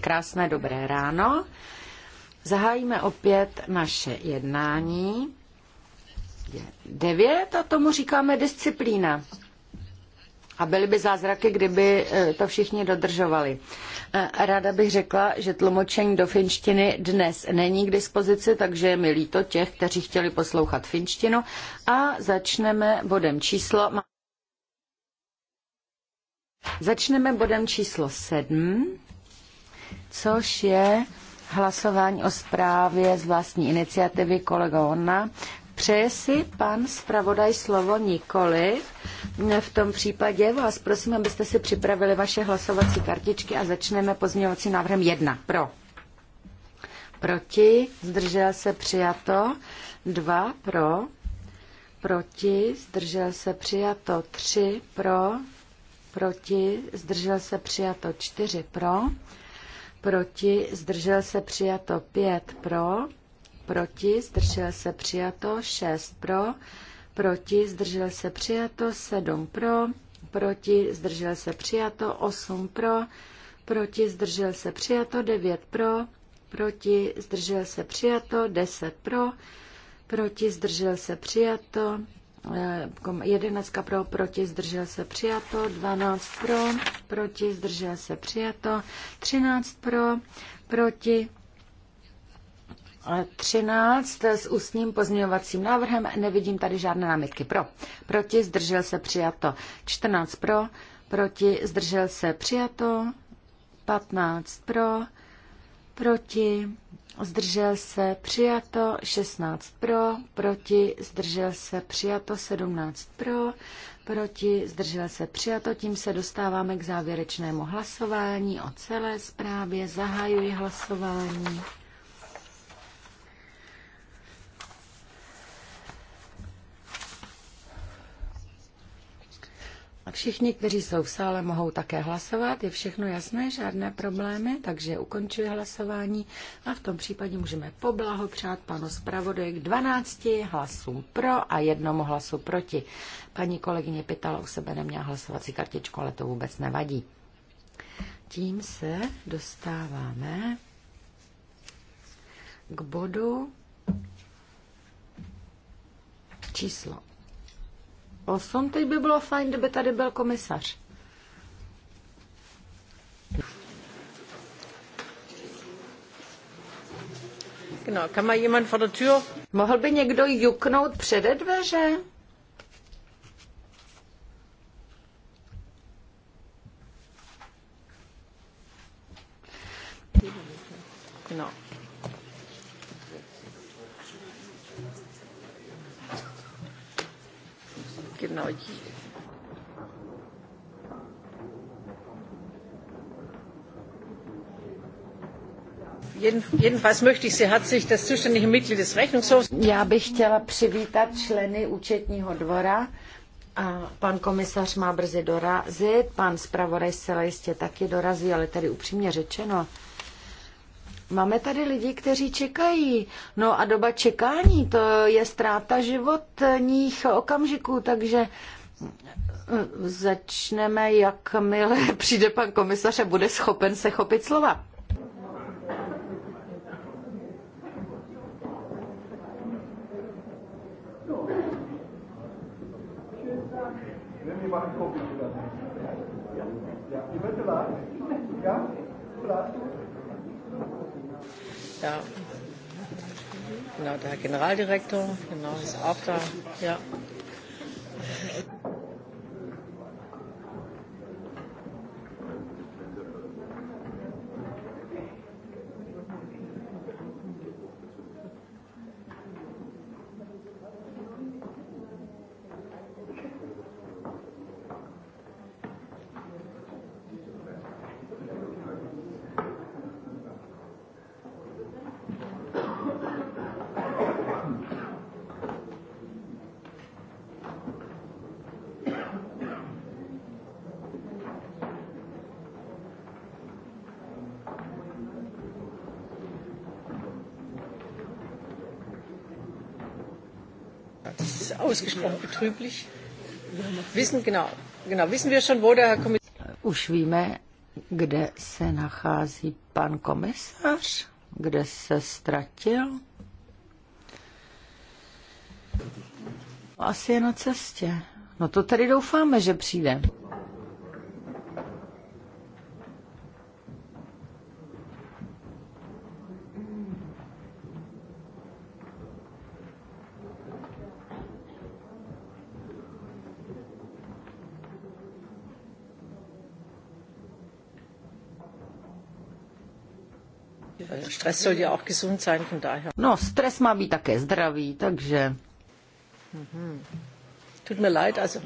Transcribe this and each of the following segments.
Krásné dobré ráno. Zahájíme opět naše jednání. Je devět a tomu říkáme disciplína. A byly by zázraky, kdyby eh, to všichni dodržovali. Eh, ráda bych řekla, že tlumočení do finštiny dnes není k dispozici, takže je mi líto těch, kteří chtěli poslouchat finštinu. A začneme bodem číslo. Začneme bodem číslo 7, což je hlasování o zprávě z vlastní iniciativy kolega Ona. Přeje si pan zpravodaj slovo nikoli. V tom případě vás prosím, abyste si připravili vaše hlasovací kartičky a začneme pozměňovací návrhem 1. Pro. Proti. Zdržel se přijato. 2. Pro. Proti. Zdržel se přijato. 3. Pro proti, zdržel se přijato 4 pro, proti, zdržel se přijato 5 pro, proti, zdržel se přijato 6 pro, proti, zdržel se přijato 7 pro, proti, zdržel se přijato 8 pro, proti, zdržel se přijato 9 pro, proti, zdržel se přijato 10 pro, proti, zdržel se přijato 11 eh, pro, proti, zdržel se přijato, 12 pro, proti, zdržel se přijato, 13 pro, proti, 13 eh, s ústním pozměňovacím návrhem, nevidím tady žádné námitky pro, proti, zdržel se přijato, 14 pro, proti, zdržel se přijato, 15 pro, proti, zdržel se, přijato 16 pro, proti, zdržel se, přijato 17 pro, proti, zdržel se, přijato. Tím se dostáváme k závěrečnému hlasování o celé zprávě. Zahajuji hlasování. A všichni, kteří jsou v sále, mohou také hlasovat. Je všechno jasné, žádné problémy, takže ukončuji hlasování a v tom případě můžeme poblahopřát panu zpravodaji k 12 hlasům pro a jednomu hlasu proti. Paní kolegyně Pytala u sebe neměla hlasovací kartičku, ale to vůbec nevadí. Tím se dostáváme k bodu číslo 8. Teď by bylo fajn, kdyby tady byl komisař. No, kam má jemand vor der Tür? Mohl by někdo juknout přede dveře? No. genau die. Já bych chtěla přivítat členy účetního dvora. A pan komisař má brzy dorazit, pan zpravodaj se jistě taky dorazí, ale tady upřímně řečeno, Máme tady lidi, kteří čekají. No a doba čekání, to je ztráta životních okamžiků, takže začneme, jakmile přijde pan komisař a bude schopen se chopit slova. Ja, ja, Ja. Genau, der Generaldirektor, genau, ist auch da. Ja. ausgesprochen betrüblich. Wissen, genau, genau, wissen wir schon, wo der Herr Kommissar... Už víme, kde se nachází pan komisař, kde se ztratil. Asi je na cestě. No to tady doufáme, že přijde. Stress soll auch gesund sein, von daher. No, stres má být také zdravý, takže... Mhm. Tut mir leid, also...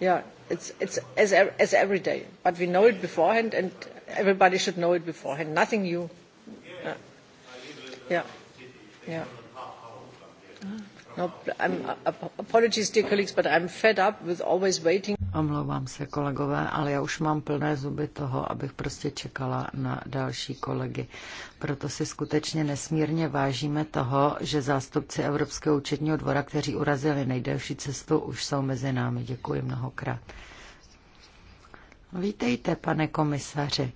yeah, it's, it's as, er, as every day. But we know it beforehand and everybody should know it beforehand. Nothing new. Yeah. Yeah. No, I'm, apologies, dear colleagues, but I'm fed up with always waiting. Omlouvám se, kolegové, ale já už mám plné zuby toho, abych prostě čekala na další kolegy. Proto si skutečně nesmírně vážíme toho, že zástupci Evropského účetního dvora, kteří urazili nejdelší cestu, už jsou mezi námi. Děkuji mnohokrát. Vítejte, pane komisaři.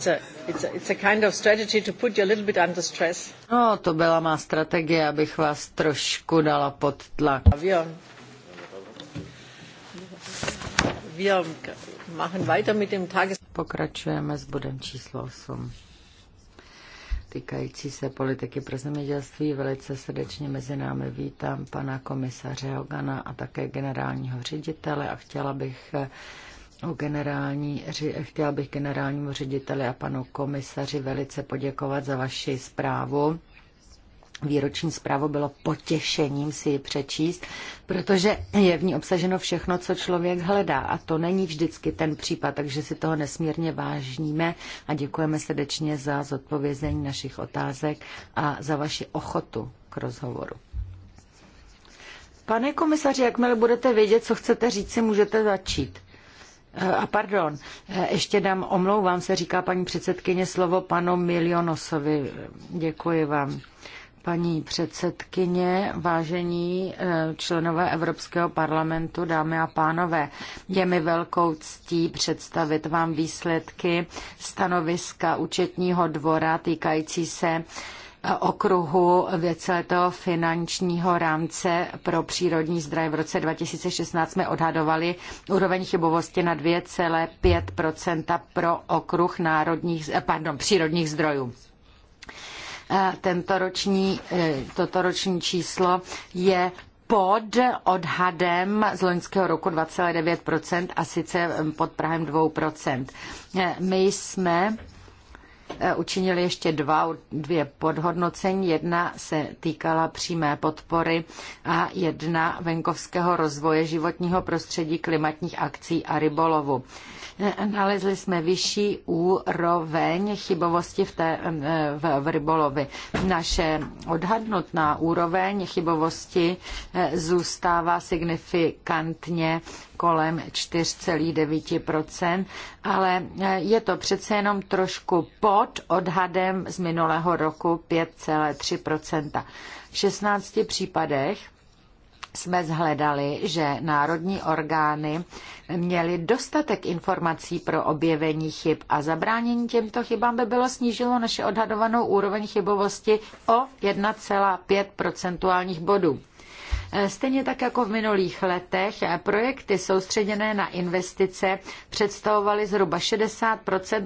it's a, it's a, it's a kind of strategy to put you a little bit under stress. No, to byla má strategie, abych vás trošku dala pod tlak. Wir, wir machen weiter mit dem Tages Pokračujeme s bodem číslo 8 týkající se politiky pro zemědělství. Velice srdečně mezi námi vítám pana komisaře Hogana a také generálního ředitele a chtěla bych eh, o generální, chtěla bych generálnímu řediteli a panu komisaři velice poděkovat za vaši zprávu. Výroční zprávu bylo potěšením si ji přečíst, protože je v ní obsaženo všechno, co člověk hledá. A to není vždycky ten případ, takže si toho nesmírně vážníme a děkujeme srdečně za zodpovězení našich otázek a za vaši ochotu k rozhovoru. Pane komisaři, jakmile budete vědět, co chcete říct, si můžete začít. Eh, a pardon, eh, ještě dám, omlouvám se, říká paní předsedkyně slovo panu Milionosovi. Děkuji vám. Paní předsedkyně, vážení eh, členové Evropského parlamentu, dámy a pánové, je mi velkou ctí představit vám výsledky stanoviska účetního dvora týkající se okruhu věceletého finančního rámce pro přírodní zdroje. V roce 2016 jsme odhadovali úroveň chybovosti na 2,5 pro okruh národních, eh, pardon, přírodních zdrojů eh, tento roční, eh, toto roční číslo je pod odhadem z loňského roku 2,9% a sice pod Prahem 2%. My jsme Eh, učinili ještě dva, dvě podhodnocení. Jedna se týkala přímé podpory a jedna venkovského rozvoje životního prostředí, klimatních akcí a rybolovu. Eh, nalezli jsme vyšší úroveň chybovosti v, té, eh, v, v rybolovi. Naše odhadnutná úroveň chybovosti zůstává signifikantně kolem 4,9%, ale eh, je to přece jenom trošku pod odhadem z minulého roku 5,3%. V 16 případech jsme zhledali, že národní orgány měly dostatek informací pro objevení chyb a zabránění těmto chybám by bylo snížilo naše odhadovanou úroveň chybovosti o 1,5 procentuálních bodů. Stejně tak jako v minulých letech, projekty soustředěné na investice představovaly zhruba 60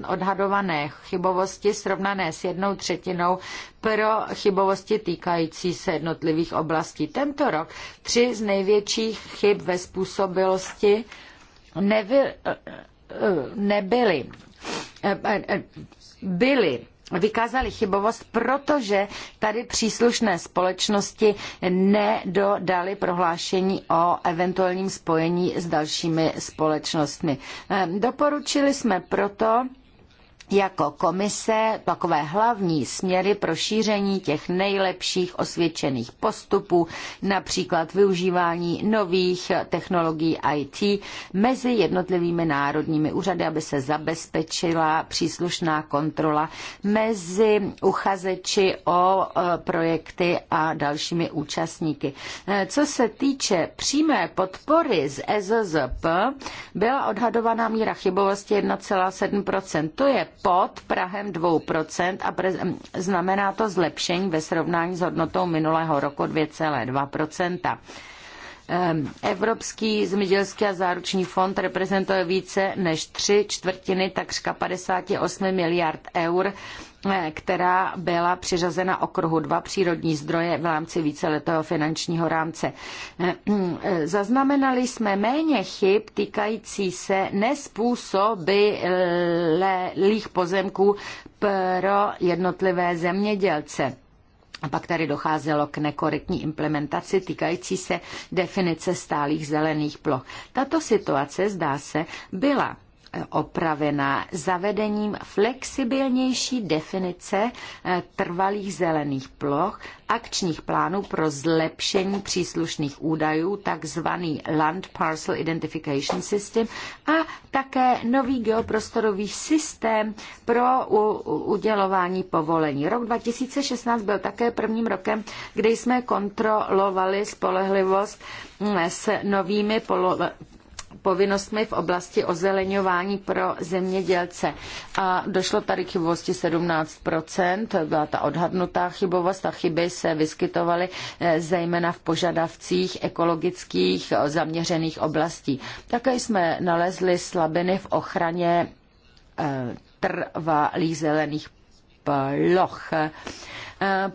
odhadované chybovosti srovnané s jednou třetinou pro chybovosti týkající se jednotlivých oblastí. Tento rok tři z největších chyb ve způsobilosti nevy, nebyly byly vykázali chybovost, protože tady příslušné společnosti nedodali prohlášení o eventuálním spojení s dalšími společnostmi. Ehm, doporučili jsme proto, jako komise takové hlavní směry pro šíření těch nejlepších osvědčených postupů, například využívání nových technologií IT mezi jednotlivými národními úřady, aby se zabezpečila příslušná kontrola mezi uchazeči o e, projekty a dalšími účastníky. E, co se týče přímé podpory z EZZP, byla odhadovaná míra chybovosti 1,7%. To je pod Prahem 2% a znamená to zlepšení ve srovnání s hodnotou minulého roku 2,2%. Evropský zemědělský a záruční fond reprezentuje více než tři čtvrtiny, takřka 58 miliard eur, eh, která byla přiřazena okruhu dva přírodní zdroje v rámci víceletého finančního rámce. Mm, eh, zaznamenali jsme méně chyb týkající se nespůsobilých pozemků pro jednotlivé zemědělce. A pak tady docházelo k nekorektní implementaci týkající se definice stálých zelených ploch. Tato situace, zdá se, byla opravena zavedením flexibilnější definice eh, trvalých zelených ploch, akčních plánů pro zlepšení příslušných údajů, takzvaný Land Parcel Identification System a také nový geoprostorový systém pro udělování povolení. Rok 2016 byl také prvním rokem, kdy jsme kontrolovali spolehlivost mm, s novými povinnostmi v oblasti ozeleňování pro zemědělce. A došlo tady k chybovosti 17%, to byla ta odhadnutá chybovost a chyby se vyskytovaly eh, zejména v požadavcích ekologických eh, zaměřených oblastí. Také jsme nalezli slabiny v ochraně eh, trvalých zelených ploch e,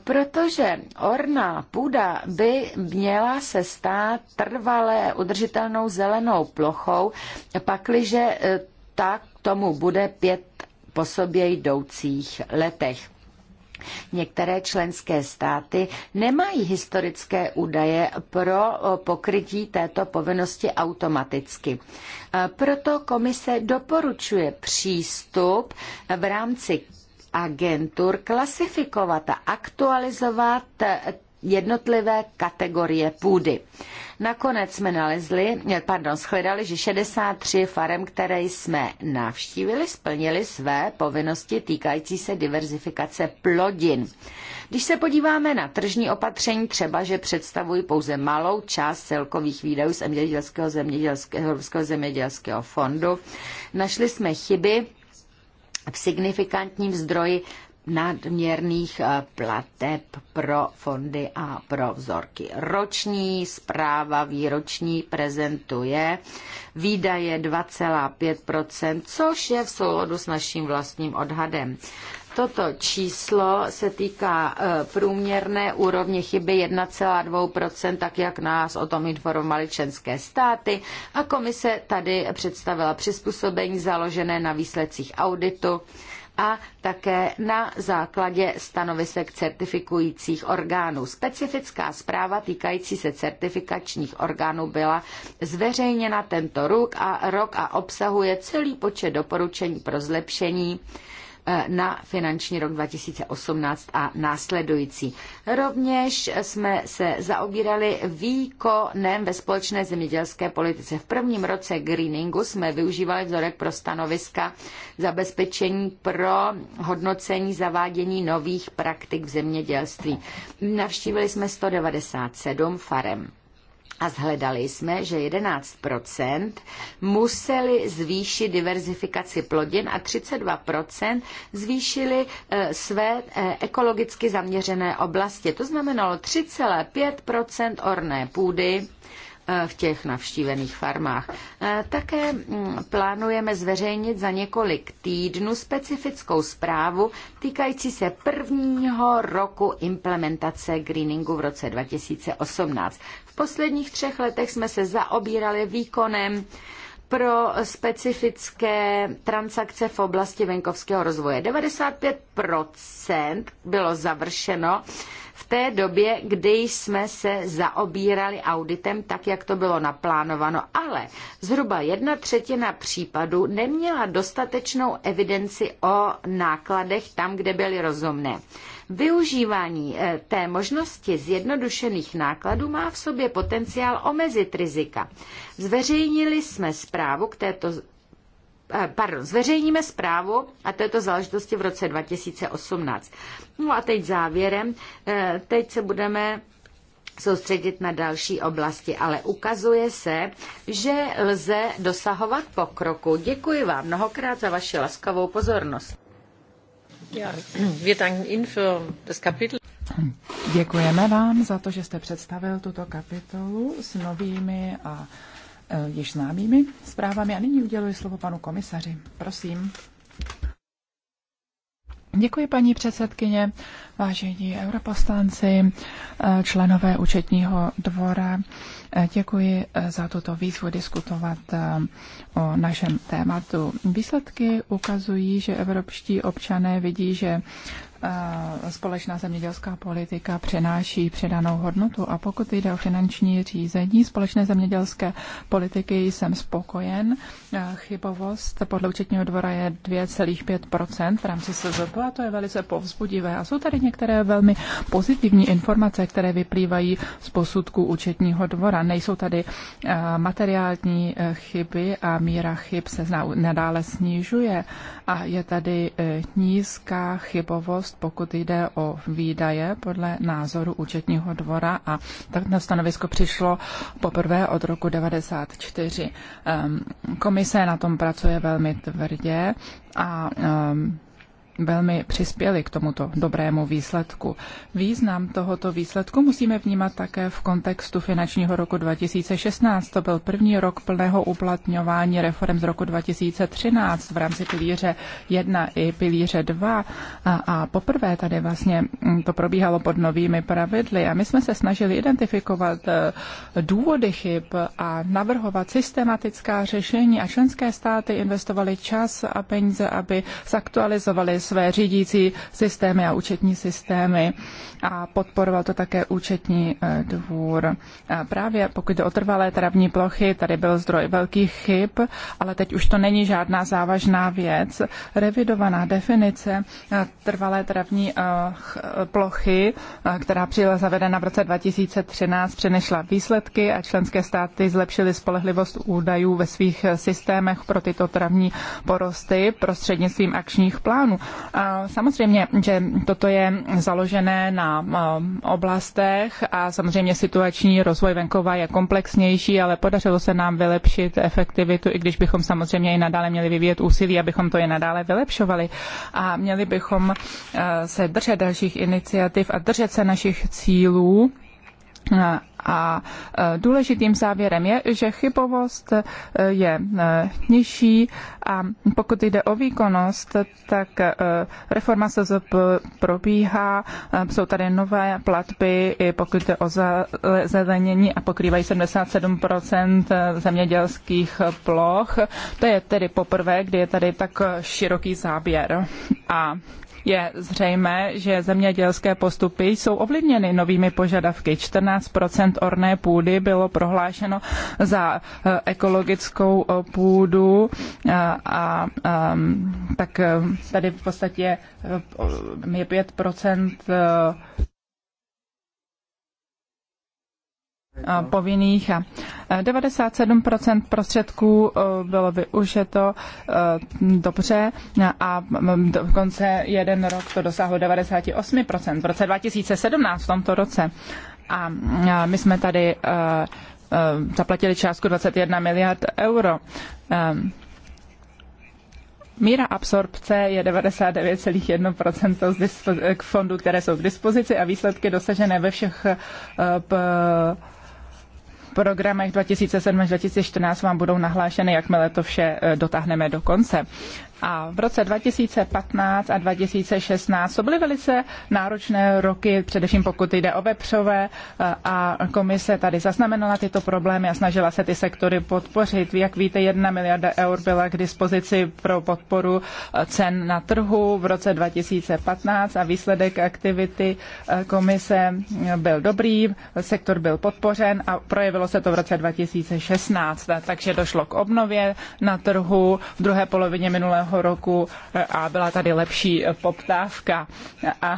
protože orná půda by měla se stát trvalé udržitelnou zelenou plochou, pakliže e, tak tomu bude pět po sobě jdoucích letech. Některé členské státy nemají historické údaje pro pokrytí této povinnosti automaticky. E, proto komise doporučuje přístup v rámci agentur klasifikovat a aktualizovat jednotlivé kategorie půdy. Nakonec jsme nalezli, pardon, shledali, že 63 farem, které jsme navštívili, splnili své povinnosti týkající se diverzifikace plodin. Když se podíváme na tržní opatření, třeba, že představují pouze malou část celkových výdajů z zemědělského, zemědělského, zemědělského fondu, našli jsme chyby v signifikantním zdroji nadměrných eh, plateb pro fondy a pro vzorky. Roční zpráva výroční prezentuje výdaje 2,5%, což je v souladu s naším vlastním odhadem. Toto číslo se týká e, průměrné úrovně chyby 1,2%, tak jak nás o tom informovaly členské státy. A komise tady představila přizpůsobení založené na výsledcích auditu a také na základě stanovisek certifikujících orgánů. Specifická zpráva týkající se certifikačních orgánů byla zveřejněna tento rok a, rok a obsahuje celý počet doporučení pro zlepšení Eh, na finanční rok 2018 a následující. Rovněž jsme se zaobírali výkonem ve společné zemědělské politice. V prvním roce greeningu jsme využívali vzorek pro stanoviska zabezpečení pro hodnocení zavádění nových praktik v zemědělství. Navštívili jsme 197 farem a zhledali jsme, že 11 museli zvýšit diverzifikaci plodin a 32 zvýšili eh, své eh, ekologicky zaměřené oblasti. To znamenalo 3,5 orné půdy v těch navštívených farmách. Eh, také mm, plánujeme zveřejnit za několik týdnů specifickou zprávu týkající se prvního roku implementace greeningu v roce 2018. V posledních třech letech jsme se zaobírali výkonem pro specifické transakce v oblasti venkovského rozvoje. 95% bylo završeno v té době, kdy jsme se zaobírali auditem, tak jak to bylo naplánováno, ale zhruba jedna třetina případů neměla dostatečnou evidenci o nákladech tam, kde byly rozumné. Využívání eh, té možnosti zjednodušených nákladů má v sobě potenciál omezit rizika. Zveřejnili jsme zprávu k této Eh, pardon, zveřejníme zprávu a této záležitosti v roce 2018. No a teď závěrem, eh, teď se budeme soustředit na další oblasti, ale ukazuje se, že lze dosahovat pokroku. Děkuji vám mnohokrát za vaši laskavou pozornost. Děkujeme vám za to, že jste představil tuto kapitolu s novými a Eh, již známými zprávami. A nyní uděluji slovo panu komisaři. Prosím. Děkuji, paní předsedkyně, vážení europoslanci, eh, členové účetního dvora. Eh, děkuji za tuto výzvu diskutovat o našem tématu. Výsledky ukazují, že evropští občané vidí, že Eh, společná zemědělská politika přenáší předanou hodnotu a pokud jde o finanční řízení společné zemědělské politiky, jsem spokojen. Eh, chybovost podle účetního dvora je 2,5% v rámci SZP a to je velice povzbudivé. A jsou tady některé velmi pozitivní informace, které vyplývají z posudku účetního dvora. Nejsou tady eh, materiální chyby a míra chyb se nadále snižuje a je tady nízká chybovost odpovědnost, pokud jde o výdaje podle názoru účetního dvora a tak na stanovisko přišlo poprvé od roku 1994. Ehm, komise na tom pracuje velmi tvrdě a ehm, velmi přispěli k tomuto dobrému výsledku. Význam tohoto výsledku musíme vnímat také v kontextu finančního roku 2016. To byl první rok plného uplatňování reform z roku 2013 v rámci pilíře 1 i pilíře 2. A, a poprvé tady vlastně mm, to probíhalo pod novými pravidly a my jsme se snažili identifikovat e, důvody chyb a navrhovat systematická řešení a členské státy investovaly čas a peníze, aby zaktualizovali své řídící systémy a účetní systémy a podporoval to také účetní e, dvůr. A právě pokud jde o trvalé travní plochy, tady byl zdroj velkých chyb, ale teď už to není žádná závažná věc. Revidovaná definice e, trvalé travní e, plochy, která přijela zavedena v roce 2013, přinešla výsledky a členské státy zlepšily spolehlivost údajů ve svých systémech pro tyto travní porosty prostřednictvím akčních plánů samozřejmě, že toto je založené na eh, oblastech a samozřejmě situační rozvoj venkova je komplexnější, ale podařilo se nám vylepšit efektivitu, i když bychom samozřejmě i nadále měli vyvíjet úsilí, abychom to i nadále vylepšovali. A měli bychom eh, se držet dalších iniciativ a držet se našich cílů eh, a e, důležitým závěrem je, že chybovost e, je e, nižší a pokud jde o výkonnost, tak reforma se probíhá, jsou tady nové platby, i pokud jde o zelenění a pokrývají 77% zemědělských ploch. To je tedy poprvé, kdy je tady tak široký záběr. A je zřejmé, že zemědělské postupy jsou ovlivněny novými požadavky. 14 orné půdy bylo prohlášeno za eh, ekologickou eh, půdu eh, a, a, ehm, a tak tady v podstatě je 5 povinných. 97% prostředků e, bylo využito e, dobře a dokonce jeden rok to dosáhlo 98% v roce 2017 v tomto roce. A my jsme tady e, zaplatili částku 21 miliard euro. Míra absorpce je 99,1% k fondu, které jsou k dispozici a výsledky dosažené ve všech programech 2007 až 2014 vám budou nahlášeny, jakmile to vše eh, dotáhneme do konce a v roce 2015 a 2016 to byly velice náročné roky, především pokud jde o vepřové eh, a komise tady zaznamenala tyto problémy a snažila se ty sektory podpořit. Jak víte, jedna miliarda eur byla k dispozici pro podporu eh, cen na trhu v roce 2015 a výsledek aktivity eh, komise byl dobrý, sektor byl podpořen a projevilo se to v roce 2016, takže došlo k obnově na trhu v druhé polovině minulého minulého roku eh, a byla tady lepší eh, poptávka. A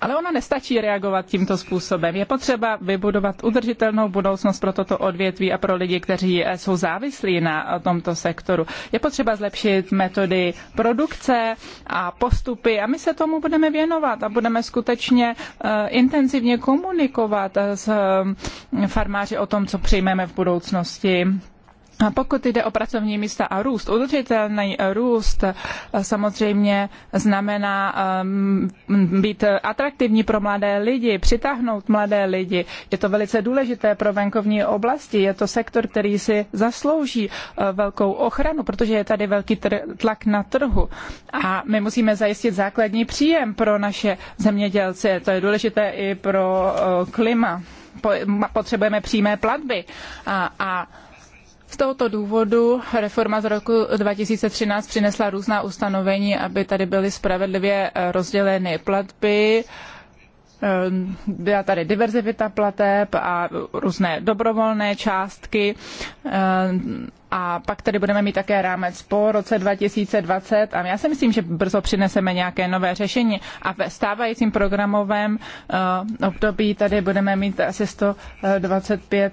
ale ona nestačí reagovat tímto způsobem. Je potřeba vybudovat udržitelnou budoucnost pro toto odvětví a pro lidi, kteří eh, jsou závislí na tomto sektoru. Je potřeba zlepšit metody produkce a postupy a my se tomu budeme věnovat a budeme skutečně intenzivně komunikovat s farmáři o tom, co přijmeme v budoucnosti. Pokud jde o pracovní místa a růst, udržitelný růst eh, samozřejmě znamená ehm, být atraktivní pro mladé lidi, přitáhnout mladé lidi. Je to velice důležité pro venkovní oblasti, je to sektor, který si zaslouží eh, velkou ochranu, protože je tady velký tlak na trhu. A my musíme zajistit základní příjem pro naše zemědělce, to je důležité i pro eh, klima. Potřebujeme přímé platby a, a z tohoto důvodu reforma z roku 2013 přinesla různá ustanovení, aby tady byly spravedlivě eh, rozděleny platby, eh, byla tady diverzivita plateb a různé dobrovolné částky. Eh, a pak tady budeme mít také rámec po roce 2020 a já si myslím, že brzo přineseme nějaké nové řešení. A ve stávajícím programovém období tady budeme mít asi 125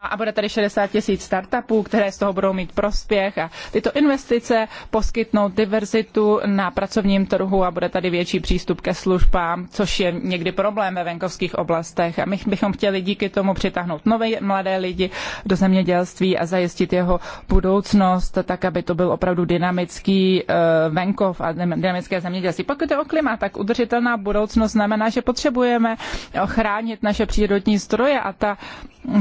a bude tady 60 tisíc startupů, které z toho budou mít prospěch a tyto investice poskytnou diverzitu na pracovním trhu a bude tady větší přístup ke službám, což je někdy problém ve venkovských oblastech. A my bychom chtěli díky tomu přitáhnout nové mladé lidi do zemědělství a zajistit jeho budoucnost, tak aby to byl opravdu dynamický eh, venkov a dynamické zemědělství. Pokud je o klima, tak udržitelná budoucnost znamená, že potřebujeme ochránit naše přírodní zdroje a ta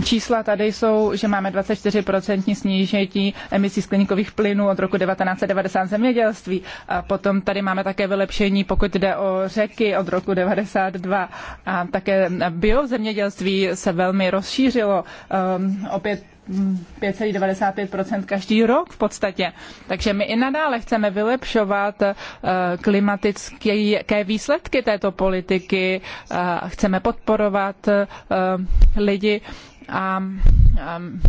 čísla tady jsou, že máme 24% snížení emisí skleníkových plynů od roku 1990 zemědělství. A potom tady máme také vylepšení, pokud jde o řeky od roku 1992. A také biozemědělství se velmi rozšířilo. Um, opět 5,95 každý rok v podstatě. Takže my i nadále chceme vylepšovat uh, klimatické výsledky této politiky, chceme podporovat uh, lidi a, a um,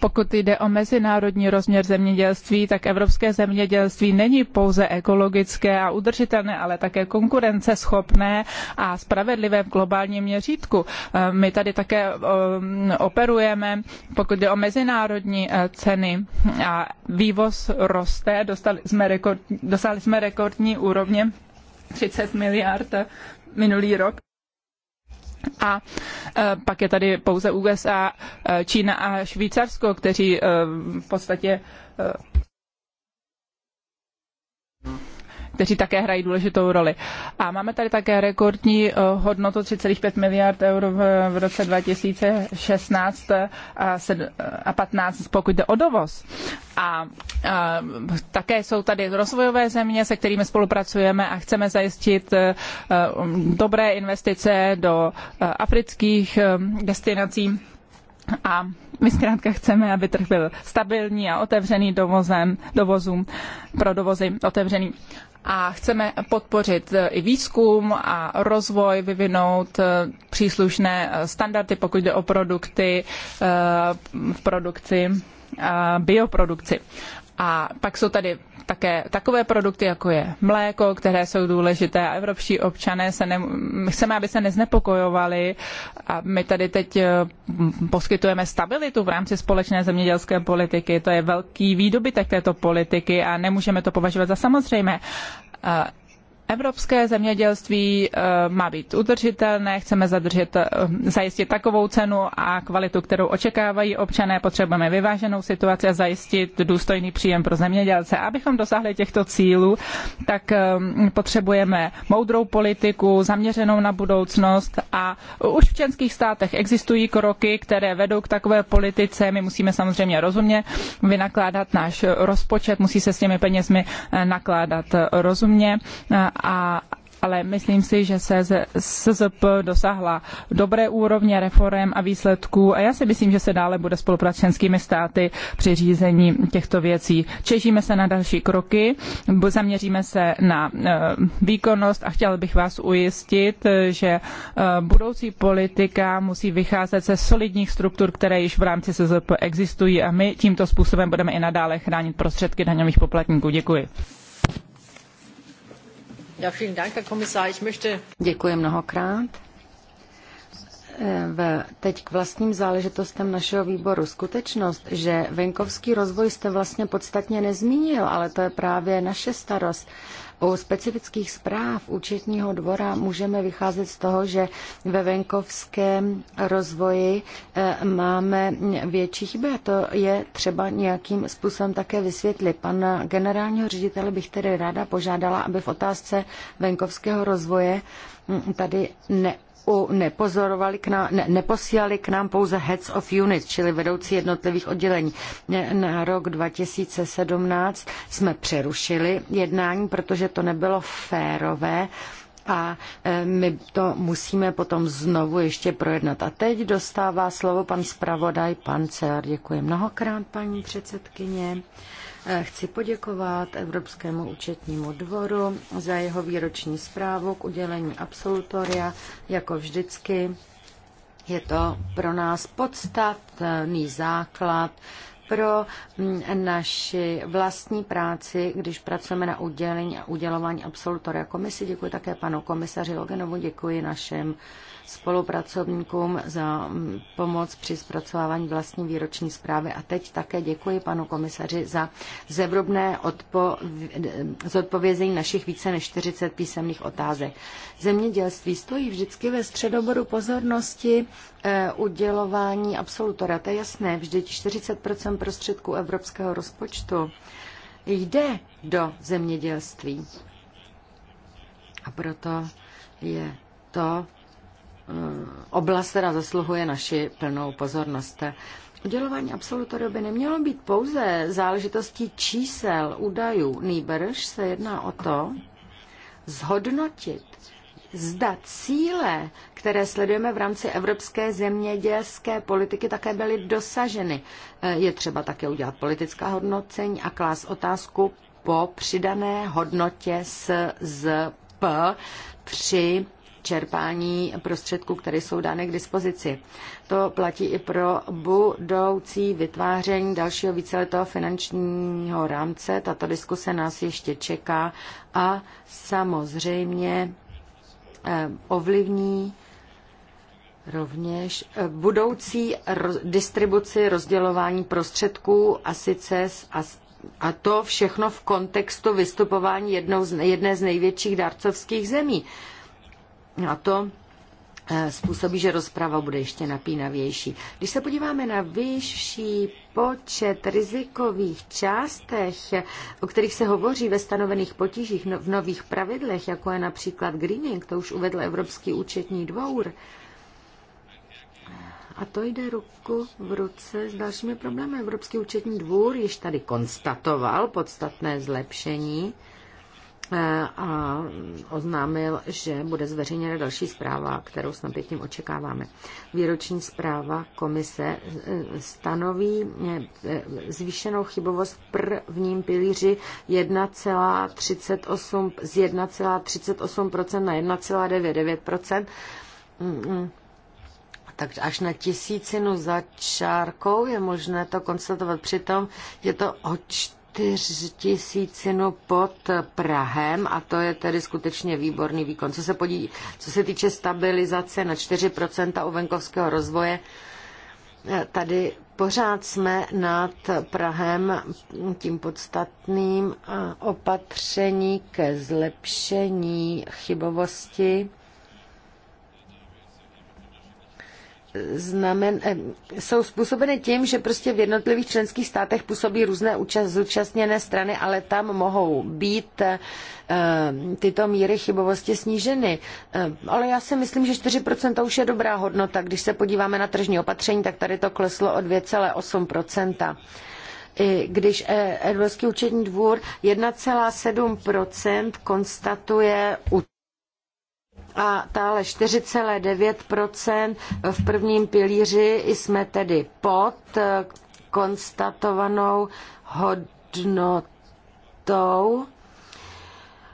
pokud jde o mezinárodní rozměr zemědělství, tak evropské zemědělství není pouze ekologické a udržitelné, ale také konkurenceschopné a spravedlivé v globálním měřítku. Uh, my tady také um, operujeme, pokud jde o mezinárodní uh, ceny a vývoz roste, dostali jsme, rekord, dostali jsme rekordní úrovně 30 miliard minulý rok. A e, pak je tady pouze USA, e, Čína a Švýcarsko, kteří e, v podstatě kteří také hrají důležitou roli. A máme tady také rekordní eh, hodnotu 3,5 miliard eur v roce 2016 eh, a 15, eh, pokud jde o dovoz. A, a také jsou tady rozvojové země, se kterými spolupracujeme a chceme zajistit dobré investice do afrických destinací. A my zkrátka chceme, aby trh byl stabilní a otevřený dovozem, dovozům pro dovozy otevřený a chceme podpořit eh, i výzkum a rozvoj, vyvinout eh, příslušné eh, standardy, pokud jde o produkty v produkci, bioprodukci. A pak jsou tady také takové produkty, jako je mléko, které jsou důležité a evropští občané se ne, chceme, aby se neznepokojovali a my tady teď eh, poskytujeme stabilitu v rámci společné zemědělské politiky. To je velký výdobytek této politiky a nemůžeme to považovat za samozřejmé. Eh, Evropské zemědělství eh, má být udržitelné, chceme zadržet, eh, zajistit takovou cenu a kvalitu, kterou očekávají občané, potřebujeme vyváženou situaci a zajistit důstojný příjem pro zemědělce. Abychom dosáhli těchto cílů, tak eh, potřebujeme moudrou politiku, zaměřenou na budoucnost a už v členských státech existují kroky, které vedou k takové politice. My musíme samozřejmě rozumně vynakládat náš rozpočet, musí se s těmi penězmi nakládat rozumně a ale myslím si, že se SZP dosáhla dobré úrovně reform a výsledků a já si myslím, že se dále bude spolupracovat s členskými státy při řízení těchto věcí. Čežíme se na další kroky, zaměříme se na eh, výkonnost a chtěl bych vás ujistit, že eh, budoucí politika musí vycházet ze solidních struktur, které již v rámci SZP existují a my tímto způsobem budeme i nadále chránit prostředky daňových poplatníků. Děkuji. Děkuji mnohokrát. E, v, teď k vlastním záležitostem našeho výboru. Skutečnost, že venkovský rozvoj jste vlastně podstatně nezmínil, ale to je právě naše starost. U specifických zpráv účetního dvora můžeme vycházet z toho, že ve venkovském rozvoji eh, máme větší chyby a to je třeba nějakým způsobem také vysvětlit. Pana generálního ředitele bych tedy ráda požádala, aby v otázce venkovského rozvoje hm, tady ne EU nepozorovali k nám, ne, neposílali k nám pouze heads of units, čili vedoucí jednotlivých oddělení. Na rok 2017 jsme přerušili jednání, protože to nebylo férové a e, my to musíme potom znovu ještě projednat. A teď dostává slovo pan zpravodaj, pan Děkuji mnohokrát, paní předsedkyně. Chci poděkovat Evropskému účetnímu dvoru za jeho výroční zprávu k udělení absolutoria. Jako vždycky je to pro nás podstatný základ pro mm, naši vlastní práci, když pracujeme na udělení a udělování absolutoria komisi. Děkuji také panu komisaři Logenovu, děkuji našem spolupracovníkům za mm, pomoc při zpracovávání vlastní výroční zprávy. A teď také děkuji panu komisaři za zevrubné odpo- eh, zodpovězení našich více než 40 písemných otázek. Zemědělství stojí vždycky ve středoboru pozornosti eh, udělování absolutora. To je jasné, vždyť 40 prostředků evropského rozpočtu jde do zemědělství. A proto je to Eh, oblast, která zasluhuje naši plnou pozornost. Udělování absolutoria by nemělo být pouze záležitostí čísel, údajů. Nýbrž se jedná o to zhodnotit, zda cíle, které sledujeme v rámci evropské zemědělské politiky, také byly dosaženy. Eh, je třeba také udělat politická hodnocení a klás otázku po přidané hodnotě s, z P při čerpání prostředků, které jsou dány k dispozici. To platí i pro budoucí vytváření dalšího víceletého finančního rámce. Tato diskuse nás ještě čeká a samozřejmě eh, ovlivní rovněž eh, budoucí distribuci rozdělování prostředků a sice a a to všechno v kontextu vystupování jednou z, jedné z největších dárcovských zemí. A to eh, způsobí, že rozprava bude ještě napínavější. Když se podíváme na vyšší počet rizikových částech, o kterých se hovoří ve stanovených potížích no, v nových pravidlech, jako je například greening, to už uvedl Evropský účetní dvour, a to jde ruku v ruce s dalšími problémy. Evropský účetní dvůr již tady konstatoval podstatné zlepšení Eh, a oznámil, že bude zveřejněna další zpráva, kterou s napětím očekáváme. Výroční zpráva komise eh, stanoví eh, zvýšenou chybovost v prvním pilíři 1,38 z 1,38% na 1,99%. Mm, mm. Takže až na tisícinu za čárkou je možné to konstatovat. Přitom je to o čtyřtisícinu no, pod Prahem a to je tedy skutečně výborný výkon. Co se, podí, co se týče stabilizace na 4% u venkovského rozvoje, eh, tady pořád jsme nad Prahem tím podstatným opatření ke zlepšení chybovosti znamen, eh, jsou způsobeny tím, že prostě v jednotlivých členských státech působí různé účast, zúčastněné strany, ale tam mohou být eh, tyto míry chybovosti sníženy. Eh, ale já si myslím, že 4% už je dobrá hodnota. Když se podíváme na tržní opatření, tak tady to kleslo o 2,8% i když Evropský účetní dvůr 1,7% konstatuje u a tále 4,9 v prvním pilíři jsme tedy pod eh, konstatovanou hodnotou.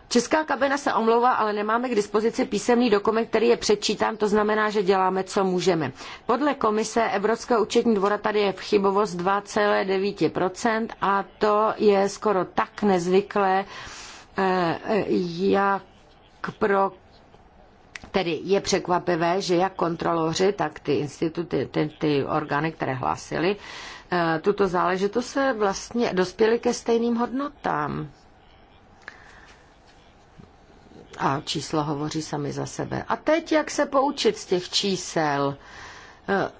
Česká kabina se omlouvá, ale nemáme k dispozici písemný dokument, který je předčítán, to znamená, že děláme, co můžeme. Podle komise Evropského účetní dvora tady je chybovost 2,9% a to je skoro tak nezvyklé, eh, eh, jak pro Tedy je překvapivé, že jak kontroloři, tak ty instituty, ty, ty orgány, které hlásily, eh, tuto záležitost se vlastně dospěly ke stejným hodnotám. A čísla hovoří sami za sebe. A teď, jak se poučit z těch čísel? Eh,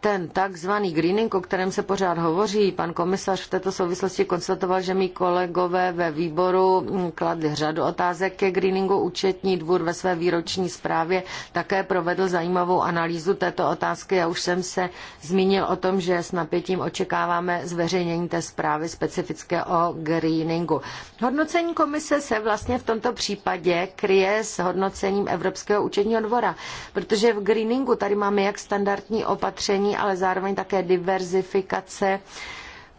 ten takzvaný greening, o kterém se pořád hovoří, pan komisař v této souvislosti konstatoval, že mý kolegové ve výboru mm, kladli řadu otázek ke greeningu. Účetní dvůr ve své výroční zprávě také provedl zajímavou analýzu této otázky. Já už jsem se zmínil o tom, že s napětím očekáváme zveřejnění té zprávy specifické o greeningu. Hodnocení komise se vlastně v tomto případě kryje s hodnocením Evropského účetního dvora, protože v greeningu tady máme jak standardní opatření, ale zároveň také diverzifikace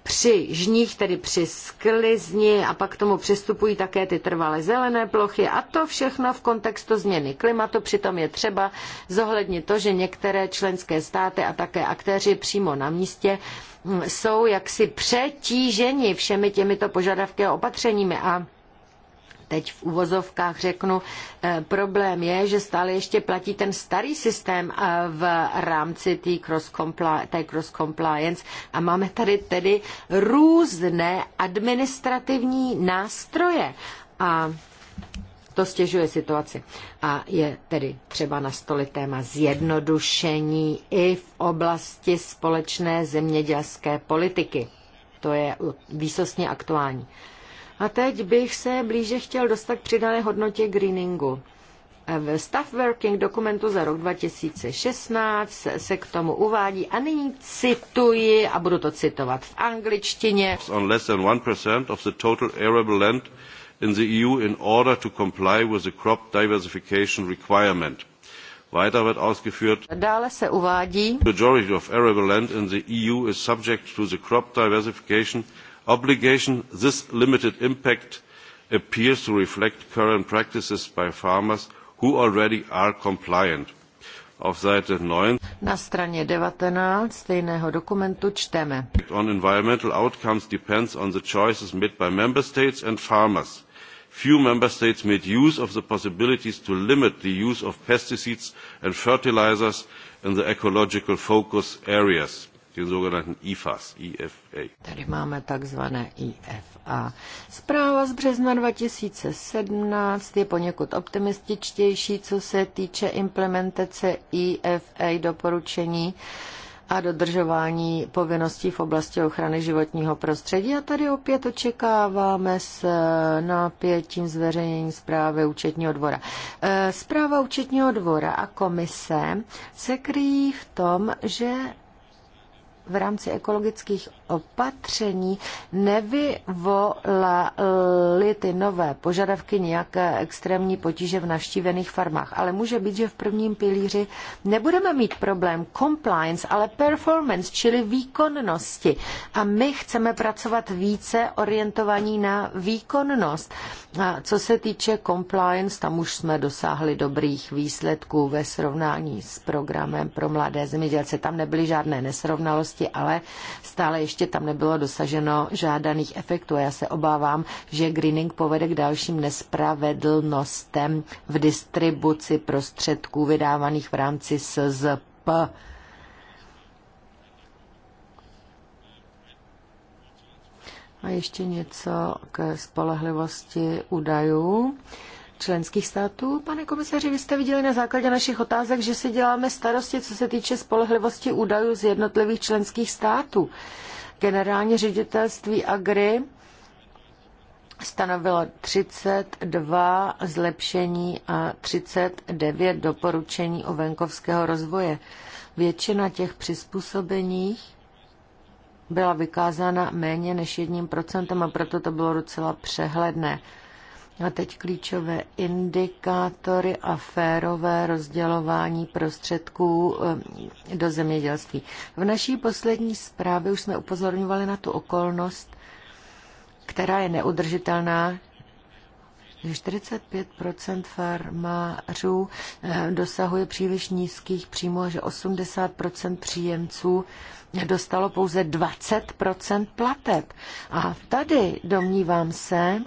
při žních, tedy při sklizni a pak k tomu přistupují také ty trvalé zelené plochy a to všechno v kontextu změny klimatu. Přitom je třeba zohlednit to, že některé členské státy a také aktéři přímo na místě hm, jsou jaksi přetíženi všemi těmito požadavky a opatřeními a teď v uvozovkách řeknu, eh, problém je, že stále ještě platí ten starý systém eh, v rámci té cross, cross compliance a máme tady tedy různé administrativní nástroje a to stěžuje situaci. A je tedy třeba nastolit téma zjednodušení i v oblasti společné zemědělské politiky. To je výsostně aktuální. A teď bych se blíže chtěl dostat k přidané hodnotě greeningu. E, v Staff Working dokumentu za rok 2016 se k tomu uvádí a nyní cituji, a budu to citovat v angličtině. On less than 1% of the total arable land in the EU in order to comply with the crop diversification requirement. Weiter wird ausgeführt. Dále se uvádí. The majority of arable land in the EU is subject to the crop diversification requirement obligation, this limited impact appears to reflect current practices by farmers who already are compliant. Uh, Na straně 19 stejného dokumentu čteme. On environmental outcomes depends on the choices made by member states and farmers. Few member states made use of the possibilities to limit the use of pesticides and fertilizers in the ecological focus areas sogenannten IFAs, IFA. Tady máme takzvané IFA. Zpráva z března 2017 je poněkud optimističtější, co se týče implementace IFA doporučení a dodržování povinností v oblasti ochrany životního prostředí. A tady opět očekáváme s napětím zveřejnění zprávy účetního dvora. E, zpráva účetního dvora a komise se kryjí v tom, že v rámci ekologických opatření nevyvolaly ty nové požadavky nějaké extrémní potíže v navštívených farmách. Ale může být, že v prvním pilíři nebudeme mít problém compliance, ale performance, čili výkonnosti. A my chceme pracovat více orientovaní na výkonnost. A co se týče compliance, tam už jsme dosáhli dobrých výsledků ve srovnání s programem pro mladé zemědělce. Tam nebyly žádné nesrovnalosti, ale stále ještě ještě prostě tam nebylo dosaženo žádaných efektů a já se obávám, že greening povede k dalším nespravedlnostem v distribuci prostředků vydávaných v rámci SZP. A ještě něco k spolehlivosti údajů členských států. Pane komisaři, vy jste viděli na základě našich otázek, že si děláme starosti, co se týče spolehlivosti údajů z jednotlivých členských států. Generální ředitelství Agri stanovilo 32 zlepšení a 39 doporučení o venkovského rozvoje. Většina těch přizpůsobení byla vykázána méně než jedním procentem a proto to bylo docela přehledné. A teď klíčové indikátory a férové rozdělování prostředků eh, do zemědělství. V naší poslední zprávě už jsme upozorňovali na tu okolnost, která je neudržitelná, 45 farmářů eh, dosahuje příliš nízkých příjmů a že 80 příjemců dostalo pouze 20 plateb. A tady domnívám se,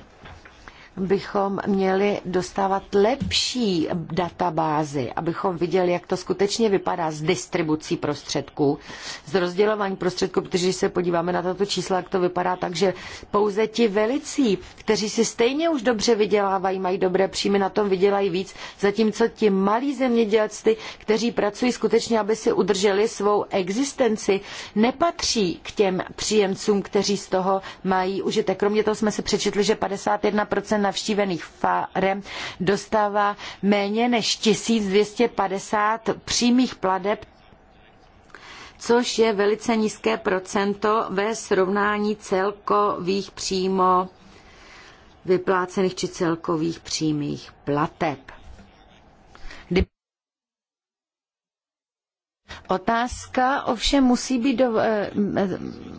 bychom měli dostávat lepší databázy, abychom viděli, jak to skutečně vypadá s distribucí prostředků, s rozdělování prostředků, protože když se podíváme na tato čísla, jak to vypadá, takže pouze ti velicí, kteří si stejně už dobře vydělávají, mají dobré příjmy, na tom vydělají víc, zatímco ti malí zemědělci, kteří pracují skutečně, aby si udrželi svou existenci, nepatří k těm příjemcům, kteří z toho mají užitek. Kromě toho jsme si přečetli, že 51% navštívených farem dostává méně než 1250 přímých pladeb což je velice nízké procento ve srovnání celkových přímo vyplácených či celkových přímých plateb. Otázka ovšem musí být do, eh, eh,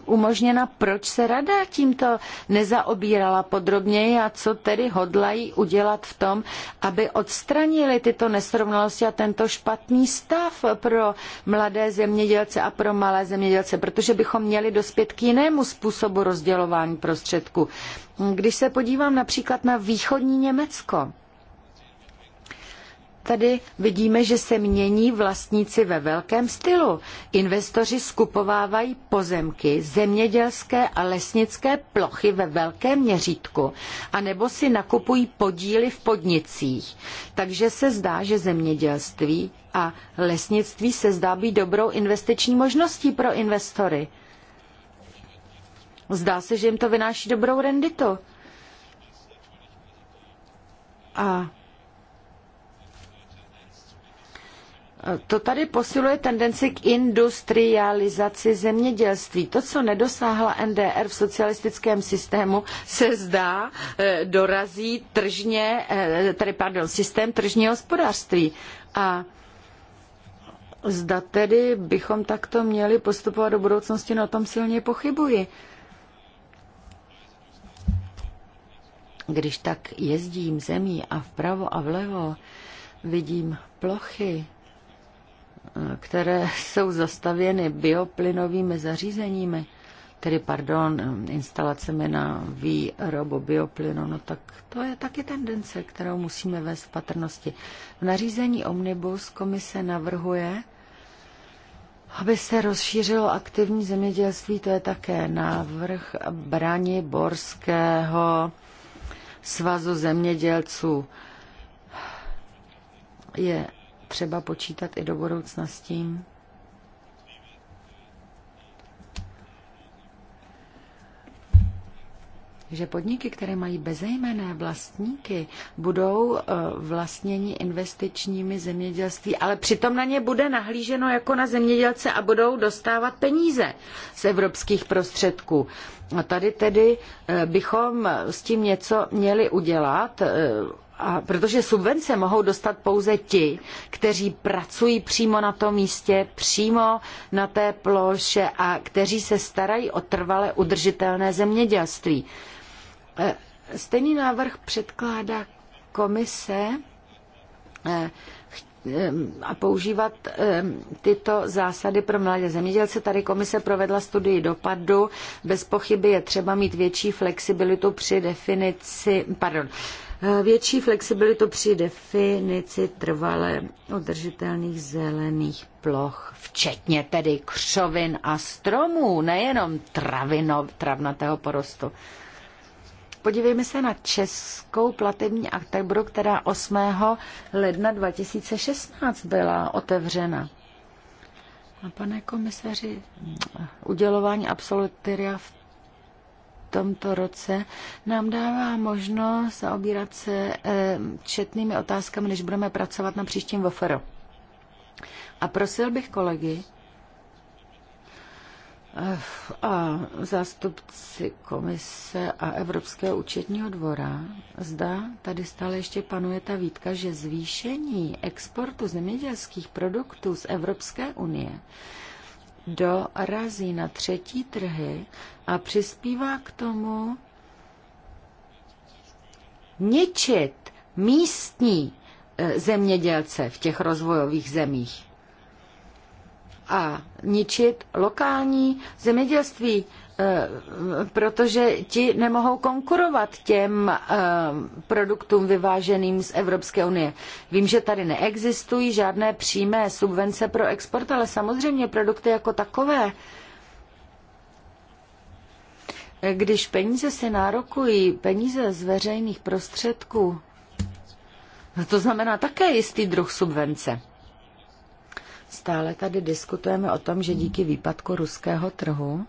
umožněna, proč se rada tímto nezaobírala podrobněji a co tedy hodlají udělat v tom, aby odstranili tyto nesrovnalosti a tento špatný stav pro mladé zemědělce a pro malé zemědělce, protože bychom měli dospět k jinému způsobu rozdělování prostředků. Když se podívám například na východní Německo, tady vidíme, že se mění vlastníci ve velkém stylu. Investoři skupovávají pozemky, zemědělské a lesnické plochy ve velkém měřítku, anebo si nakupují podíly v podnicích. Takže se zdá, že zemědělství a lesnictví se zdá být dobrou investiční možností pro investory. Zdá se, že jim to vynáší dobrou renditu. A To tady posiluje tendenci k industrializaci zemědělství. To, co nedosáhla NDR v socialistickém systému, se zdá eh, dorazí tržně, eh, tedy pardon, systém tržního hospodářství. A zda tedy bychom takto měli postupovat do budoucnosti, no o tom silně pochybuji. Když tak jezdím zemí a vpravo a vlevo, vidím plochy, které jsou zastavěny bioplynovými zařízeními, tedy pardon, instalacemi na výrobu bioplynu, no tak to je taky tendence, kterou musíme vést v patrnosti. V nařízení Omnibus komise navrhuje, aby se rozšířilo aktivní zemědělství, to je také návrh Brani Borského svazu zemědělců. Je třeba počítat i do budoucna s tím, že podniky, které mají bezejmené vlastníky, budou eh, vlastněni investičními zemědělství, ale přitom na ně bude nahlíženo jako na zemědělce a budou dostávat peníze z evropských prostředků. A tady tedy eh, bychom s tím něco měli udělat, eh, protože subvence mohou dostat pouze ti, kteří pracují přímo na tom místě, přímo na té ploše a kteří se starají o trvale udržitelné zemědělství. E, stejný návrh předkládá komise e, e, a používat tyto zásady pro mladé zemědělce. Tady komise provedla studii dopadu. Bez pochyby je třeba mít větší flexibilitu při definici, pardon, větší flexibilitu při definici trvale udržitelných zelených ploch, včetně tedy křovin a stromů, nejenom travinov, travnatého porostu. Podívejme se na českou platební aktebru, která 8. ledna 2016 byla otevřena. A pane komisaři, udělování absolutoria v tomto roce nám dává možnost zaobírat se eh, četnými otázkami, než budeme pracovat na příštím VOFERu. A prosil bych kolegy eh, a zástupci komise a Evropského účetního dvora, zda tady stále ještě panuje ta výtka, že zvýšení exportu zemědělských produktů z Evropské unie dorazí na třetí trhy, a přispívá k tomu ničit místní e, zemědělce v těch rozvojových zemích a ničit lokální zemědělství, e, protože ti nemohou konkurovat těm e, produktům vyváženým z Evropské unie. Vím, že tady neexistují žádné přímé subvence pro export, ale samozřejmě produkty jako takové když peníze se nárokují, peníze z veřejných prostředků, no to znamená také jistý druh subvence. Stále tady diskutujeme o tom, že díky výpadku ruského trhu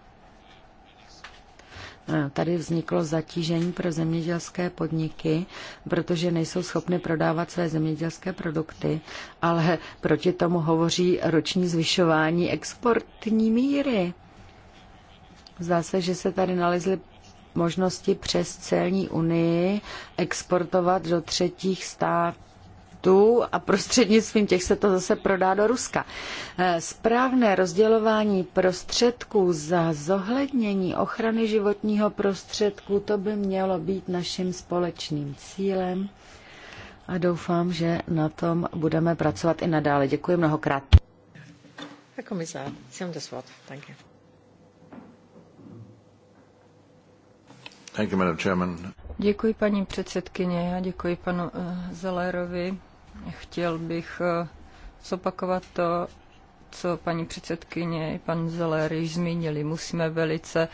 eh, Tady vzniklo zatížení pro zemědělské podniky, protože nejsou schopny prodávat své zemědělské produkty, ale proti tomu hovoří roční zvyšování exportní míry. Zdá se, že se tady nalezly možnosti přes celní unii exportovat do třetích států a prostřednictvím těch se to zase prodá do Ruska. Eh, správné rozdělování prostředků za zohlednění ochrany životního prostředku, to by mělo být naším společným cílem a doufám, že na tom budeme pracovat i nadále. Děkuji mnohokrát. Herr Kommissar, Sie haben das Wort. Danke. Děkuji paní předsedkyně, já děkuji panu uh, Chtěl bych eh, zopakovat to, co paní předsedkyně i pan Zeller již zmínili. Musíme velice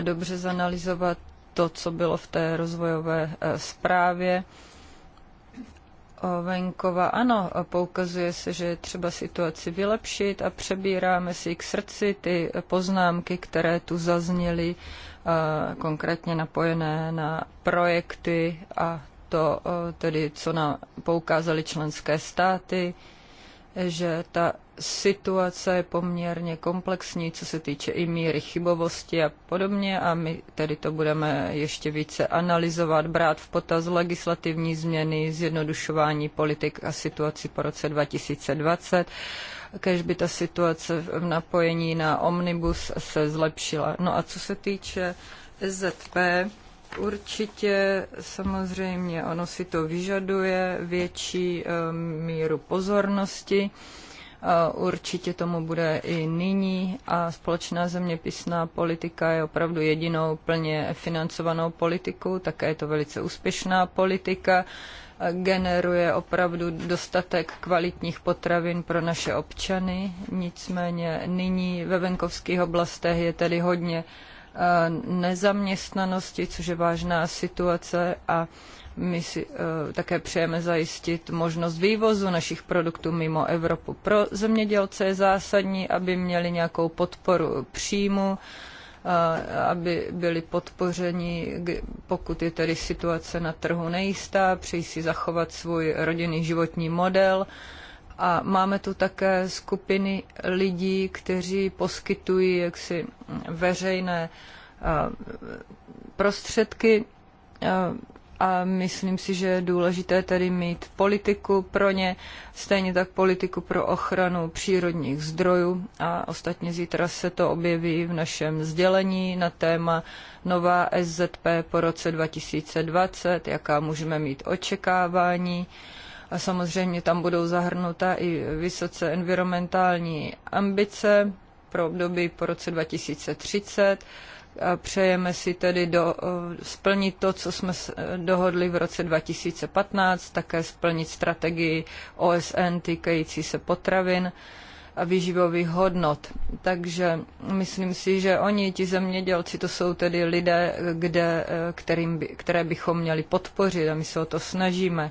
dobře zanalizovat to, co bylo v té rozvojové eh, zprávě venkova. Ano, poukazuje se, že je třeba situaci vylepšit a přebíráme si k srdci ty poznámky, které tu zazněly konkrétně napojené na projekty a to e, tedy, co nám poukázali členské státy, že ta situace je poměrně komplexní, co se týče i míry chybovosti a podobně a my tedy to budeme ještě více analyzovat, brát v potaz legislativní změny, zjednodušování politik a situaci po roce 2020 kež by ta situace v napojení na omnibus se zlepšila. No a co se týče ZP, Určitě samozřejmě ono si to vyžaduje větší eh, míru pozornosti. Eh, určitě tomu bude i nyní a společná zeměpisná politika je opravdu jedinou plně financovanou politikou, také je to velice úspěšná politika generuje opravdu dostatek kvalitních potravin pro naše občany. Nicméně nyní ve venkovských oblastech je tedy hodně eh, nezaměstnanosti, což je vážná situace a my si uh, také přejeme zajistit možnost vývozu našich produktů mimo Evropu. Pro zemědělce je zásadní, aby měli nějakou podporu příjmu, aby byli podpořeni, pokud je tedy situace na trhu nejistá, přeji si zachovat svůj rodinný životní model. A máme tu také skupiny lidí, kteří poskytují jaksi veřejné prostředky a myslím si, že je důležité tedy mít politiku pro ně, stejně tak politiku pro ochranu přírodních zdrojů a ostatně zítra se to objeví v našem sdělení na téma nová SZP po roce 2020, jaká můžeme mít očekávání. A samozřejmě tam budou zahrnuta i vysoce environmentální ambice pro období po roce 2030 Přejeme si tedy do, eh, splnit to, co jsme eh, dohodli v roce 2015, také splnit strategii OSN týkající se potravin a výživových hodnot. Takže myslím si, že oni, ti zemědělci, to jsou tedy lidé, kde, eh, kterým by, které bychom měli podpořit a my se o to snažíme. Uh,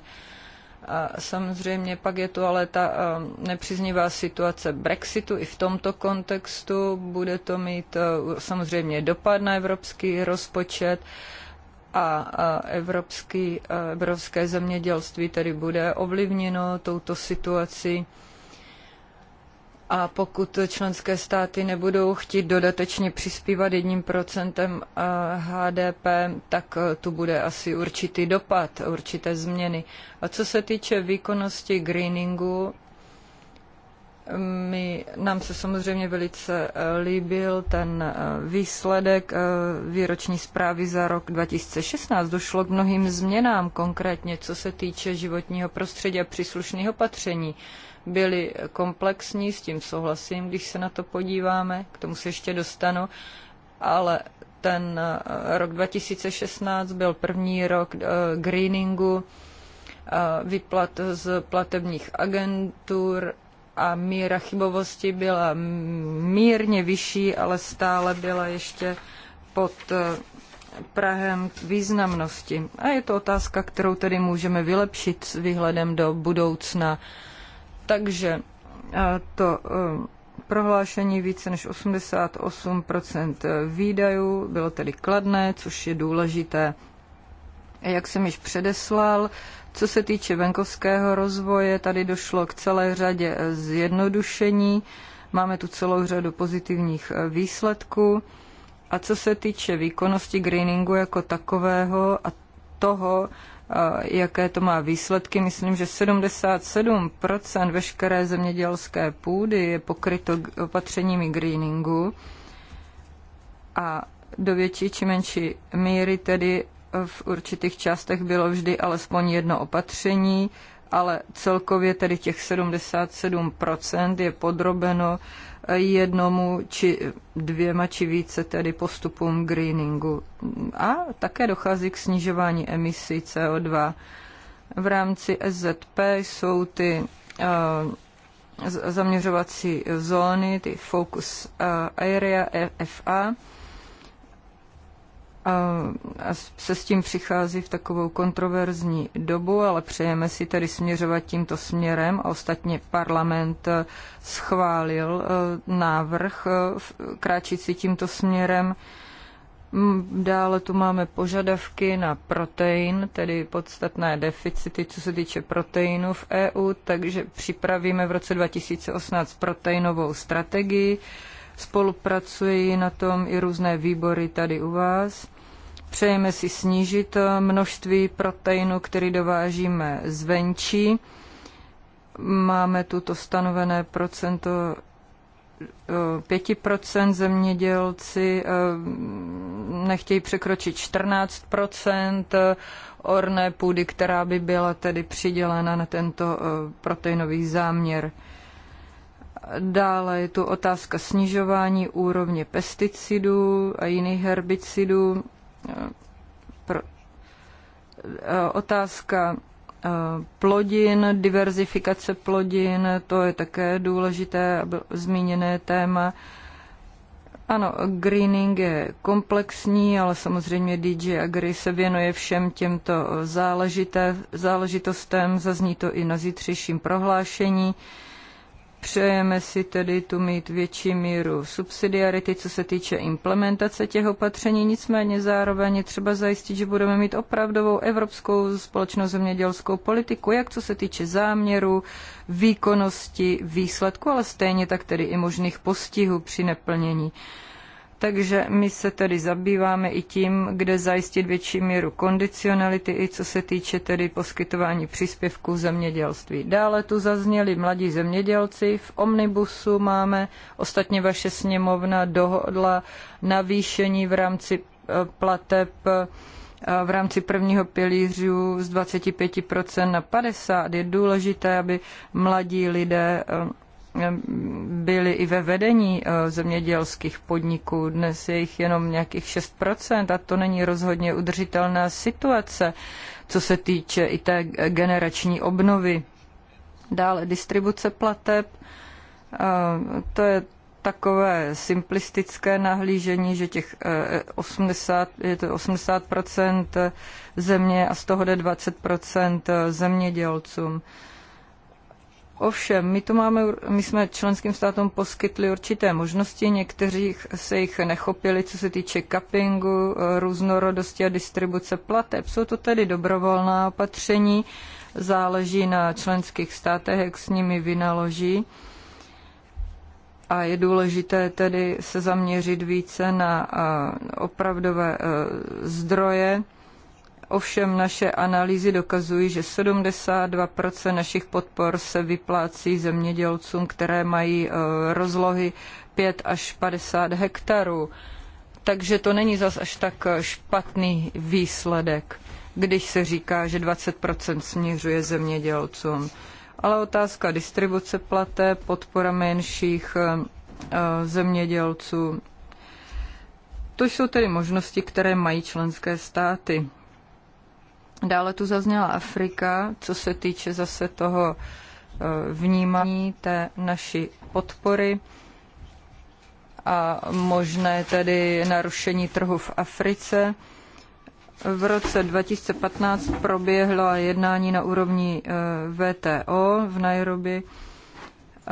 a samozřejmě pak je tu ale ta eh, nepříznivá situace Brexitu. I v tomto kontextu bude to mít eh, samozřejmě dopad na evropský rozpočet a evropský, eh, evropské zemědělství tedy bude ovlivněno touto situací. A pokud členské státy nebudou chtít dodatečně přispívat jedním procentem HDP, eh, tak eh, tu bude asi určitý dopad, určité změny. A co se týče výkonnosti greeningu, mm, my, nám se samozřejmě velice eh, líbil ten výsledek výroční zprávy za rok 2016. Došlo k mnohým změnám, konkrétně co se týče životního prostředí a příslušných opatření byly komplexní, s tím souhlasím, když se na to podíváme, k tomu se ještě dostanu, ale ten eh, rok 2016 byl první rok eh, greeningu, eh, výplat z platebních agentur a míra chybovosti byla mírně vyšší, ale stále byla ještě pod Prahem významnosti. A je to otázka, kterou tedy můžeme vylepšit s výhledem do budoucna. Takže e, to e, prohlášení více než 88 e, výdajů bylo tedy kladné, což je důležité. Jak jsem již předeslal, co se týče venkovského rozvoje, tady došlo k celé řadě zjednodušení. Máme tu celou řadu pozitivních výsledků. A co se týče výkonnosti greeningu jako takového a toho, jaké to má výsledky. Myslím, že 77% veškeré zemědělské půdy je pokryto opatřeními greeningu a do větší či menší míry tedy v určitých částech bylo vždy alespoň jedno opatření, ale celkově tedy těch 77% je podrobeno jednomu či dvěma či více tedy postupům greeningu. A také dochází k snižování emisí CO2. V rámci SZP jsou ty eh, zaměřovací zóny, ty focus eh, area FA, se s tím přichází v takovou kontroverzní dobu, ale přejeme si tedy směřovat tímto směrem. Ostatně parlament e, schválil e, návrh e, kráčící tímto směrem. Dále tu máme požadavky na protein, tedy podstatné deficity, co se týče proteinu v EU, takže připravíme v roce 2018 proteinovou strategii Spolupracují na tom i různé výbory tady u vás. Přejeme si snížit eh, množství proteinu, který dovážíme zvenčí. Máme tuto stanovené procento 5% eh, zemědělci eh, nechtějí překročit 14% orné půdy, která by byla tedy přidělena na tento proteinový záměr. Dále je tu otázka snižování úrovně pesticidů a jiných herbicidů. Eh, otázka eh, plodin, diverzifikace plodin, to je také důležité zmíněné téma. Ano, greening je komplexní, ale samozřejmě DJ Agri se věnuje všem těmto záležité, záležitostem, zazní to i na zítřejším prohlášení. Uh, Přejeme si tedy tu mít větší míru subsidiarity, co se týče implementace těch opatření, nicméně zároveň je třeba zajistit, že budeme mít opravdovou evropskou společnou zemědělskou politiku, jak co se týče záměru, výkonnosti, výsledku, ale stejně tak tedy i možných postihů při neplnění. Takže my se tedy zabýváme i tím, kde zajistit větší míru kondicionality, i co se týče tedy poskytování příspěvků zemědělství. Dále tu zazněli mladí zemědělci, v Omnibusu máme, ostatně vaše sněmovna dohodla navýšení v rámci eh, plateb eh, v rámci prvního pilířu z 25% na 50% je důležité, aby mladí lidé eh, byli i ve vedení eh, zemědělských podniků. Dnes je jich jenom nějakých 6% a to není rozhodně udržitelná situace, co se týče i té generační obnovy. Dále distribuce plateb. Eh, to je takové simplistické nahlížení, že těch 80, eh, je to 80 země a z toho jde 20 zemědělcům. Ovšem, my, to máme, my jsme členským státům poskytli určité možnosti, někteří se jich nechopili, co se týče cuppingu, různorodosti a distribuce plateb. Jsou to tedy dobrovolná opatření, záleží na členských státech, jak s nimi vynaloží. A je důležité tedy se zaměřit více na opravdové e, zdroje, Ovšem naše analýzy dokazují, že 72% našich podpor se vyplácí zemědělcům, které mají e, rozlohy 5 až 50 hektarů. Takže to není zas až tak e, špatný výsledek, když se říká, že 20% směřuje zemědělcům. Ale otázka distribuce platé, podpora menších e, zemědělců, to jsou tedy možnosti, které mají členské státy. Dále tu zazněla Afrika, co se týče zase toho eh, vnímání té naší podpory a možné tedy narušení trhu v Africe. V roce 2015 proběhla jednání na úrovni eh, VTO v Nairobi.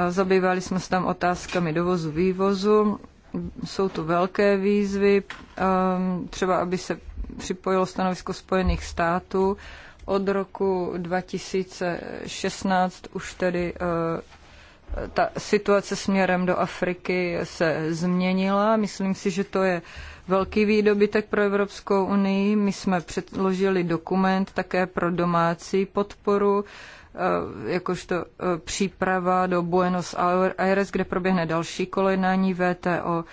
Zabývali jsme se tam otázkami dovozu, vývozu. Jsou tu velké výzvy, eh, třeba aby se připojilo stanovisko Spojených států. Od roku 2016 už tedy eh, ta situace směrem do Afriky se změnila. Myslím si, že to je velký výdobytek pro Evropskou unii. My jsme předložili dokument také pro domácí podporu, eh, jakožto eh, příprava do Buenos Aires, kde proběhne další kolejnání VTO.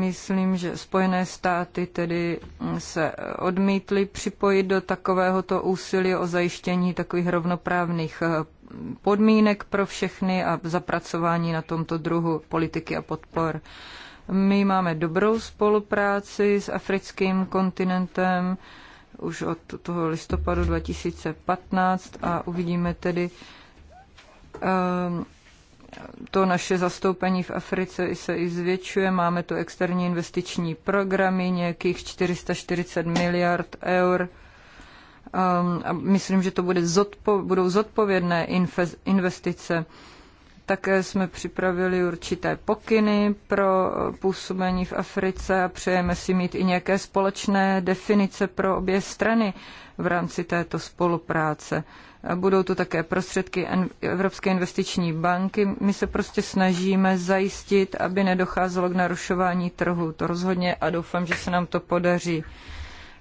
Myslím, že Spojené státy tedy se odmítly připojit do takovéhoto úsilí o zajištění takových rovnoprávných eh, podmínek pro všechny a zapracování na tomto druhu politiky a podpor. My máme dobrou spolupráci s africkým kontinentem už od toho listopadu 2015 a uvidíme tedy, eh, to naše zastoupení v Africe se i zvětšuje. Máme tu externí investiční programy, nějakých 440 miliard eur. Um, a myslím, že to bude zodpo, budou zodpovědné investice. Také jsme připravili určité pokyny pro působení v Africe a přejeme si mít i nějaké společné definice pro obě strany v rámci této spolupráce budou tu také prostředky Evropské investiční banky. My se prostě snažíme zajistit, aby nedocházelo k narušování trhu. To rozhodně a doufám, že se nám to podaří.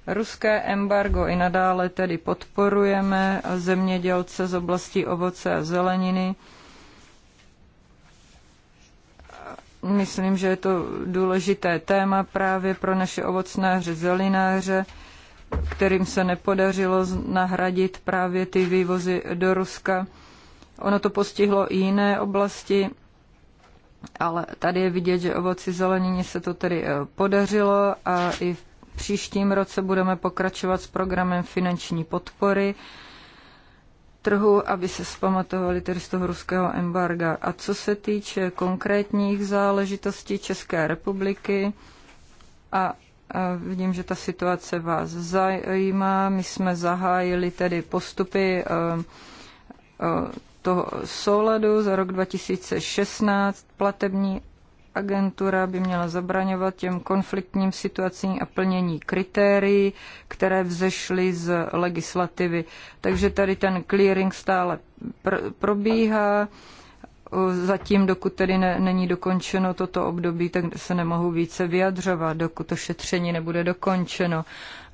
Ruské embargo i nadále tedy podporujeme zemědělce z oblasti ovoce a zeleniny. Myslím, že je to důležité téma právě pro naše ovocnáře, zelináře kterým se nepodařilo nahradit právě ty vývozy do Ruska. Ono to postihlo i jiné oblasti, ale tady je vidět, že ovoci zelenině se to tedy eh, podařilo a i v příštím roce budeme pokračovat s programem finanční podpory trhu, aby se zpamatovali tedy z toho ruského embarga. A co se týče konkrétních záležitostí České republiky a Vidím, že ta situace vás zajímá. My jsme zahájili tedy postupy ehm, e, toho souladu za rok 2016. Platební agentura by měla zabraňovat těm konfliktním situacím a plnění kritérií, které vzešly z legislativy. Takže tady ten clearing stále pr- probíhá zatím, dokud tedy ne, není dokončeno toto období, tak se nemohu více vyjadřovat, dokud to šetření nebude dokončeno.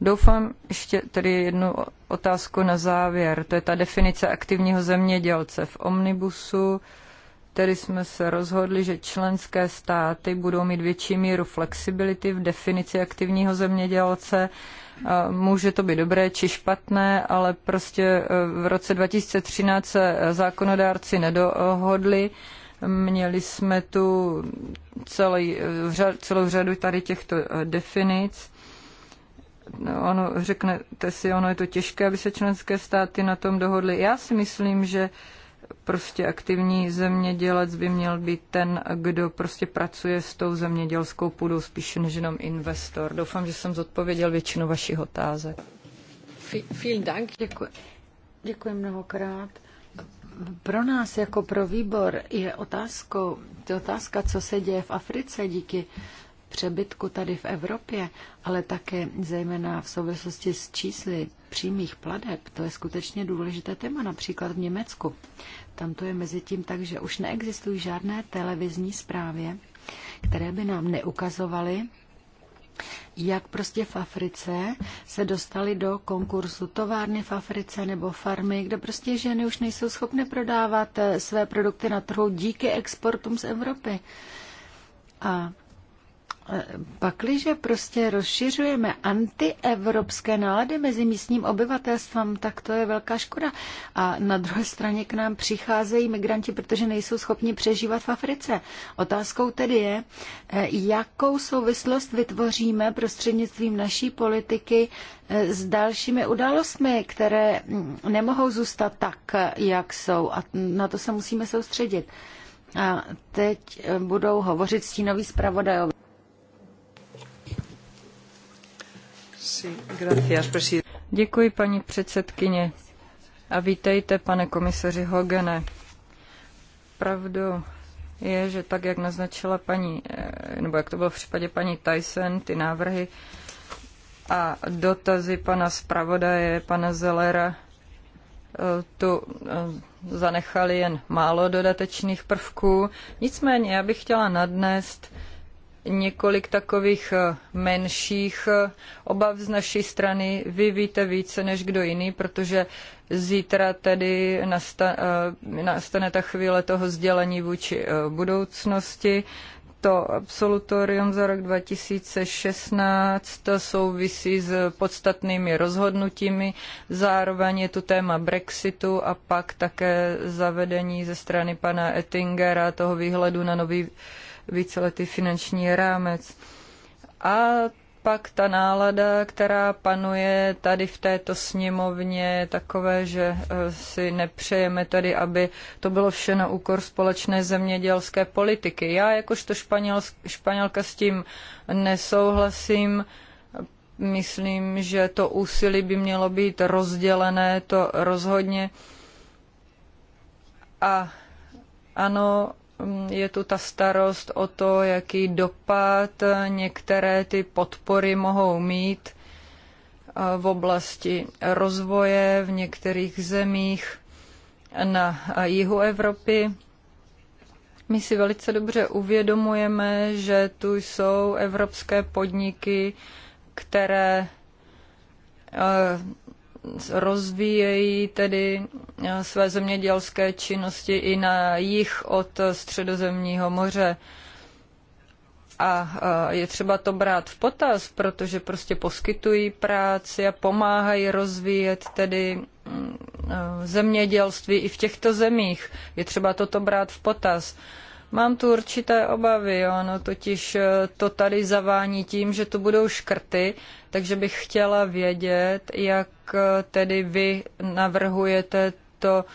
Doufám ještě tedy jednu otázku na závěr. To je ta definice aktivního zemědělce v omnibusu. Tedy jsme se rozhodli, že členské státy budou mít větší míru flexibility v definici aktivního zemědělce. Může to být dobré či špatné, ale prostě e, v roce 2013 se zákonodárci nedohodli. Měli jsme tu celý, e, celou řadu tady těchto e, definic ono, řeknete si, ono je to těžké, aby se členské státy na tom dohodly. Já si myslím, že prostě aktivní zemědělec by měl být ten, kdo prostě pracuje s tou zemědělskou půdou, spíše než jenom investor. Doufám, že jsem zodpověděl většinu vašich otázek. Vielen Dank. Děkuji. Děkuji mnohokrát. Pro nás jako pro výbor je otázkou, je otázka, co se děje v Africe díky přebytku tady v Evropě, ale také zejména v souvislosti s čísly přímých pladeb, to je skutečně důležité téma, například v Německu. Tam to je mezi tím tak, že už neexistují žádné televizní zprávy, které by nám neukazovaly, jak prostě v Africe se dostali do konkursu továrny v Africe nebo farmy, kde prostě ženy už nejsou schopny prodávat eh, své produkty na trhu díky exportům z Evropy. A pakliže prostě rozšiřujeme antievropské nálady mezi místním obyvatelstvem, tak to je velká škoda. A na druhé straně k nám přicházejí migranti, protože nejsou schopni přežívat v Africe. Otázkou tedy je, eh, jakou souvislost vytvoříme prostřednictvím naší politiky eh, s dalšími událostmi, které mm, nemohou zůstat tak, jak jsou. A na to se musíme soustředit. A teď eh, budou hovořit stínoví zpravodajové. Děkuji, paní předsedkyně. A vítejte, pane komisaři Hogene. Pravdu je, že tak, jak naznačila paní, eh, nebo jak to bylo v případě paní Tyson, ty návrhy a dotazy pana zpravodaje, pana Zelera, eh, tu eh, zanechali jen málo dodatečných prvků. Nicméně já bych chtěla nadnést několik takových eh, menších eh, obav z naší strany. Vy víte více než kdo jiný, protože zítra tedy nastane, eh, nastane ta chvíle toho sdělení vůči budoucnosti. To absolutorium za rok 2016 souvisí s podstatnými rozhodnutími. Zároveň je tu téma Brexitu a pak také zavedení ze strany pana Ettingera toho výhledu na nový víceletý finanční rámec. A pak ta nálada, která panuje tady v této sněmovně, takové, že eh, si nepřejeme tady, aby to bylo vše na úkor společné zemědělské politiky. Já jakožto španěl, španělka s tím nesouhlasím. Myslím, že to úsilí by mělo být rozdělené, to rozhodně. A ano, je tu ta starost o to, jaký dopad některé ty podpory mohou mít eh, v oblasti rozvoje v některých zemích na jihu Evropy. My si velice dobře uvědomujeme, že tu jsou evropské podniky, které eh, rozvíjejí tedy eh, své zemědělské činnosti i na jich od Středozemního moře. A eh, je třeba to brát v potaz, protože prostě poskytují práci a pomáhají rozvíjet tedy mm, eh, zemědělství i v těchto zemích. Je třeba toto brát v potaz. Mám tu určité obavy, ono totiž eh, to tady zavání tím, že tu budou škrty, takže bych chtěla vědět, jak eh, tedy vy navrhujete to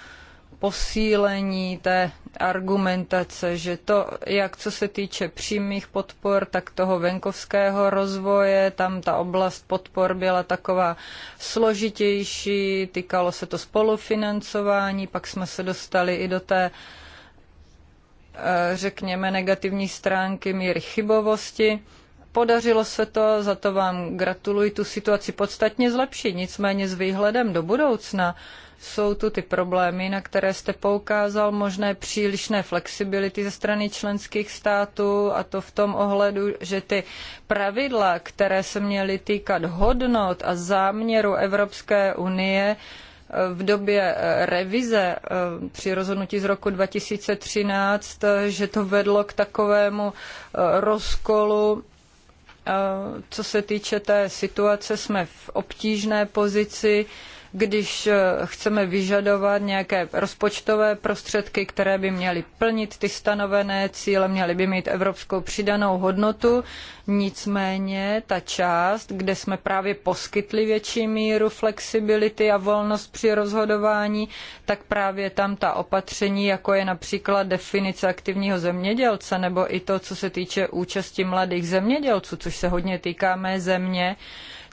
posílení té argumentace, že to, jak co se týče přímých podpor, tak toho venkovského rozvoje, tam ta oblast podpor byla taková složitější, týkalo se to spolufinancování, pak jsme se dostali i do té uh, Eh, řekněme, negativní stránky míry chybovosti. Podařilo se to, za to vám gratuluji, tu situaci podstatně zlepšit, nicméně s výhledem do budoucna jsou tu ty problémy, na které jste poukázal, možné přílišné flexibility ze strany členských států a to v tom ohledu, že ty pravidla, které se měly týkat hodnot a záměru Evropské unie, v době eh, revize eh, při rozhodnutí z roku 2013, eh, že to vedlo k takovému rozkolu co se týče té situace, jsme v obtížné pozici když eh, chceme vyžadovat nějaké rozpočtové prostředky, které by měly plnit ty stanovené cíle, měly by mít evropskou přidanou hodnotu. Nicméně ta část, kde jsme právě poskytli větší míru flexibility a volnost při rozhodování, tak právě tam ta opatření, jako je například definice aktivního zemědělce, nebo i to, co se týče účasti mladých zemědělců, což se hodně týká mé země,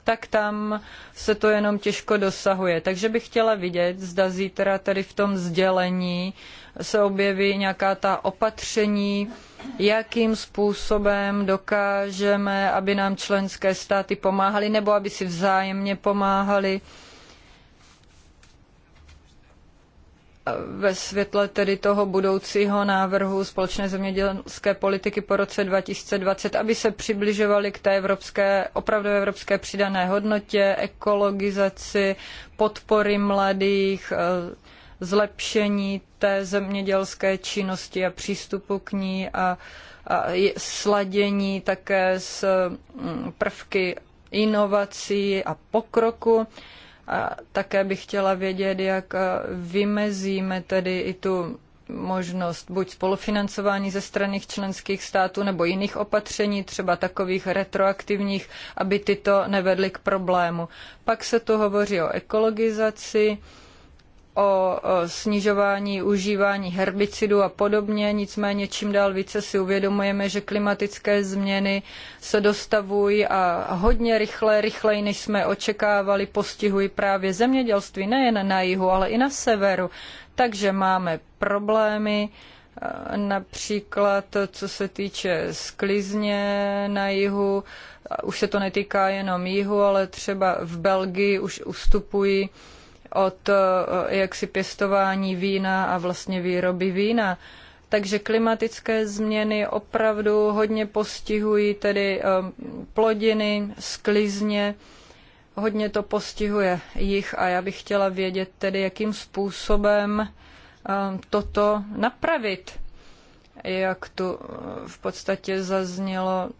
tak tam se to jenom těžko dosahuje. Takže bych chtěla vidět, zda zítra tady v tom sdělení se objeví nějaká ta opatření, jakým způsobem dokážeme, aby nám členské státy pomáhaly nebo aby si vzájemně pomáhaly ve světle tedy toho budoucího návrhu společné zemědělské politiky po roce 2020, aby se přibližovali k té evropské, opravdu evropské přidané hodnotě, ekologizaci, podpory mladých, eh, zlepšení té zemědělské činnosti a přístupu k ní a, a sladění také s mm, prvky inovací a pokroku. A také bych chtěla vědět, jak eh, vymezíme tedy i tu možnost buď spolufinancování ze strany členských států nebo jiných opatření, třeba takových retroaktivních, aby tyto nevedly k problému. Pak se tu hovoří o ekologizaci, o snižování užívání herbicidů a podobně, nicméně čím dál více si uvědomujeme, že klimatické změny se dostavují a hodně rychle, rychleji než jsme očekávali, postihují právě zemědělství nejen na jihu, ale i na severu. Takže máme problémy, e, například co se týče sklizně na jihu, e, už se to netýká jenom jihu, ale třeba v Belgii už ustupují od eh, eh, jaksi pěstování vína a vlastně výroby vína. Takže klimatické změny opravdu hodně postihují tedy eh, plodiny, sklizně, hodně to postihuje jich a já bych chtěla vědět tedy, jakým způsobem toto napravit. Jak tu v podstatě zaznělo,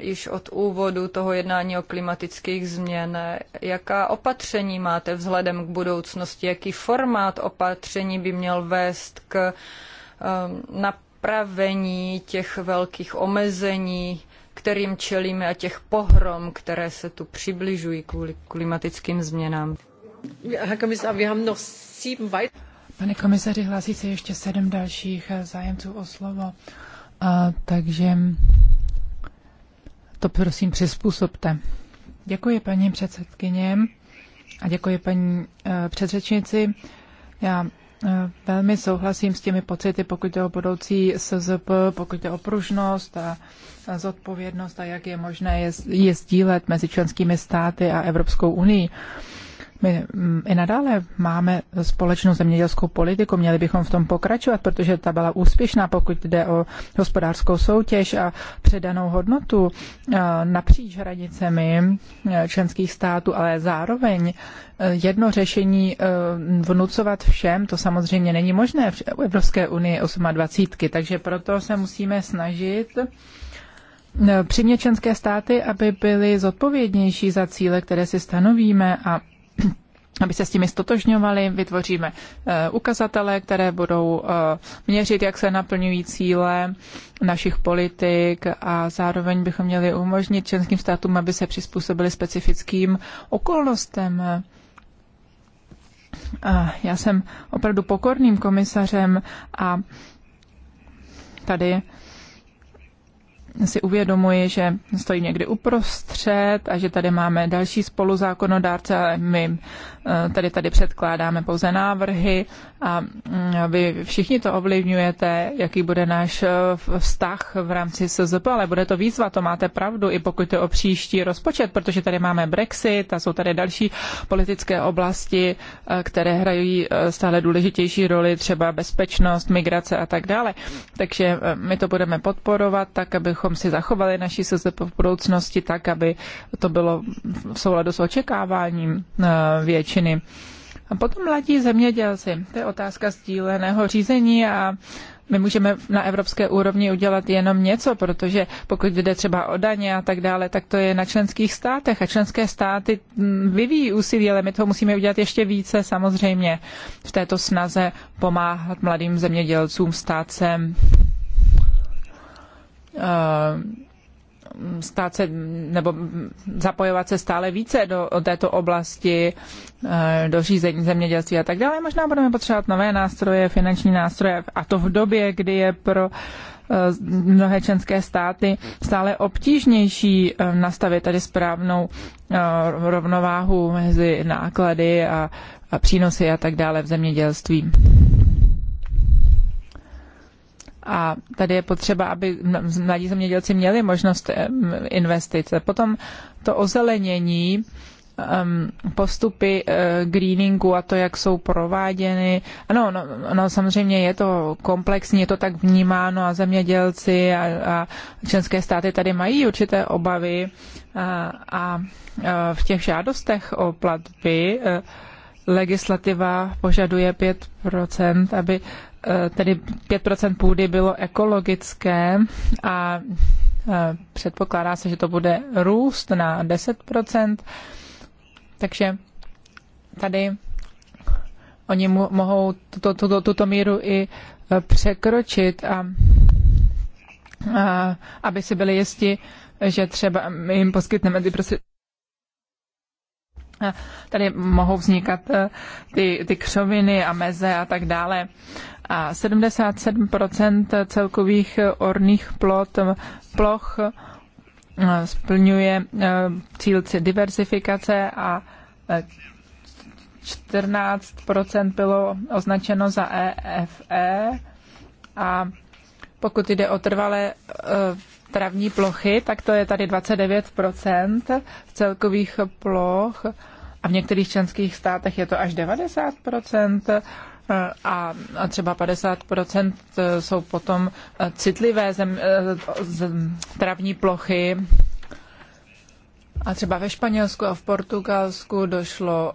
již od úvodu toho jednání o klimatických změn. Jaká opatření máte vzhledem k budoucnosti? Jaký formát opatření by měl vést k ehm, napravení těch velkých omezení, kterým čelíme a těch pohrom, které se tu přibližují kvůli klimatickým změnám? Pane komisaři, hlásí se ještě sedm dalších eh, zájemců o slovo. A, takže to prosím přizpůsobte. Děkuji paní předsedkyně a děkuji paní eh, předřečnici. Já eh, Velmi souhlasím s těmi pocity, pokud jde o budoucí SZP, pokud jde o pružnost a zodpovědnost a jak je možné je, je sdílet mezi členskými státy a Evropskou unii. My mm, i nadále máme společnou zemědělskou politiku, měli bychom v tom pokračovat, protože ta byla úspěšná, pokud jde o hospodářskou soutěž a předanou hodnotu eh, napříč hranicemi eh, členských států, ale zároveň eh, jedno řešení vnucovat všem, to samozřejmě není možné v Evropské unii 28, takže proto se musíme snažit přimět členské státy, aby byly zodpovědnější za cíle, které si stanovíme a aby se s tím stotožňovali, vytvoříme eh, ukazatele, které budou eh, měřit, jak se naplňují cíle našich politik a zároveň bychom měli umožnit členským státům, aby se přizpůsobili specifickým okolnostem. Já jsem opravdu pokorným komisařem a tady si uvědomuji, že stojí někdy uprostřed a že tady máme další spoluzákonodárce, ale my eh, tady tady předkládáme pouze návrhy a mm, vy všichni to ovlivňujete, jaký bude náš eh, vztah v rámci SZP, ale bude to výzva, to máte pravdu, i pokud je o příští rozpočet, protože tady máme Brexit a jsou tady další politické oblasti, eh, které hrají eh, stále důležitější roli, třeba bezpečnost, migrace a tak dále. Takže my to budeme podporovat tak, abychom si zachovali naši SZP v budoucnosti tak, aby to bylo v souladu s očekáváním většiny a potom mladí zemědělci. To je otázka stíleného řízení a my můžeme na evropské úrovni udělat jenom něco, protože pokud jde třeba o daně a tak dále, tak to je na členských státech a členské státy mm, vyvíjí úsilí, ale my toho musíme udělat ještě více samozřejmě v této snaze pomáhat mladým zemědělcům státcem, uh, eh, stát se, nebo zapojovat se stále více do této oblasti, eh, do řízení zemědělství a tak dále. Možná budeme potřebovat nové nástroje, finanční nástroje a to v době, kdy je pro eh, mnohé členské státy stále obtížnější eh, nastavit tady správnou rovnováhu mezi náklady a, a přínosy a tak dále v zemědělství. A tady je potřeba, aby mladí zemědělci měli možnost investice. Potom to ozelenění, postupy eh, greeningu a to, jak jsou prováděny. Ano, no, no, samozřejmě je to komplexní, je to tak vnímáno a zemědělci a, a členské státy tady mají určité obavy eh, a, a eh, v těch žádostech o platby legislativa požaduje 5%, aby Eh, tedy 5% půdy bylo ekologické a eh, předpokládá se, že to bude růst na 10%. Takže tady oni mohou tuto, tuto, tuto míru i eh, překročit a, a aby si byli jisti, že třeba my jim poskytneme ty prostě Tady mohou vznikat ty, ty křoviny a meze a tak dále a 77 celkových orných plot, ploch eh, splňuje eh, cíl diversifikace a 14 eh, bylo označeno za EFE e. a pokud jde o trvalé travní plochy, tak to je tady 29 celkových ploch a v některých členských státech je to až 90 a třeba 50% e, jsou potom e, citlivé zem, e, zem, travní plochy. A třeba ve Španělsku a v Portugalsku došlo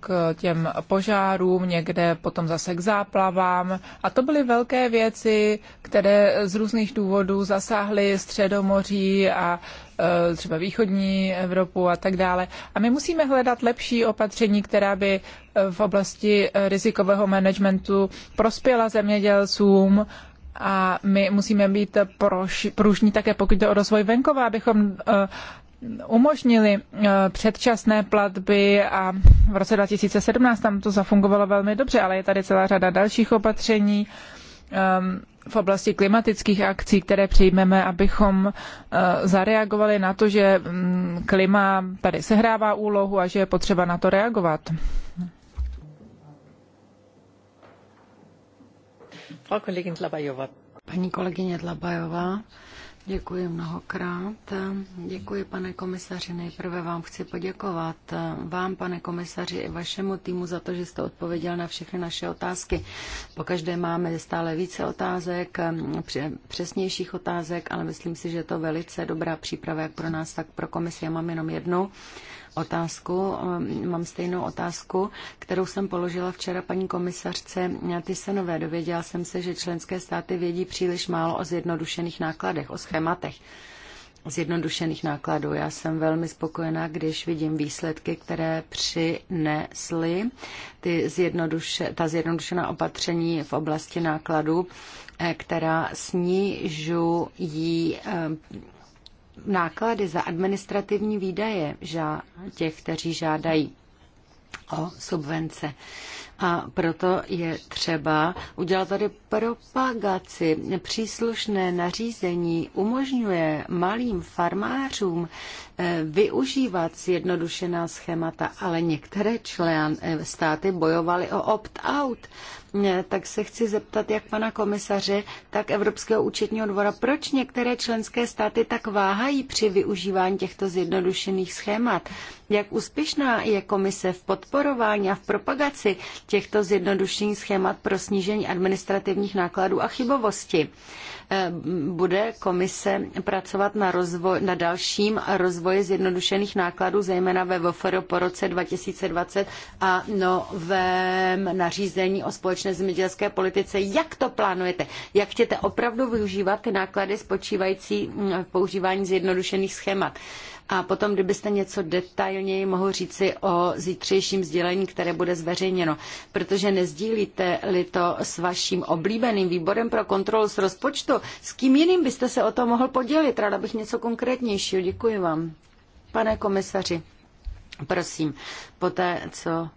k těm požárům, někde potom zase k záplavám. A to byly velké věci, které z různých důvodů zasáhly Středomoří a Eh, třeba východní Evropu a tak dále. A my musíme hledat lepší opatření, která by eh, v oblasti eh, rizikového managementu prospěla zemědělcům a my musíme být pružní také pokud jde o rozvoj venkova, abychom umožnili předčasné platby a v roce 2017 tam to zafungovalo velmi dobře, ale je tady celá řada dalších opatření. Ehm, v oblasti klimatických akcí, které přijmeme, abychom eh, zareagovali na to, že mm, klima tady sehrává úlohu a že je potřeba na to reagovat. Paní kolegyně Dlabajová, Děkuji mnohokrát. Děkuji, pane komisaři. Nejprve vám chci poděkovat. Vám, pane komisaři, i vašemu týmu za to, že jste odpověděl na všechny naše otázky. Po každé máme stále více otázek, přesnějších otázek, ale myslím si, že je to velice dobrá příprava jak pro nás, tak pro komisi. Já mám jenom jednu otázku, eh, mám stejnou otázku, kterou jsem položila včera paní komisařce Tysenové. Dověděla jsem se, že členské státy vědí příliš málo o zjednodušených nákladech, o schématech zjednodušených nákladů. Já jsem velmi spokojená, když vidím výsledky, které přinesly ty zjednoduše, ta zjednodušená opatření v oblasti nákladů, eh, která snižují eh, náklady za administrativní výdaje žá, těch, kteří žádají o subvence. A proto je třeba udělat tady propagaci. Příslušné nařízení umožňuje malým farmářům eh, využívat zjednodušená schémata, ale některé člen eh, státy bojovaly o opt-out tak se chci zeptat jak pana komisaře, tak Evropského účetního dvora, proč některé členské státy tak váhají při využívání těchto zjednodušených schémat? Jak úspěšná je komise v podporování a v propagaci těchto zjednodušených schémat pro snížení administrativních nákladů a chybovosti? Eh, bude komise pracovat na, rozvoj, na dalším rozvoji zjednodušených nákladů, zejména ve VFR po roce 2020 a novém nařízení o společné zemědělské politice. Jak to plánujete? Jak chcete opravdu využívat ty náklady spočívající mm, v používání zjednodušených schémat? A potom, kdybyste něco detailněji mohl říci o zítřejším sdělení, které bude zveřejněno, protože nezdílíte-li to s vaším oblíbeným výborem pro kontrolu z rozpočtu, s kým jiným byste se o to mohl podělit? Ráda bych něco konkrétnějšího. Děkuji vám. Pane komisaři, prosím, poté, co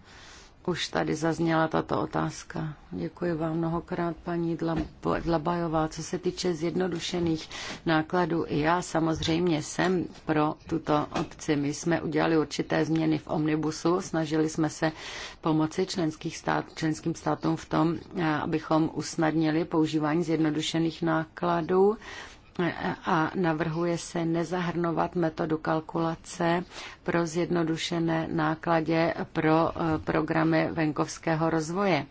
už tady zazněla tato otázka. Děkuji vám mnohokrát, paní Dlabajová. Co se týče zjednodušených nákladů, i já samozřejmě jsem pro tuto obci. My jsme udělali určité změny v omnibusu, snažili jsme se pomoci členských stát, členským státům v tom, eh, abychom usnadnili používání zjednodušených nákladů a navrhuje se nezahrnovat metodu kalkulace pro zjednodušené nákladě pro eh, programy venkovského rozvoje.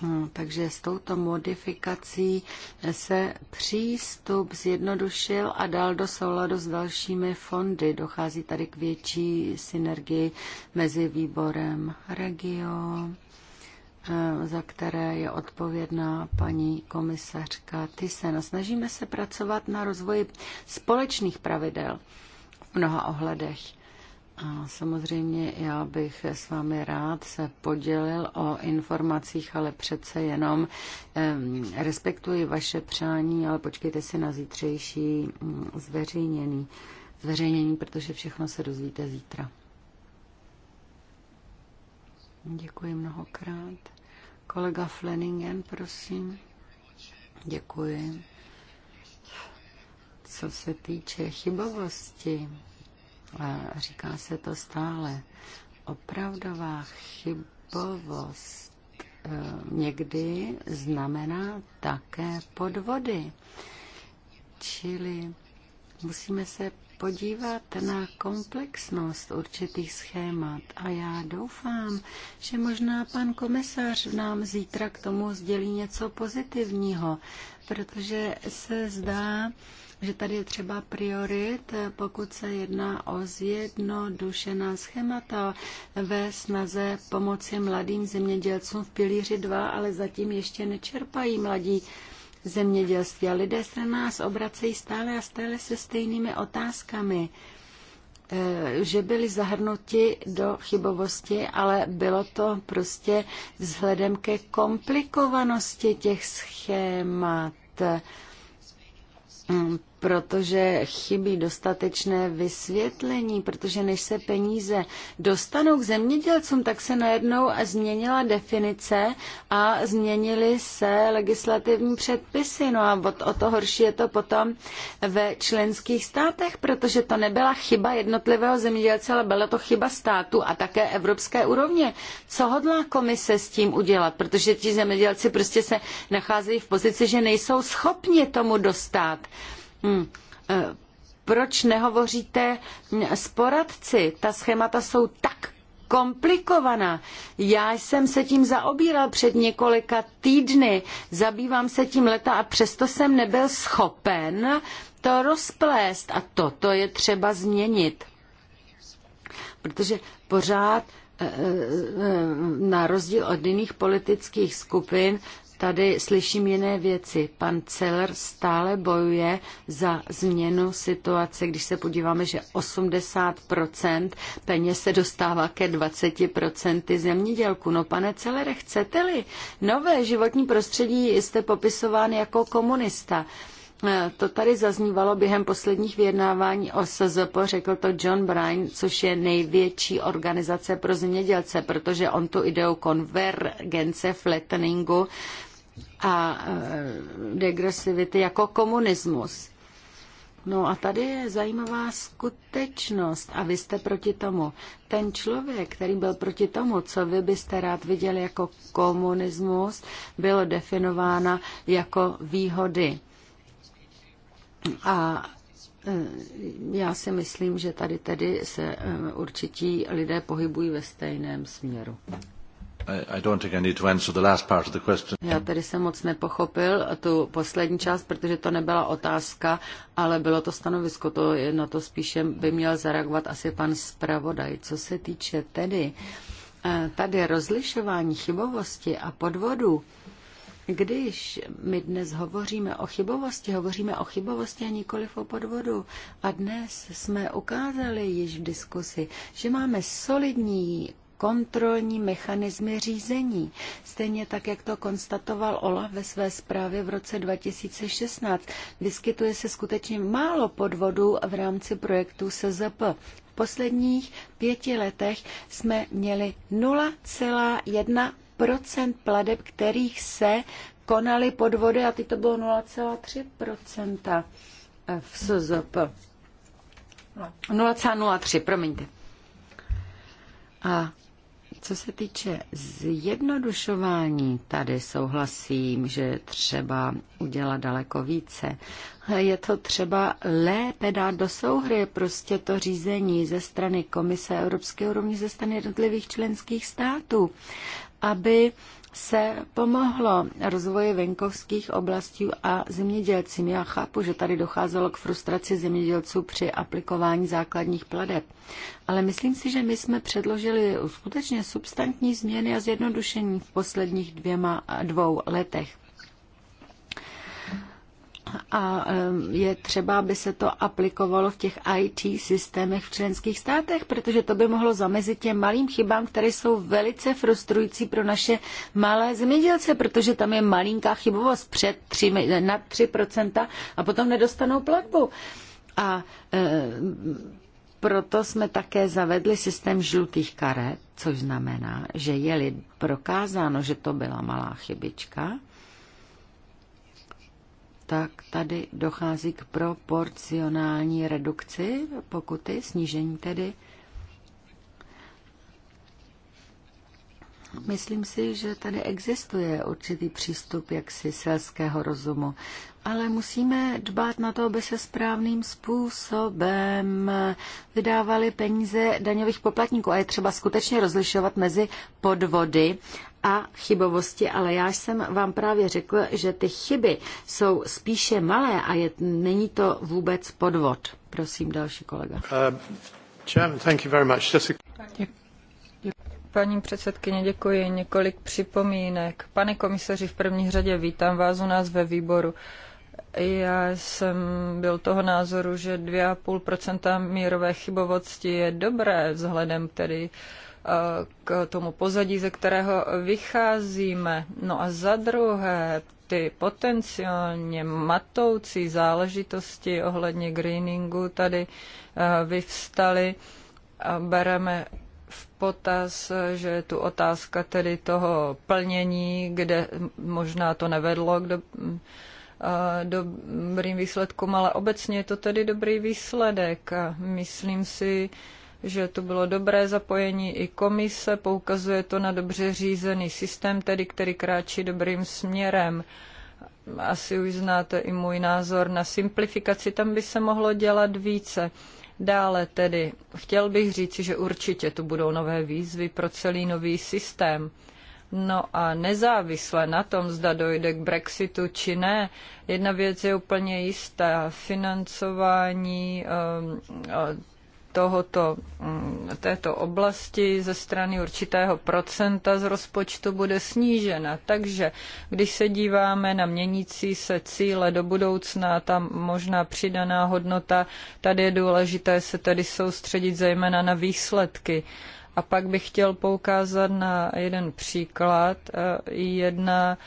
Hmm, takže s touto modifikací se přístup zjednodušil a dal do souladu s dalšími fondy. Dochází tady k větší synergii mezi výborem regionu. Eh, za které je odpovědná paní komisařka Tysen. Snažíme se pracovat na rozvoji společných pravidel v mnoha ohledech. A samozřejmě já bych s vámi rád se podělil o informacích, ale přece jenom respektuji vaše přání, ale počkejte si na zítřejší mm, zveřejnění, zveřejnění protože všechno se dozvíte zítra. Děkuji mnohokrát. Kolega Fleningen, prosím. Děkuji. Co se týče chybovosti, říká se to stále, opravdová chybovost e, někdy znamená také podvody. Čili musíme se podívat na komplexnost určitých schémat a já doufám, že možná pan komisař nám zítra k tomu sdělí něco pozitivního, protože se zdá, že tady je třeba priorit, pokud se jedná o zjednodušená schémata ve snaze pomoci mladým zemědělcům v pilíři 2, ale zatím ještě nečerpají mladí zemědělství. A lidé se na nás obracejí stále a stále se stejnými otázkami eh, že byli zahrnuti do chybovosti, ale bylo to prostě vzhledem ke komplikovanosti těch schémat mm, protože chybí dostatečné vysvětlení, protože než se peníze dostanou k zemědělcům, tak se najednou změnila definice a změnily se legislativní předpisy. No a o to horší je to potom ve členských státech, protože to nebyla chyba jednotlivého zemědělce, ale byla to chyba státu a také evropské úrovně. Co hodlá komise s tím udělat? Protože ti zemědělci prostě se nacházejí v pozici, že nejsou schopni tomu dostat. Hmm. E, proč nehovoříte s poradci? Ta schémata jsou tak komplikovaná. Já jsem se tím zaobíral před několika týdny, zabývám se tím leta a přesto jsem nebyl schopen to rozplést a toto je třeba změnit. Protože pořád e, e, na rozdíl od jiných politických skupin tady slyším jiné věci. Pan Celer stále bojuje za změnu situace, když se podíváme, že 80% peněz se dostává ke 20% zemědělku. No pane Celere, chcete-li? Nové životní prostředí jste popisován jako komunista. Eh, to tady zaznívalo během posledních vyjednávání o SZP, řekl to John Bryan, což je největší organizace pro zemědělce, protože on tu ideu konvergence flatteningu a e, degresivity jako komunismus. No a tady je zajímavá skutečnost a vy jste proti tomu. Ten člověk, který byl proti tomu, co vy byste rád viděli jako komunismus, bylo definována jako výhody. A e, já si myslím, že tady tedy se e, určití lidé pohybují ve stejném směru. Já tedy jsem moc nepochopil tu poslední část, protože to nebyla otázka, ale bylo to stanovisko. To je, na to spíše by měl zareagovat asi pan zpravodaj. Co se týče tedy eh, tady rozlišování chybovosti a podvodu, když my dnes hovoříme o chybovosti, hovoříme o chybovosti a nikoliv o podvodu. A dnes jsme ukázali již v diskusi, že máme solidní kontrolní mechanismy řízení. Stejně tak, jak to konstatoval Olaf ve své zprávě v roce 2016, vyskytuje se skutečně málo podvodů v rámci projektu SZP posledních pěti letech jsme měli 0,1 pladeb, kterých se konaly podvody a ty to bylo 0,3 eh, v SZP. 0,03, no, promiňte. A co se týče zjednodušování, tady souhlasím, že třeba udělat daleko více. Je to třeba lépe dát do souhry prostě to řízení ze strany Komise Evropské úrovně, ze strany jednotlivých členských států, aby se pomohlo rozvoji venkovských oblastí a zemědělcím. Já chápu, že tady docházelo k frustraci zemědělců při aplikování základních pladeb, ale myslím si, že my jsme předložili skutečně substantní změny a zjednodušení v posledních dvěma, dvou letech a eh, je třeba, aby se to aplikovalo v těch IT systémech v členských státech, protože to by mohlo zamezit těm malým chybám, které jsou velice frustrující pro naše malé zemědělce, protože tam je malinká chybovost před 3, nad 3% a potom nedostanou platbu. A e, proto jsme také zavedli systém žlutých karet, což znamená, že je-li prokázáno, že to byla malá chybička, tak tady dochází k proporcionální redukci pokuty, snížení tedy. Myslím si, že tady existuje určitý přístup jaksi selského rozumu, ale musíme dbát na to, aby se správným způsobem vydávaly peníze daňových poplatníků. A je třeba skutečně rozlišovat mezi podvody a chybovosti, ale já jsem vám právě řekl, že ty chyby jsou spíše malé a je, není to vůbec podvod. Prosím, další kolega. Uh, Jim, thank you very much. Just Paní předsedkyně, děkuji. Několik připomínek. Pane komisaři, v první řadě vítám vás u nás ve výboru. Já jsem byl toho názoru, že 2,5% mírové chybovosti je dobré vzhledem tedy uh, k tomu pozadí, ze kterého vycházíme. No a za druhé, ty potenciálně matoucí záležitosti ohledně greeningu tady eh, vyvstaly. Bereme v potaz, že je tu otázka tedy toho plnění, kde možná to nevedlo k do, eh, dobrým výsledkům, ale obecně je to tedy dobrý výsledek. Myslím si, že to bylo dobré zapojení i komise, poukazuje to na dobře řízený systém, tedy který kráčí dobrým směrem. Asi už znáte i můj názor na simplifikaci, tam by se mohlo dělat více. Dále tedy chtěl bych říci, že určitě tu budou nové výzvy pro celý nový systém. No a nezávisle na tom, zda dojde k Brexitu či ne, jedna věc je úplně jistá. Financování um, tohoto, mm, této oblasti ze strany určitého procenta z rozpočtu bude snížena. Takže když se díváme na měnící se cíle do budoucna, tam možná přidaná hodnota, tady je důležité se tedy soustředit zejména na výsledky. A pak bych chtěl poukázat na jeden příklad. Eh, jedna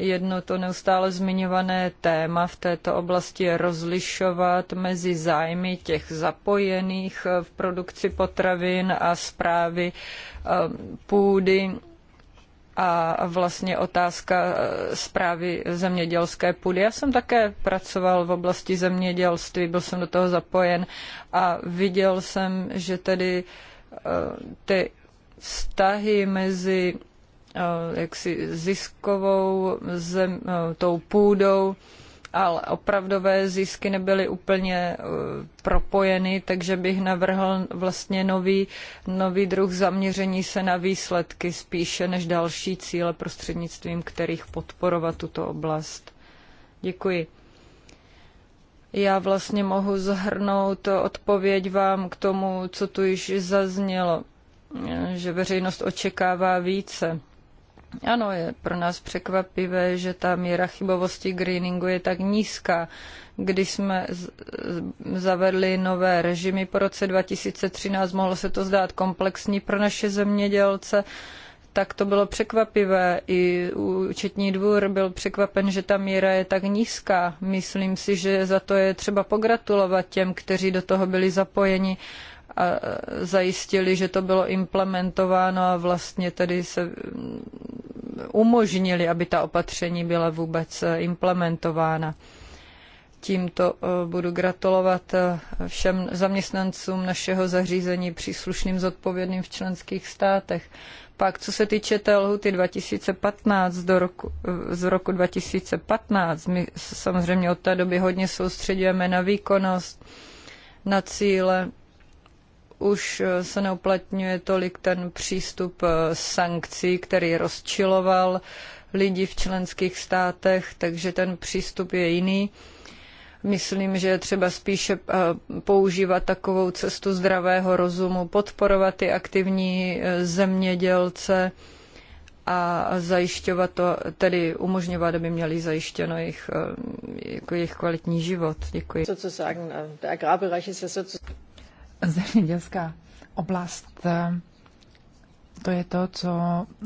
Jedno to neustále zmiňované téma v této oblasti je rozlišovat mezi zájmy těch zapojených eh, v produkci potravin a zprávy eh, půdy a vlastně otázka eh, zprávy zemědělské půdy. Já jsem také pracoval v oblasti zemědělství, byl jsem do toho zapojen a viděl jsem, že tedy ty vztahy mezi Eh, jaksi ziskovou zem, eh, tou půdou, ale opravdové zisky nebyly úplně eh, propojeny, takže bych navrhl vlastně nový, nový druh zaměření se na výsledky spíše než další cíle, prostřednictvím kterých podporovat tuto oblast. Děkuji. Já vlastně mohu zhrnout odpověď vám k tomu, co tu již zaznělo, že veřejnost očekává více. Ano, je pro nás překvapivé, že ta míra chybovosti greeningu je tak nízká. Když jsme zavedli nové režimy po roce 2013, mohlo se to zdát komplexní pro naše zemědělce, tak to bylo překvapivé. I účetní dvůr byl překvapen, že ta míra je tak nízká. Myslím si, že za to je třeba pogratulovat těm, kteří do toho byli zapojeni a zajistili, že to bylo implementováno a vlastně tedy se mm, umožnili, aby ta opatření byla vůbec e, implementována. Tímto e, budu gratulovat e, všem zaměstnancům našeho zařízení příslušným zodpovědným v členských státech. Pak, co se týče té lhuty 2015 do roku, z roku 2015, my samozřejmě od té doby hodně soustředujeme na výkonnost, na cíle, už eh, se neuplatňuje tolik ten přístup eh, sankcí, který rozčiloval lidi v členských státech, takže ten přístup je jiný. Myslím, že je třeba spíše eh, používat takovou cestu zdravého rozumu, podporovat ty aktivní zemědělce a zajišťovat to, tedy umožňovat, aby měli zajištěno jejich, jako jejich kvalitní život. Děkuji zemědělská oblast, eh, to je to, co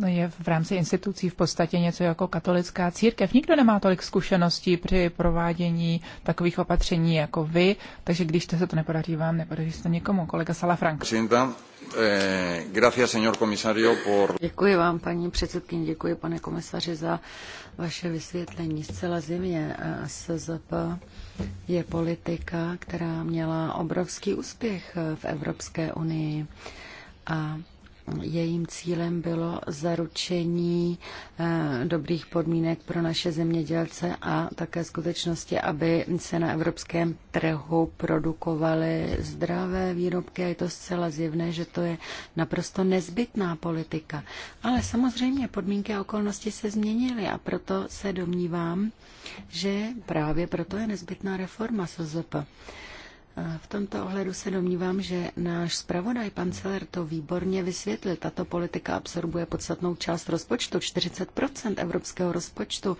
je v rámci institucí v podstatě něco jako katolická církev. Nikdo nemá tolik zkušeností při provádění takových opatření jako vy, takže když to se to nepodaří vám, nepodaří se to někomu. Kolega Salafrank. Eh, děkuji vám, paní předsedkyně, děkuji, pane komisaři, za vaše vysvětlení. Zcela zimě eh, SZP je politika, která měla obrovský úspěch v Evropské unii a Jejím cílem bylo zaručení eh, dobrých podmínek pro naše zemědělce a také skutečnosti, aby se na evropském trhu produkovaly zdravé výrobky. A je to zcela zjevné, že to je naprosto nezbytná politika. Ale samozřejmě podmínky a okolnosti se změnily a proto se domnívám, že právě proto je nezbytná reforma SZP. V tomto ohledu se domnívám, že náš zpravodaj pan Celer to výborně vysvětlil. Tato politika absorbuje podstatnou část rozpočtu, 40 evropského rozpočtu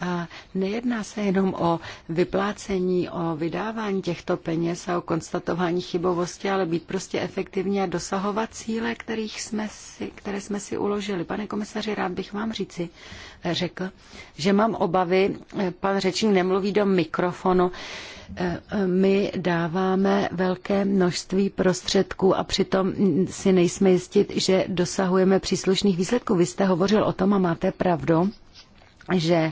a nejedná se jenom o vyplácení, o vydávání těchto peněz a o konstatování chybovosti, ale být prostě efektivní a dosahovat cíle, kterých jsme si, které jsme si uložili. Pane komisaři, rád bych vám říci, eh, řekl, že mám obavy, eh, pan řečník nemluví do mikrofonu, eh, my dáváme velké množství prostředků a přitom si nejsme jistit, že dosahujeme příslušných výsledků. Vy jste hovořil o tom a máte pravdu, že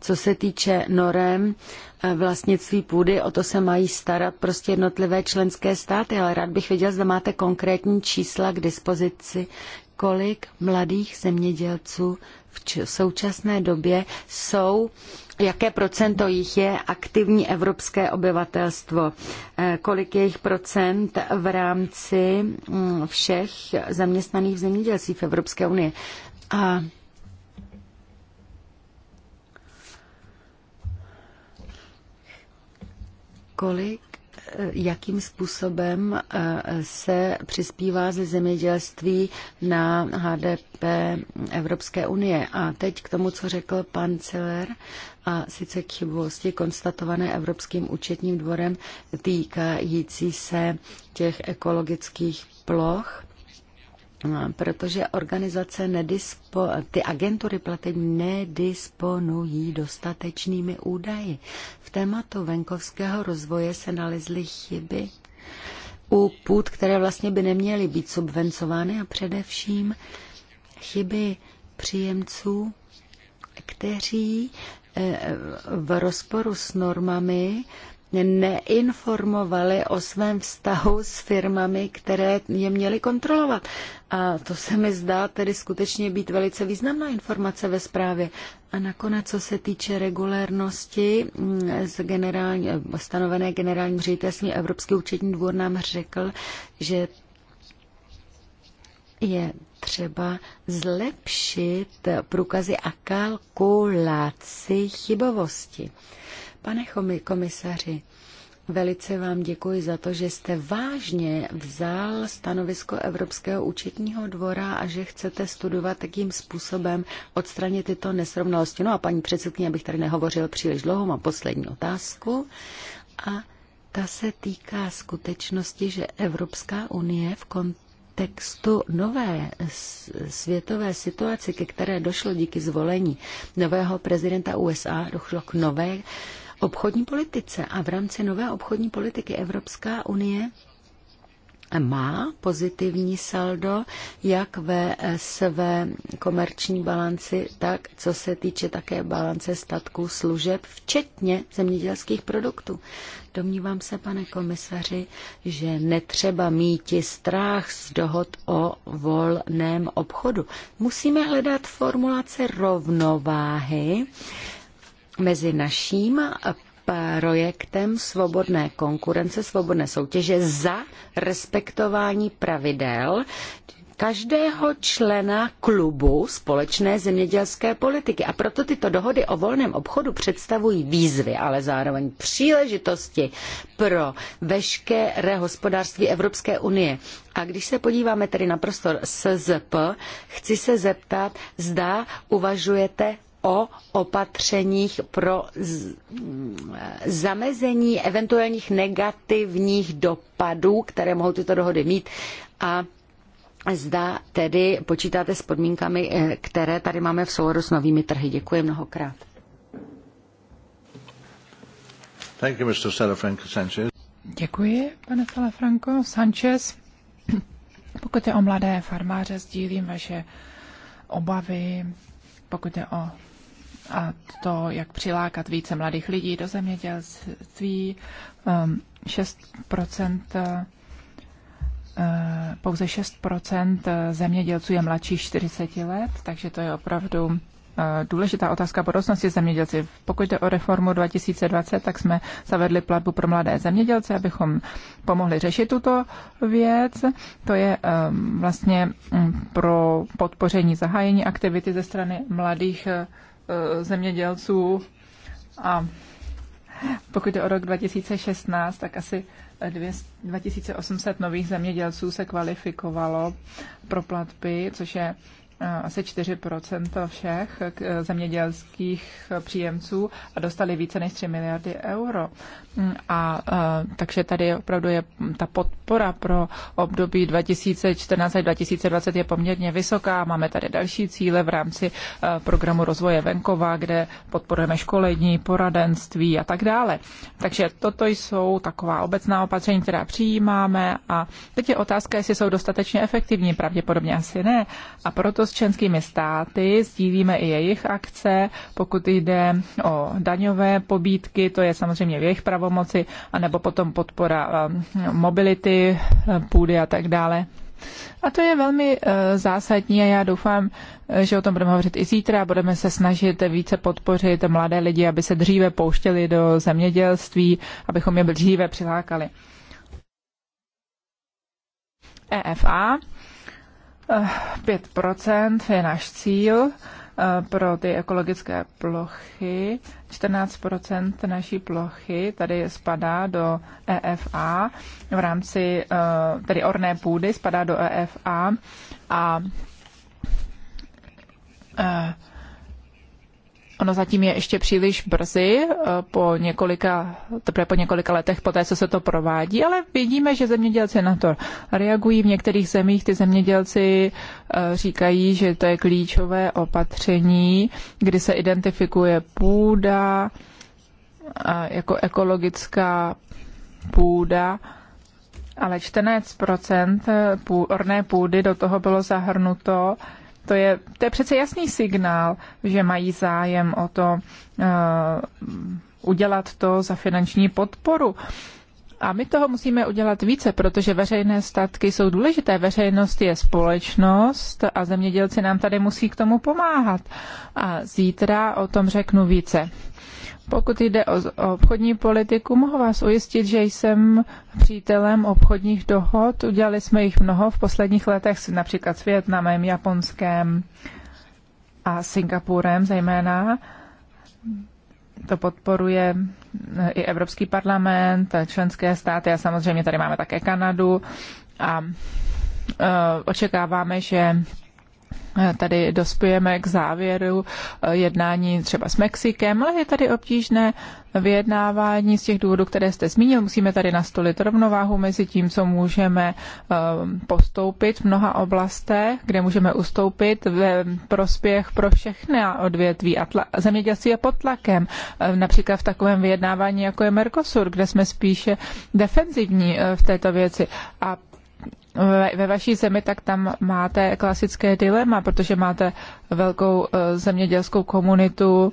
co se týče norem, eh, vlastnictví půdy, o to se mají starat prostě jednotlivé členské státy, ale rád bych věděl, zda máte konkrétní čísla k dispozici, kolik mladých zemědělců v současné době jsou, jaké procento jich je aktivní evropské obyvatelstvo, eh, kolik je jich procent v rámci mm, všech zaměstnaných v zemědělství v Evropské unii. A kolik eh, jakým způsobem eh, se přispívá ze zemědělství na HDP Evropské unie. A teď k tomu, co řekl pan Celer, a sice k chybovosti konstatované Evropským účetním dvorem týkající se těch ekologických ploch protože organizace nedispo, ty agentury platební nedisponují dostatečnými údaji. V tématu venkovského rozvoje se nalezly chyby u půd, které vlastně by neměly být subvencovány a především chyby příjemců, kteří eh, v rozporu s normami neinformovali o svém vztahu s firmami, které je měly kontrolovat. A to se mi zdá tedy skutečně být velice významná informace ve zprávě. A nakonec, co se týče regulérnosti mm, z generální, stanovené generálním ředitelství Evropský účetní dvůr nám řekl, že je třeba zlepšit průkazy a kalkulaci chybovosti. Pane komisaři, Velice vám děkuji za to, že jste vážně vzal stanovisko Evropského účetního dvora a že chcete studovat takým způsobem odstranit tyto nesrovnalosti. No a paní předsedkyně, abych tady nehovořil příliš dlouho, mám poslední otázku. A ta se týká skutečnosti, že Evropská unie v kontextu nové světové situace, ke které došlo díky zvolení nového prezidenta USA, došlo k nové obchodní politice. A v rámci nové obchodní politiky Evropská unie má pozitivní saldo jak ve své komerční balanci, tak co se týče také balance statků služeb, včetně zemědělských produktů. Domnívám se, pane komisaři, že netřeba mít strach z dohod o volném obchodu. Musíme hledat formulace rovnováhy mezi naším projektem svobodné konkurence, svobodné soutěže za respektování pravidel každého člena klubu společné zemědělské politiky. A proto tyto dohody o volném obchodu představují výzvy, ale zároveň příležitosti pro veškeré hospodářství Evropské unie. A když se podíváme tedy na prostor SZP, chci se zeptat, zda uvažujete o opatřeních pro zamezení eventuálních negativních dopadů, které mohou tyto dohody mít a zda tedy počítáte s podmínkami, eh, které tady máme v souladu s novými trhy. Děkuji mnohokrát. Thank you, Mr. Salafranco Sanchez. Děkuji, pane Salafranco Sanchez. Pokud je o mladé farmáře, sdílím vaše obavy, pokud je o a to, jak přilákat více mladých lidí do zemědělství. 6%, um, uh, pouze 6% zemědělců je mladší 40 let, takže to je opravdu uh, důležitá otázka budoucnosti zemědělci. Pokud jde o reformu 2020, tak jsme zavedli platbu pro mladé zemědělce, abychom pomohli řešit tuto věc. To je um, vlastně mm, pro podpoření zahájení aktivity ze strany mladých uh, Eh, zemědělců a pokud je o rok 2016, tak asi 2800 nových zemědělců se kvalifikovalo pro platby, což je eh, asi 4 všech eh, zemědělských příjemců a dostali více než 3 miliardy euro. A, a takže tady opravdu je ta podpora pro období 2014 až 2020 je poměrně vysoká. Máme tady další cíle v rámci a, e, programu rozvoje venkova, kde podporujeme školení, poradenství a tak dále. Takže toto jsou taková obecná opatření, která přijímáme a teď je otázka, jestli jsou dostatečně efektivní. Pravděpodobně asi ne. A proto s členskými státy sdílíme i jejich akce, pokud jde o daňové pobídky, to je samozřejmě v jejich pravo pomoci, anebo potom podpora um, mobility, um, půdy a tak dále. A to je velmi uh, zásadní a já doufám, uh, že o tom budeme hovořit i zítra. Budeme se snažit více podpořit mladé lidi, aby se dříve pouštěli do zemědělství, abychom je dříve přilákali. EFA 5% uh, je náš cíl. Eh, pro ty ekologické plochy. 14 naší plochy tady spadá do EFA v rámci eh, tedy orné půdy spadá do EFA a, a eh, Ono zatím je ještě příliš brzy, eh, po několika, teprve po několika letech poté, co se to provádí, ale vidíme, že zemědělci na to reagují. V některých zemích ty zemědělci eh, říkají, že to je klíčové opatření, kdy se identifikuje půda eh, jako ekologická půda, ale 14 orné půdy do toho bylo zahrnuto to je, to je přece jasný signál, že mají zájem o to uh, udělat to za finanční podporu. A my toho musíme udělat více, protože veřejné statky jsou důležité. Veřejnost je společnost a zemědělci nám tady musí k tomu pomáhat. A zítra o tom řeknu více. Pokud jde o, o obchodní politiku, mohu vás ujistit, že jsem přítelem obchodních dohod. Udělali jsme jich mnoho v posledních letech, například s Větnamem, Japonskem a Singapurem zejména. To podporuje eh, i Evropský parlament, eh, členské státy a samozřejmě tady máme také Kanadu a e, očekáváme, že tady dospějeme k závěru eh, jednání třeba s Mexikem, ale je tady obtížné vyjednávání z těch důvodů, které jste zmínil. Musíme tady nastolit rovnováhu mezi tím, co můžeme eh, postoupit v mnoha oblastech, kde můžeme ustoupit ve prospěch pro všechny odvětví. Zemědělství je pod tlakem, eh, například v takovém vyjednávání, jako je Mercosur, kde jsme spíše defenzivní v této věci. A ve vaší zemi, tak tam máte klasické dilema, protože máte velkou eh, zemědělskou komunitu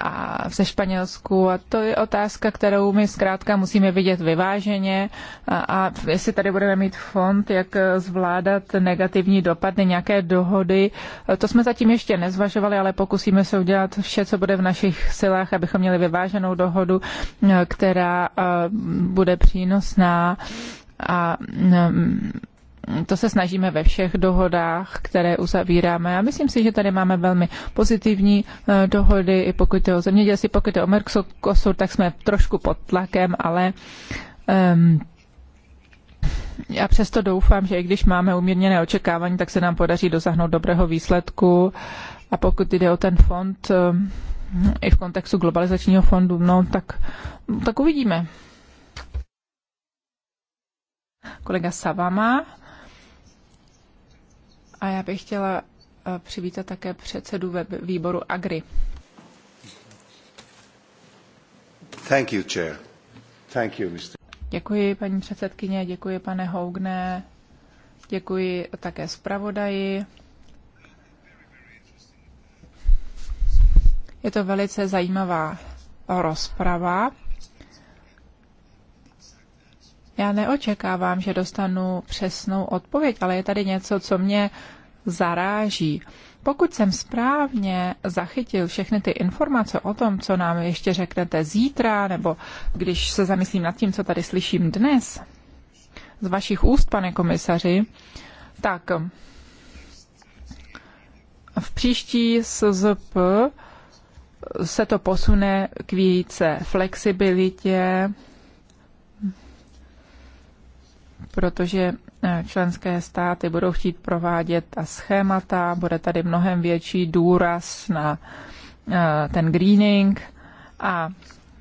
a ze Španělsku a to je otázka, kterou my zkrátka musíme vidět vyváženě a, a jestli tady budeme mít fond, jak eh, zvládat negativní dopady, nějaké dohody, eh, to jsme zatím ještě nezvažovali, ale pokusíme se udělat vše, co bude v našich silách, abychom měli vyváženou dohodu, která bude přínosná a mm, to se snažíme ve všech dohodách, které uzavíráme. A myslím si, že tady máme velmi pozitivní e, dohody, i pokud je o zemědělství, pokud je o Mercosur, tak jsme trošku pod tlakem, ale um, já přesto doufám, že i když máme umírněné očekávání, tak se nám podaří dosáhnout dobrého výsledku. A pokud jde o ten fond, i v kontextu globalizačního fondu, no tak, tak uvidíme kolega Savama. A já bych chtěla eh, přivítat také předsedu výboru Agri. Thank you, chair. Thank you, Mr. Děkuji, paní předsedkyně, děkuji, pane Hougne, děkuji také zpravodaji. Je to velice zajímavá rozprava. Já neočekávám, že dostanu přesnou odpověď, ale je tady něco, co mě zaráží. Pokud jsem správně zachytil všechny ty informace o tom, co nám ještě řeknete zítra, nebo když se zamyslím nad tím, co tady slyším dnes, z vašich úst, pane komisaři, tak v příští SZP se to posune k více flexibilitě, protože eh, členské státy budou chtít provádět ta schémata, bude tady mnohem větší důraz na eh, ten greening a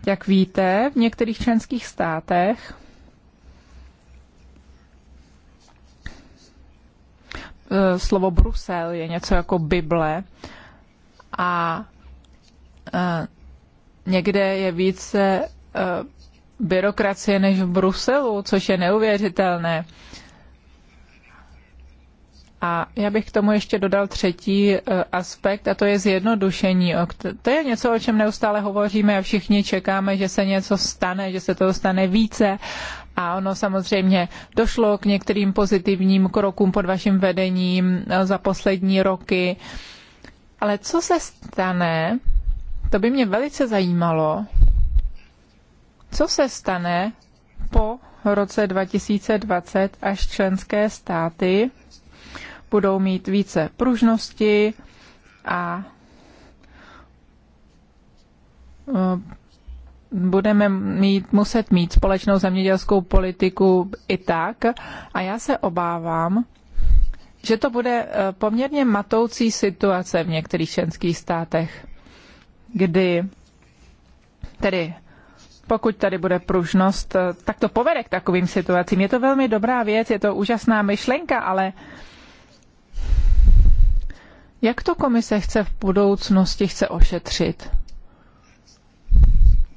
jak víte, v některých členských státech eh, slovo Brusel je něco jako Bible a někde je více byrokracie než v Bruselu, což je neuvěřitelné. A já bych k tomu ještě dodal třetí e, aspekt, a to je zjednodušení. To je něco, o čem neustále hovoříme a všichni čekáme, že se něco stane, že se toho stane více. A ono samozřejmě došlo k některým pozitivním krokům pod vaším vedením e, za poslední roky. Ale co se stane, to by mě velice zajímalo, co se stane po roce 2020, až členské státy budou mít více pružnosti a eh, budeme mít, muset mít společnou zemědělskou politiku i tak. A já se obávám, že to bude eh, poměrně matoucí situace v některých členských státech, kdy tedy pokud tady bude pružnost, eh, tak to povede k takovým situacím. Je to velmi dobrá věc, je to úžasná myšlenka, ale jak to komise chce v budoucnosti chce ošetřit?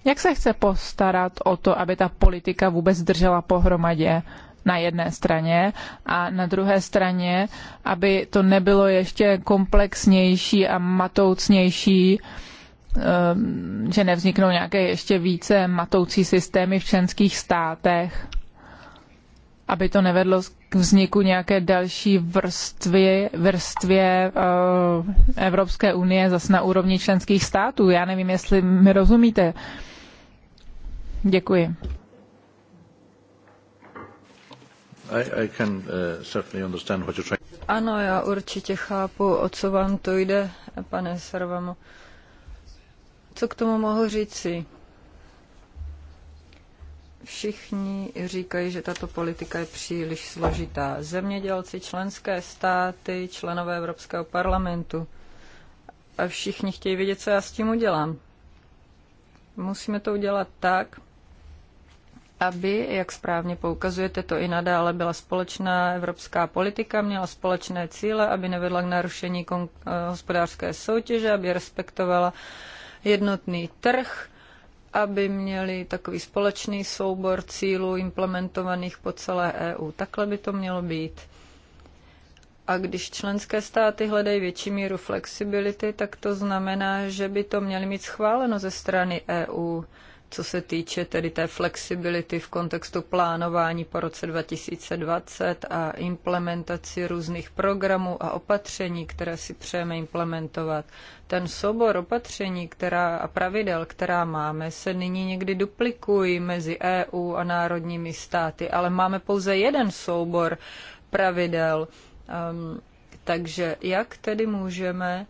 Jak se chce postarat o to, aby ta politika vůbec držela pohromadě na jedné straně a na druhé straně, aby to nebylo ještě komplexnější a matoucnější, Ehm, že nevzniknou nějaké ještě více matoucí systémy v členských státech, aby to nevedlo k vzniku nějaké další vrstvy, vrstvě eh, Evropské unie zase na úrovni členských států. Já nevím, jestli mi rozumíte. Děkuji. Eh, ano, já určitě chápu, o co vám to jde, pane Sarvamo. Co k tomu mohu říci? Všichni říkají, že tato politika je příliš složitá. Zemědělci, členské státy, členové Evropského parlamentu. A všichni chtějí vědět, co já s tím udělám. Musíme to udělat tak, aby, jak správně poukazujete, to i nadále byla společná evropská politika, měla společné cíle, aby nevedla k narušení eh, hospodářské soutěže, aby respektovala uh, jednotný trh, aby měli takový společný soubor cílů implementovaných po celé EU. Takhle by to mělo být. A když členské státy hledají větší míru flexibility, tak to znamená, že by to měly mít schváleno ze strany EU co se týče tedy té flexibility v kontextu plánování po roce 2020 a implementaci různých programů a opatření, které si přejeme implementovat. Ten soubor opatření která, a pravidel, která máme, se nyní někdy duplikují mezi EU a národními státy, ale máme pouze jeden soubor pravidel. Um, takže jak tedy můžeme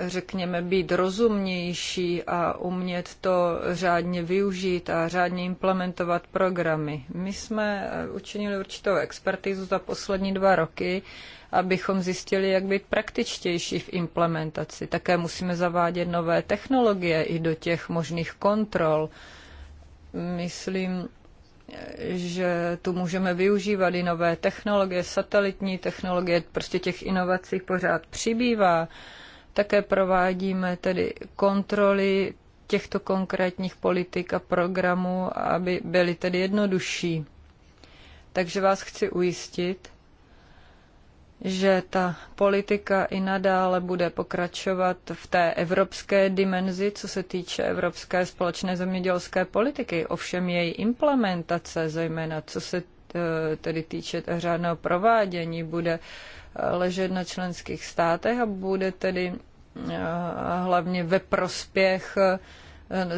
řekněme, být rozumnější a umět to řádně využít a řádně implementovat programy. My jsme eh, učinili určitou expertizu za poslední dva roky, abychom zjistili, jak být praktičtější v implementaci. Také musíme zavádět nové technologie i do těch možných kontrol. Myslím, že tu můžeme využívat i nové technologie, satelitní technologie, prostě těch inovací pořád přibývá. Také provádíme tedy kontroly těchto konkrétních politik a programů, aby byly tedy jednodušší. Takže vás chci ujistit, že ta politika i nadále bude pokračovat v té evropské dimenzi, co se týče evropské společné zemědělské politiky. Ovšem její implementace, zejména co se eh, tedy týče řádného provádění, bude ležet na členských státech a bude tedy eh, hlavně ve prospěch eh,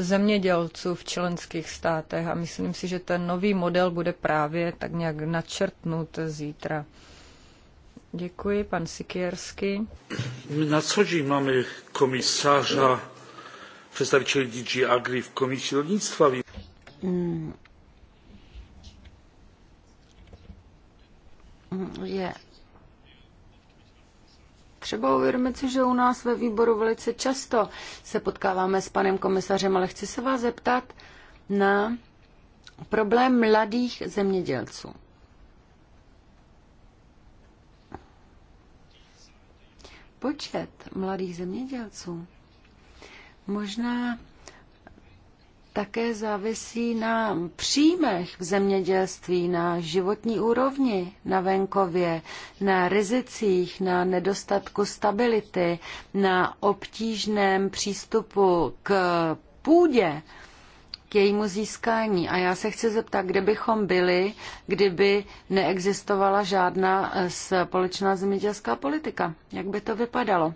zemědělců v členských státech a myslím si, že ten nový model bude právě tak nějak načrtnut zítra. Děkuji, pan Sikierský. My na co dzień máme komisáře, przedstawicieli DG Agri v komisi Rolnictwa. Mm. Je třeba uvědomit si, že u nás ve výboru velice často se potkáváme s panem komisařem, ale chci se vás zeptat na problém mladých zemědělců. Počet mladých zemědělců možná také závisí na příjmech v zemědělství, na životní úrovni, na venkově, na rizicích, na nedostatku stability, na obtížném přístupu k půdě, k jejímu získání. A já se chci zeptat, kde bychom byli, kdyby neexistovala žádná eh, společná zemědělská politika. Jak by to vypadalo?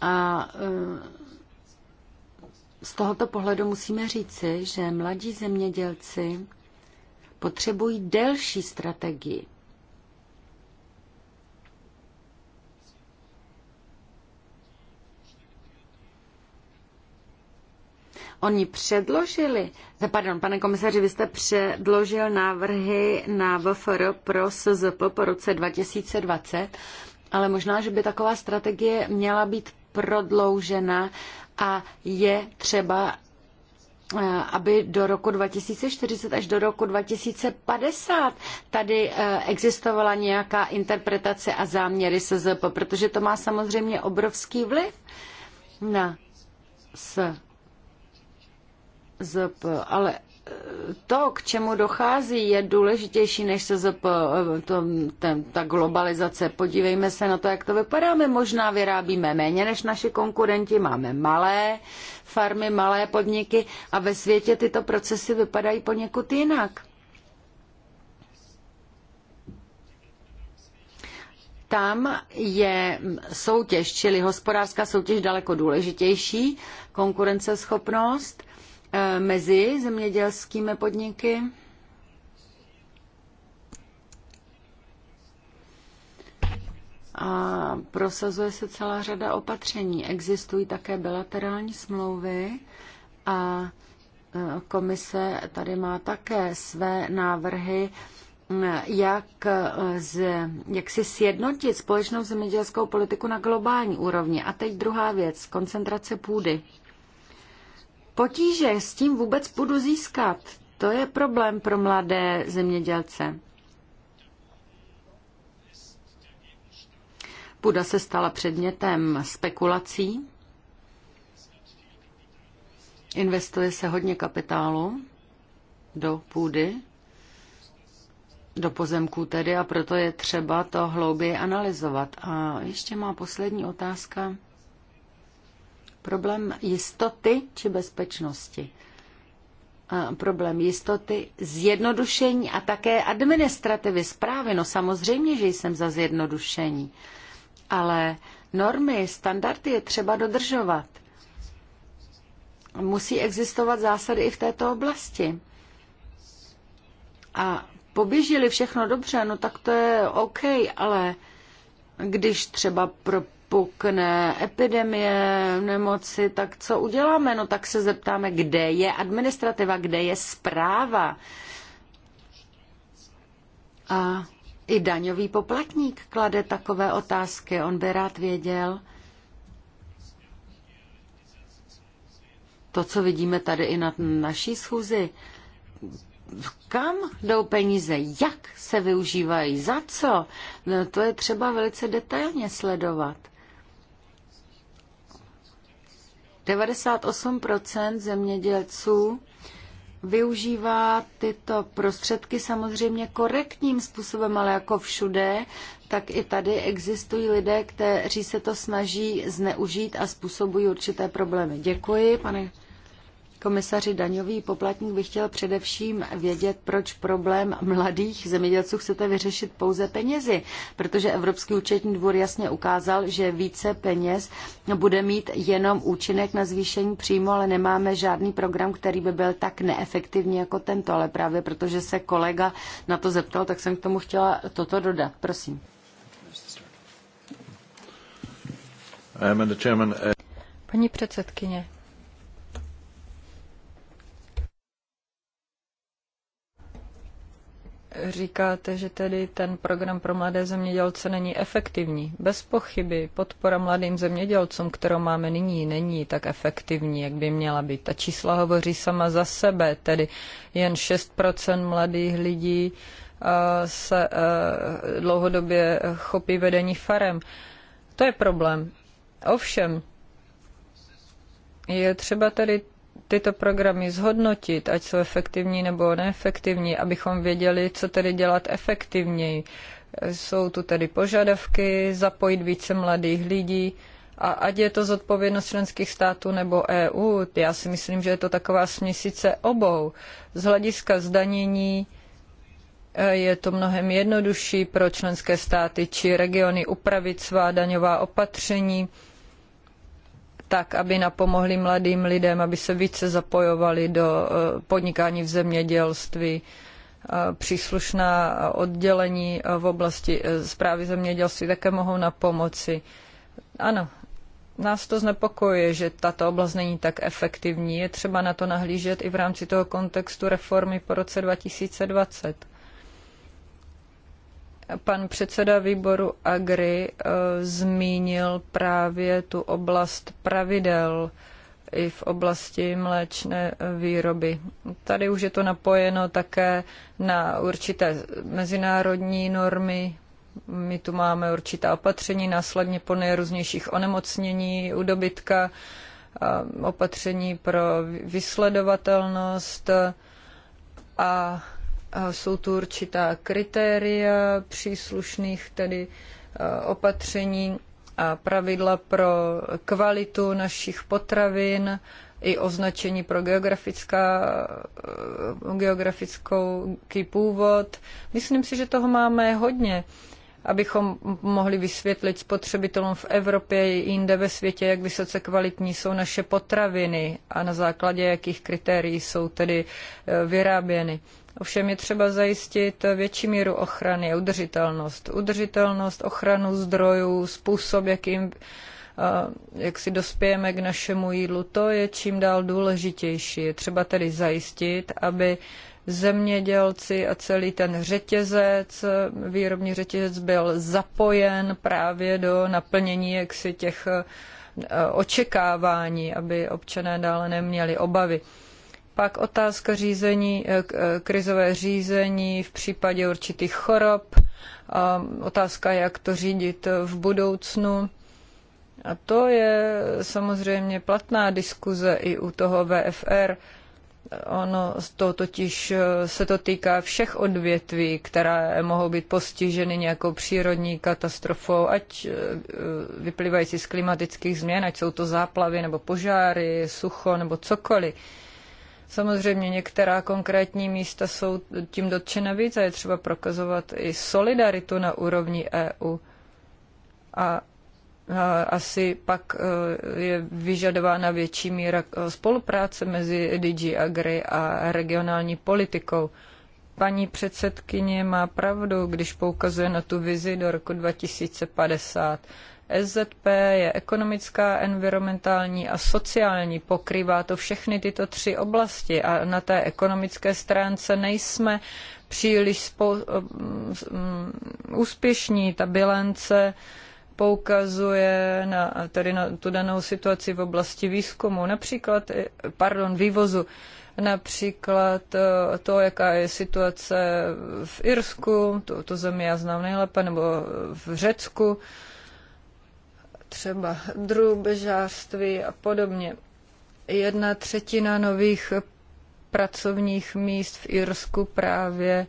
A eh, z tohoto pohledu musíme říci, že mladí zemědělci potřebují delší strategii. Oni předložili, eh, pardon, pane komisaři, vy jste předložil návrhy na VFR pro SZP po roce 2020, ale možná, že by taková strategie měla být prodloužena a je třeba eh, aby do roku 2040 až do roku 2050 tady eh, existovala nějaká interpretace a záměry SZP, protože to má samozřejmě obrovský vliv na SZP. Ale to, k čemu dochází, je důležitější než se zp, to, ten, ta globalizace. Podívejme se na to, jak to vypadá. My možná vyrábíme méně než naši konkurenti, máme malé farmy, malé podniky a ve světě tyto procesy vypadají poněkud jinak. tam je soutěž, čili hospodářská soutěž daleko důležitější, konkurenceschopnost Eh, mezi zemědělskými podniky. A prosazuje se celá řada opatření. Existují také bilaterální smlouvy a eh, komise tady má také své návrhy, mm, jak, eh, z, jak si sjednotit společnou zemědělskou politiku na globální úrovni. A teď druhá věc, koncentrace půdy potíže s tím vůbec půdu získat. To je problém pro mladé zemědělce. Půda se stala předmětem spekulací. Investuje se hodně kapitálu do půdy, do pozemků tedy, a proto je třeba to hlouběji analyzovat. A ještě má poslední otázka. Problém jistoty či bezpečnosti? problém jistoty, zjednodušení a také administrativy zprávy. No samozřejmě, že jsem za zjednodušení, ale normy, standardy je třeba dodržovat. Musí existovat zásady i v této oblasti. A poběžili všechno dobře, no tak to je OK, ale když třeba pro vypukne epidemie, nemoci, tak co uděláme? No tak se zeptáme, kde je administrativa, kde je zpráva. A i daňový poplatník klade takové otázky. On by rád věděl, to, co vidíme tady i na naší schůzi, kam jdou peníze, jak se využívají, za co, no, to je třeba velice detailně sledovat. 98% zemědělců využívá tyto prostředky samozřejmě korektním způsobem, ale jako všude, tak i tady existují lidé, kteří se to snaží zneužít a způsobují určité problémy. Děkuji, pane komisaři daňový poplatník by chtěl především vědět, proč problém mladých zemědělců chcete vyřešit pouze penězi, protože Evropský účetní dvůr jasně ukázal, že více peněz bude mít jenom účinek na zvýšení příjmu, ale nemáme žádný program, který by byl tak neefektivní jako tento, ale právě protože se kolega na to zeptal, tak jsem k tomu chtěla toto dodat. Prosím. Eh, Paní předsedkyně, říkáte, že tedy ten program pro mladé zemědělce není efektivní. Bez pochyby podpora mladým zemědělcům, kterou máme nyní, není tak efektivní, jak by měla být. Ta čísla hovoří sama za sebe, tedy jen 6% mladých lidí eh, se eh, dlouhodobě chopí vedení farem. To je problém. Ovšem, je třeba tedy tyto programy zhodnotit, ať jsou efektivní nebo neefektivní, abychom věděli, co tedy dělat efektivněji. Jsou tu tedy požadavky zapojit více mladých lidí, a ať je to zodpovědnost členských států nebo EU, já si myslím, že je to taková směsice obou. Z hlediska zdanění eh, je to mnohem jednodušší pro členské státy či regiony upravit svá daňová opatření tak, aby napomohli mladým lidem, aby se více zapojovali do eh, podnikání v zemědělství. Eh, příslušná oddělení eh, v oblasti zprávy zemědělství také mohou na pomoci. Ano, nás to znepokojuje, že tato oblast není tak efektivní. Je třeba na to nahlížet i v rámci toho kontextu reformy po roce 2020. Pan předseda výboru Agri eh, zmínil právě tu oblast pravidel i v oblasti mléčné eh, výroby. Tady už je to napojeno také na určité mezinárodní normy. My tu máme určitá opatření, následně po nejrůznějších onemocnění u dobytka, eh, opatření pro vysledovatelnost a Eh, jsou tu určitá kritéria příslušných tedy eh, opatření a pravidla pro kvalitu našich potravin, i označení pro geografická, eh, geografickou původ. Myslím si, že toho máme hodně, abychom mohli vysvětlit spotřebitelům v Evropě i jinde ve světě, jak vysoce kvalitní jsou naše potraviny a na základě jakých kritérií jsou tedy vyráběny. Ovšem je třeba zajistit větší míru ochrany, udržitelnost. Udržitelnost, ochranu zdrojů, způsob, jakým eh, jak si dospějeme k našemu jídlu, to je čím dál důležitější. Je třeba tedy zajistit, aby zemědělci a celý ten řetězec, výrobní řetězec byl zapojen právě do naplnění jaksi těch eh, očekávání, aby občané dále neměli obavy. Pak otázka řízení, eh, eh, krizové řízení v případě určitých chorob, otázka, jak to řídit eh, v budoucnu. A to je samozřejmě platná diskuze i u toho VFR. Ono to totiž se to týká všech odvětví, která mohou být postiženy nějakou přírodní katastrofou, ať vyplývající z klimatických změn, ať jsou to záplavy nebo požáry, sucho nebo cokoliv. Samozřejmě některá konkrétní místa jsou tím dotčena víc a je třeba prokazovat i solidaritu na úrovni EU. A asi pak e, je vyžadována větší míra e, spolupráce mezi DG Agri a regionální politikou. Paní předsedkyně má pravdu, když poukazuje na tu vizi do roku 2050. SZP e je ekonomická, environmentální a sociální. Pokrývá to všechny tyto tři oblasti a na té ekonomické stránce nejsme příliš mm, úspěšní. Ta bilance poukazuje na, tedy na tu danou situaci v oblasti výzkumu, například, e, pardon, vývozu, například e, to, jaká je situace v Irsku, to, to zemi já znám nejlépe, nebo v Řecku, třeba drůbežářství a podobně. Jedna třetina nových pracovních míst v Irsku právě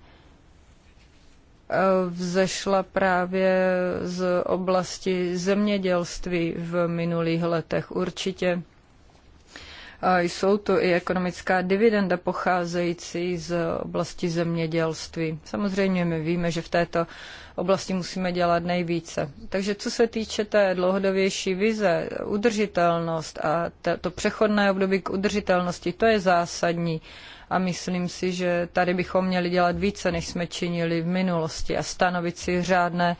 eh, vzešla právě z oblasti zemědělství v minulých letech. Určitě jsou to i ekonomická dividenda pocházející z oblasti zemědělství. Samozřejmě my víme, že v této oblasti musíme dělat nejvíce. Takže co se týče té dlouhodobější vize, udržitelnost a to přechodné období k udržitelnosti, to je zásadní a myslím si, že tady bychom měli dělat více, než jsme činili v minulosti a stanovit si řádné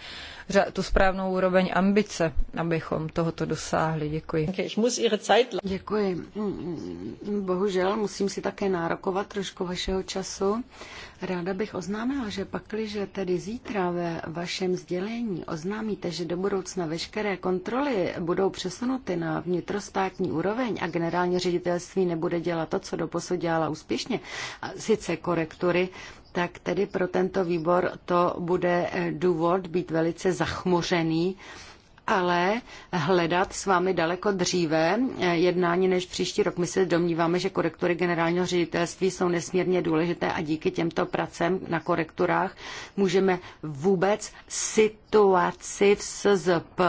tu správnou úroveň ambice, abychom tohoto dosáhli. Děkuji. Děkuji. Mm, mm, bohužel musím si také nárokovat trošku vašeho času. Ráda bych oznámila, že pakliže tedy zítra ve vašem sdělení oznámíte, že do budoucna veškeré kontroly budou přesunuty na vnitrostátní úroveň a generální ředitelství nebude dělat to, co doposud dělala úspěšně, A sice korektury, tak tedy pro tento výbor to bude eh, důvod být velice zachmuřený ale hledat s vámi daleko dříve eh, jednání než příští rok. My se domníváme, že korektury generálního ředitelství jsou nesmírně důležité a díky těmto pracem na korekturách můžeme vůbec situaci v SZP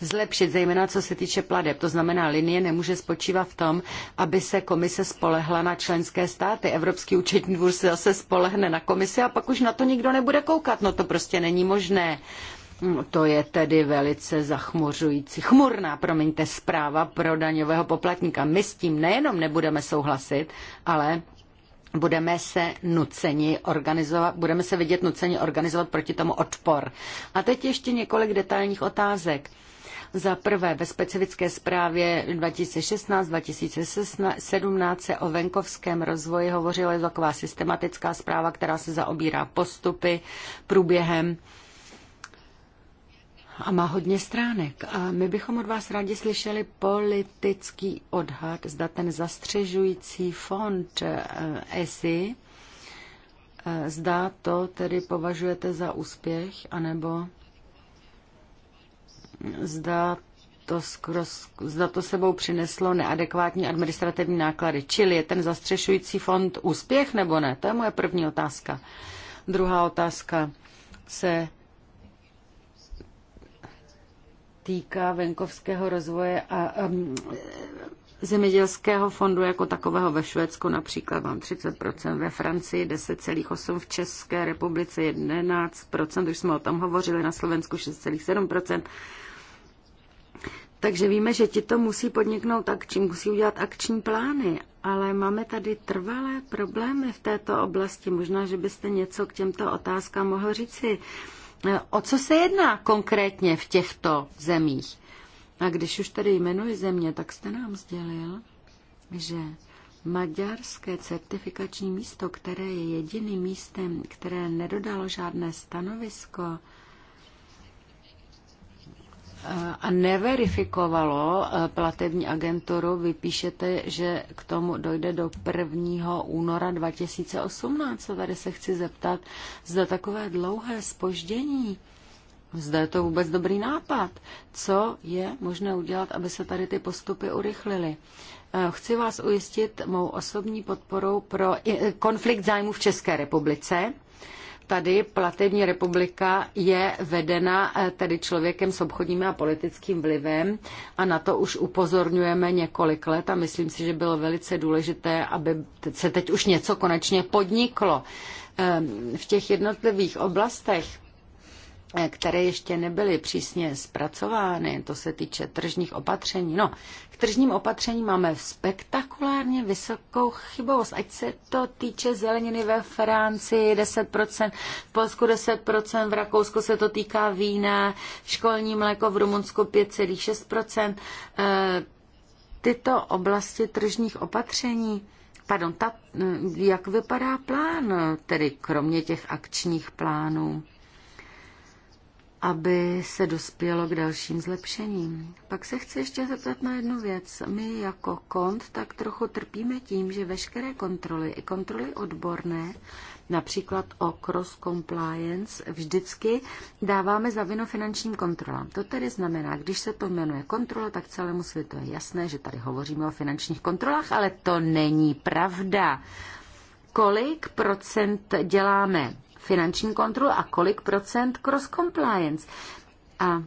zlepšit, zejména co se týče pladeb. To znamená, linie nemůže spočívat v tom, aby se komise spolehla na členské státy. Evropský účetní dvůr se zase spolehne na komisi a pak už na to nikdo nebude koukat. No to prostě není možné. Mm, to je tedy velice zachmořující, chmurná, promiňte, zpráva pro daňového poplatníka. My s tím nejenom nebudeme souhlasit, ale budeme se nuceni organizovat, budeme se vidět nuceni organizovat proti tomu odpor. A teď ještě několik detailních otázek. Za prvé ve specifické zprávě 2016-2017 se o venkovském rozvoji hovořila je jako taková systematická zpráva, která se zaobírá postupy, průběhem a má hodně stránek. A my bychom od vás rádi slyšeli politický odhad, zda ten zastřežující fond eh, ESI, eh, zda to tedy považujete za úspěch, anebo zda to, skroz, zda to sebou přineslo neadekvátní administrativní náklady. Čili je ten zastřešující fond úspěch nebo ne? To je moje první otázka. Druhá otázka se týká venkovského rozvoje a um, zemědělského fondu jako takového ve Švédsku například mám 30%, ve Francii 10,8%, v České republice 11%, už jsme o tom hovořili, na Slovensku 6,7%. Takže víme, že ti to musí podniknout akční, musí udělat akční plány, ale máme tady trvalé problémy v této oblasti. Možná, že byste něco k těmto otázkám mohl říci. Si Eh, o co se jedná konkrétně v těchto zemích. A když už tady jmenuji země, tak jste nám sdělil, že maďarské certifikační místo, které je jediným místem, které nedodalo žádné stanovisko, a neverifikovalo eh, platební agenturu, vypíšete, že k tomu dojde do 1. února 2018. Tady se chci zeptat, zda takové dlouhé spoždění, zda je to vůbec dobrý nápad, co je možné udělat, aby se tady ty postupy urychlily. Eh, chci vás ujistit mou osobní podporou pro eh, konflikt zájmu v České republice tady platební republika je vedena eh, tedy člověkem s obchodním a politickým vlivem a na to už upozorňujeme několik let a myslím si, že bylo velice důležité, aby se teď už něco konečně podniklo ehm, v těch jednotlivých oblastech Eh, které ještě nebyly přísně zpracovány, to se týče tržních opatření. No, k tržním opatření máme spektakulárně vysokou chybovost, ať se to týče zeleniny ve Francii 10%, v Polsku 10%, v Rakousku se to týká vína, školní mléko v Rumunsku 5,6%. Eh, tyto oblasti tržních opatření Pardon, ta, hm, jak vypadá plán, tedy kromě těch akčních plánů? aby se dospělo k dalším zlepšením. Pak se chci ještě zeptat na jednu věc. My jako kont tak trochu trpíme tím, že veškeré kontroly, i kontroly odborné, například o cross compliance, vždycky dáváme za vinu finančním kontrolám. To tedy znamená, když se to jmenuje kontrola, tak celému světu je jasné, že tady hovoříme o finančních kontrolách, ale to není pravda kolik procent děláme finanční kontrolu a kolik procent cross-compliance. A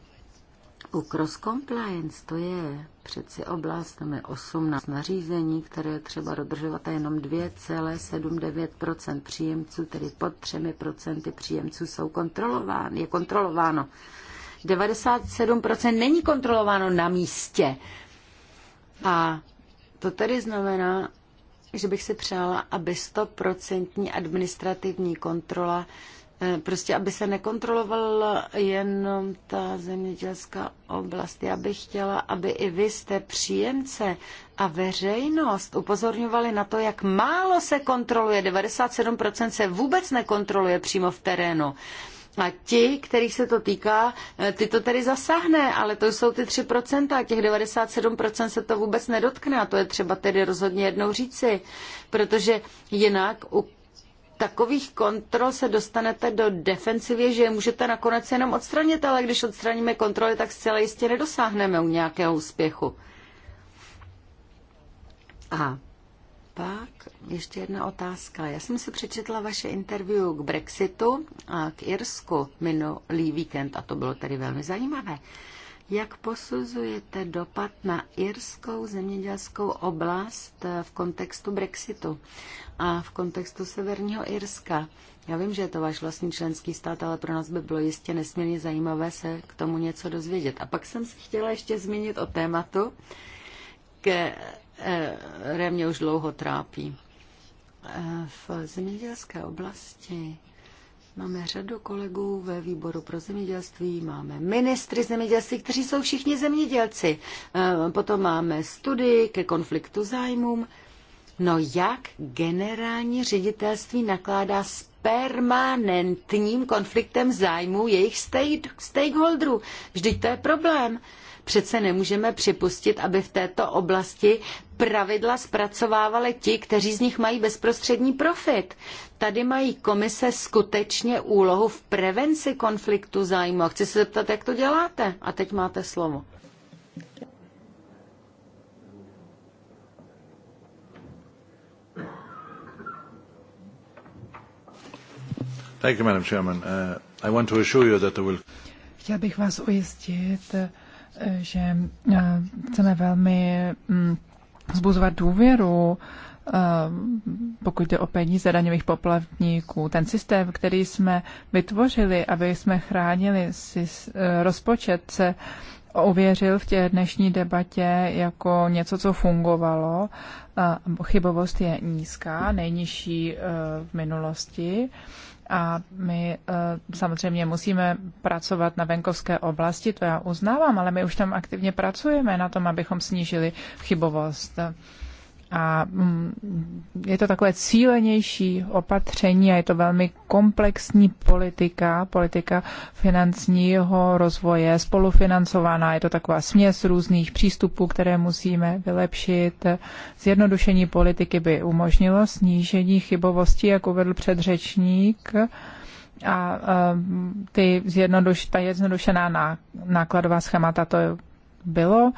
u cross-compliance to je přeci oblast, tam je 18 nařízení, které je třeba dodržovat a jenom 2,79% příjemců, tedy pod 3% příjemců jsou kontrolovány, je kontrolováno. 97% není kontrolováno na místě. A to tedy znamená, že bych si přála, aby stoprocentní administrativní kontrola, eh, prostě aby se nekontrolovala jenom ta zemědělská oblast. Já bych chtěla, aby i vy jste příjemce a veřejnost upozorňovali na to, jak málo se kontroluje. 97% se vůbec nekontroluje přímo v terénu. A ti, kterých se to týká, eh, ty to tedy zasáhne, ale to jsou ty 3%, a těch 97% se to vůbec nedotkne a to je třeba tedy rozhodně jednou říci, protože jinak u takových kontrol se dostanete do defensivě, že je můžete nakonec jenom odstranit, ale když odstraníme kontroly, tak zcela jistě nedosáhneme u nějakého úspěchu. A pak ještě jedna otázka. Já jsem si přečetla vaše interview k Brexitu a k Irsku minulý víkend a to bylo tedy velmi zajímavé. Jak posuzujete dopad na irskou zemědělskou oblast v kontextu Brexitu a v kontextu Severního Irska? Já vím, že je to váš vlastní členský stát, ale pro nás by bylo jistě nesmírně zajímavé se k tomu něco dozvědět. A pak jsem si chtěla ještě zmínit o tématu, které mě už dlouho trápí. Eh, v zemědělské oblasti máme řadu kolegů ve výboru pro zemědělství, máme ministry zemědělství, kteří jsou všichni zemědělci. Eh, potom máme studii ke konfliktu zájmům. No jak generální ředitelství nakládá s permanentním konfliktem zájmů jejich stakeholderů? Vždyť to je problém. Přece nemůžeme připustit, aby v této oblasti pravidla zpracovávali ti, kteří z nich mají bezprostřední profit. Tady mají komise skutečně úlohu v prevenci konfliktu zájmu. Chci se zeptat, jak to děláte? A teď máte slovo. Thank you, Madam Chairman. Uh, I want to assure you that there will... Chtěl bych vás ujistit, že eh, chceme velmi mm, zbuzovat důvěru, eh, pokud jde o peníze daňových poplatníků. Ten systém, který jsme vytvořili, aby jsme chránili eh, rozpočet, se ověřil v té dnešní debatě jako něco, co fungovalo. Chybovost je nízká, nejnižší v minulosti. A my eh, samozřejmě musíme pracovat na venkovské oblasti, to já uznávám, ale my už tam aktivně pracujeme na tom, abychom snížili chybovost a mm, je to takové cílenější opatření a je to velmi komplexní politika, politika finančního rozvoje, spolufinancovaná, je to taková směs různých přístupů, které musíme vylepšit. Zjednodušení politiky by umožnilo snížení chybovosti, jak uvedl předřečník, a ty zjednoduš, ta zjednodušená nákladová schémata to bylo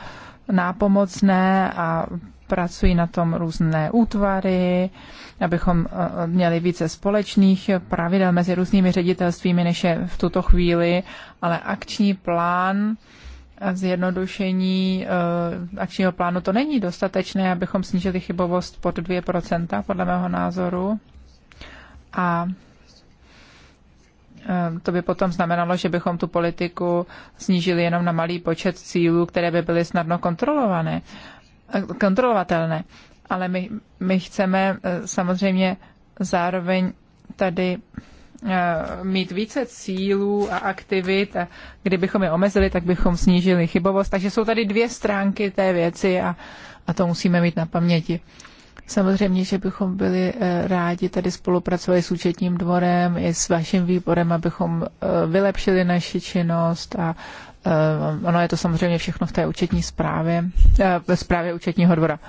nápomocné a pracují na tom různé útvary, abychom eh, měli více společných pravidel mezi různými ředitelstvími, než je v tuto chvíli, ale akční plán a zjednodušení uh, akčního plánu to není dostatečné, abychom snížili chybovost pod 2%, podle mého názoru. A eh, to by potom znamenalo, že bychom tu politiku snížili jenom na malý počet cílů, které by byly snadno kontrolované kontrolovatelné. Ale my, my chceme eh, samozřejmě zároveň tady eh, mít více cílů a aktivit a kdybychom je omezili, tak bychom snížili chybovost. Takže jsou tady dvě stránky té věci a, a to musíme mít na paměti. Samozřejmě, že bychom byli eh, rádi tady spolupracovat s účetním dvorem i s vaším výborem, abychom eh, vylepšili naši činnost a eh, ono je to samozřejmě všechno v té účetní zprávě, ve zprávě účetního dvora.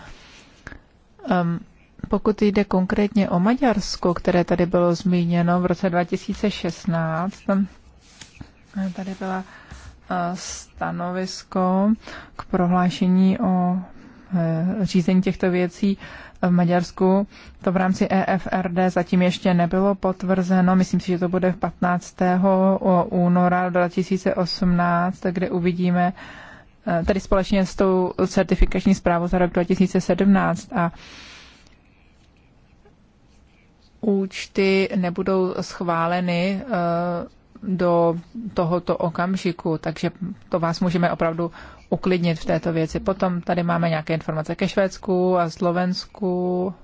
Ehm, pokud jde konkrétně o Maďarsko, které tady bylo zmíněno v roce 2016, tady byla stanovisko k prohlášení o řízení těchto věcí v Maďarsku. To v rámci EFRD zatím ještě nebylo potvrzeno. Myslím si, že to bude 15. února 2018, kde uvidíme, eh, tedy společně s tou certifikační zprávou za rok 2017 a účty nebudou schváleny eh, do tohoto okamžiku, takže to vás můžeme opravdu uklidnit v této věci. Potom tady máme nějaké informace ke Švédsku a Slovensku.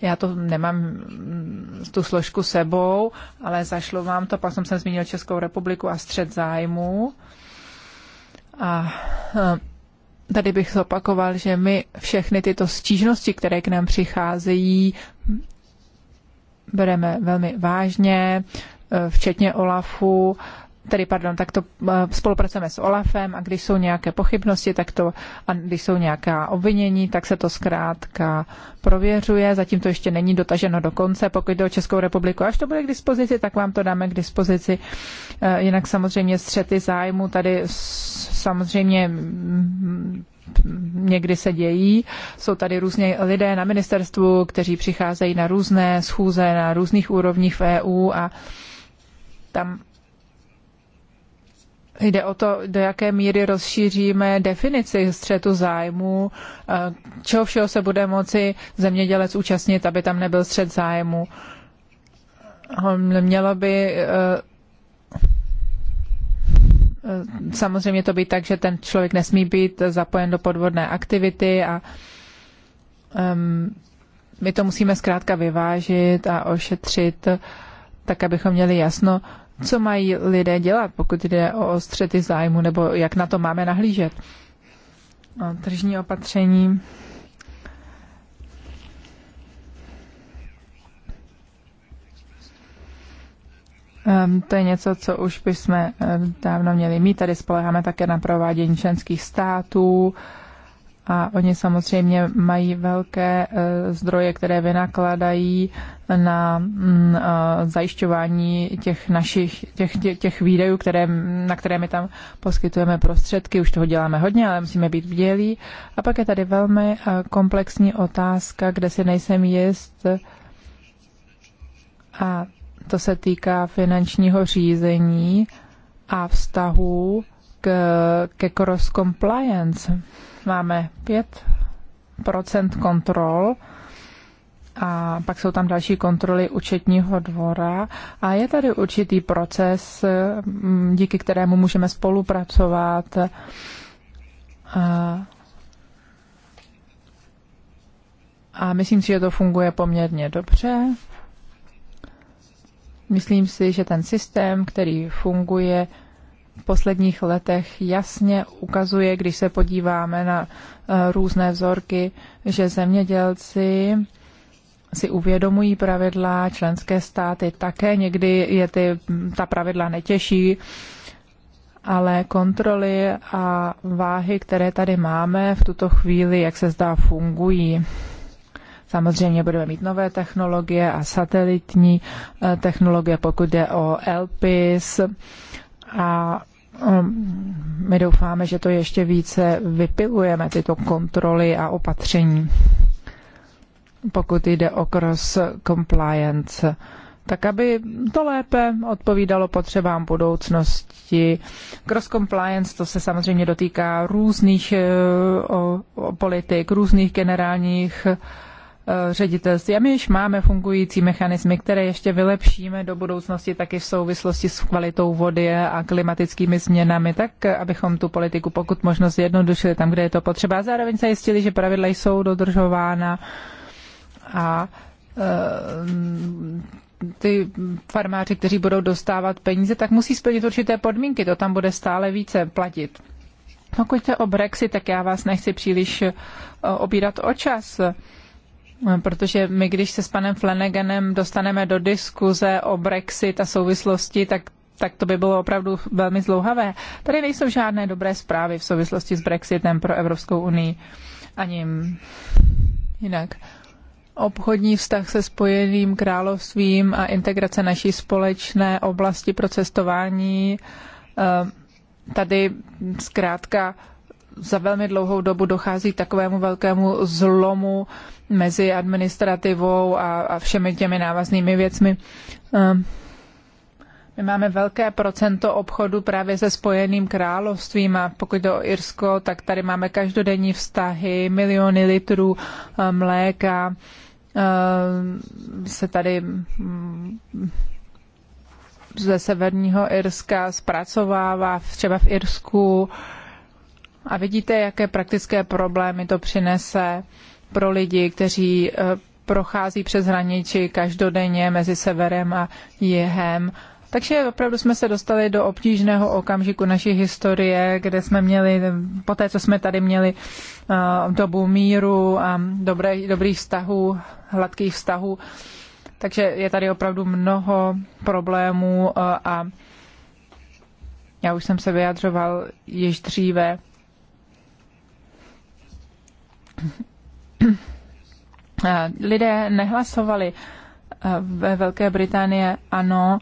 Já to nemám mm, tu složku sebou, ale zašlo vám to. Pak jsem se zmínil Českou republiku a střed zájmu. A e, tady bych zopakoval, že my všechny tyto stížnosti, které k nám přicházejí, bereme velmi vážně. Eh, včetně OLAFu, tedy pardon, tak to eh, spolupracujeme s OLAFem a když jsou nějaké pochybnosti, tak to, a když jsou nějaká obvinění, tak se to zkrátka prověřuje. Zatím to ještě není dotaženo do konce, pokud jde o Českou republiku. Až to bude k dispozici, tak vám to dáme k dispozici. Eh, jinak samozřejmě střety zájmu tady samozřejmě mm, mm, někdy se dějí. Jsou tady různě lidé na ministerstvu, kteří přicházejí na různé schůze, na různých úrovních v EU a tam Jde o to, do jaké míry rozšíříme definici střetu zájmu, eh, čeho všeho se bude moci zemědělec účastnit, aby tam nebyl střet zájmu. Mělo by eh, eh, samozřejmě to být tak, že ten člověk nesmí být zapojen do podvodné aktivity a ehm, my to musíme zkrátka vyvážit a ošetřit tak abychom měli jasno, co mají lidé dělat, pokud jde o střety zájmu, nebo jak na to máme nahlížet. O tržní opatření. Um, to je něco, co už bychom ehm, dávno měli mít. Tady spoleháme také na provádění členských států. Um, a oni samozřejmě mají velké e, zdroje, které vynakladají na mm, e, zajišťování těch našich těch, těch, těch které, na které my tam poskytujeme prostředky. Už toho děláme hodně, ale musíme být vdělí. A pak je tady velmi e, komplexní otázka, kde si nejsem jist a to se týká finančního řízení a vztahu k, ke cross compliance máme 5 kontrol a pak jsou tam další kontroly účetního dvora a je tady určitý proces, mm, díky kterému můžeme spolupracovat. A, a myslím si, že to funguje poměrně dobře. Myslím si, že ten systém, který funguje, posledních letech jasně ukazuje, když se podíváme na eh, různé vzorky, že zemědělci si uvědomují pravidla, členské státy také někdy je ty, ta pravidla netěší, ale kontroly a váhy, které tady máme v tuto chvíli, jak se zdá, fungují. Samozřejmě budeme mít nové technologie a satelitní eh, technologie, pokud jde o LPIS a Um, my doufáme, že to ještě více vypilujeme, tyto kontroly a opatření, pokud jde o cross compliance tak aby to lépe odpovídalo potřebám budoucnosti. Cross compliance, to se samozřejmě dotýká různých eh, politik, různých generálních Eh, ředitelství. A my již máme fungující mechanismy, které ještě vylepšíme do budoucnosti taky v souvislosti s kvalitou vody a klimatickými změnami, tak eh, abychom tu politiku pokud možno zjednodušili tam, kde je to potřeba. A zároveň zajistili, že pravidla jsou dodržována a eh, ty farmáři, kteří budou dostávat peníze, tak musí splnit určité podmínky, to tam bude stále více platit. Pokud jde o Brexit, tak já vás nechci příliš obírat o čas. Protože my, když se s panem Flanaganem dostaneme do diskuze o Brexit a souvislosti, tak, tak to by bylo opravdu velmi zlouhavé. Tady nejsou žádné dobré zprávy v souvislosti s Brexitem pro Evropskou unii. Ani jinak. Obchodní vztah se spojeným královstvím a integrace naší společné oblasti pro cestování. Eh, tady zkrátka za velmi dlouhou dobu dochází k takovému velkému zlomu mezi administrativou a, a všemi těmi návaznými věcmi. Ehm, my máme velké procento obchodu právě se Spojeným královstvím a pokud jde o Irsko, tak tady máme každodenní vztahy, miliony litrů ehm, mléka ehm, se tady mm, ze severního Irska zpracovává třeba v Irsku a vidíte, jaké praktické problémy to přinese pro lidi, kteří e, prochází přes hraniči každodenně mezi severem a jihem. Takže opravdu jsme se dostali do obtížného okamžiku naší historie, kde jsme měli, po té, co jsme tady měli e, dobu míru a dobré, dobrých vztahů, hladkých vztahů, takže je tady opravdu mnoho problémů e, a já už jsem se vyjadřoval již dříve Eh, lidé nehlasovali eh, ve Velké Británie ano,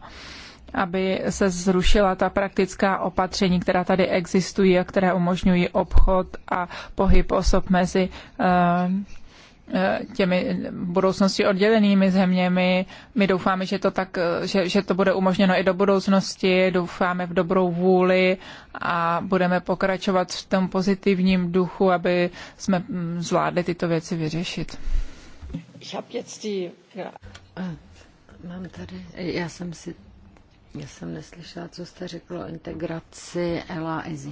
aby se zrušila ta praktická opatření, která tady existují a které umožňují obchod a pohyb osob mezi eh, Eh, těmi budoucnosti oddělenými zeměmi. My doufáme, že to, tak, eh, že, že to bude umožněno i do budoucnosti, doufáme v dobrou vůli a budeme pokračovat v tom pozitivním duchu, aby jsme mm, zvládli tyto věci vyřešit. Eh, mám tady, já jsem si, já jsem neslyšela, co jste řekl o integraci Ela Izi.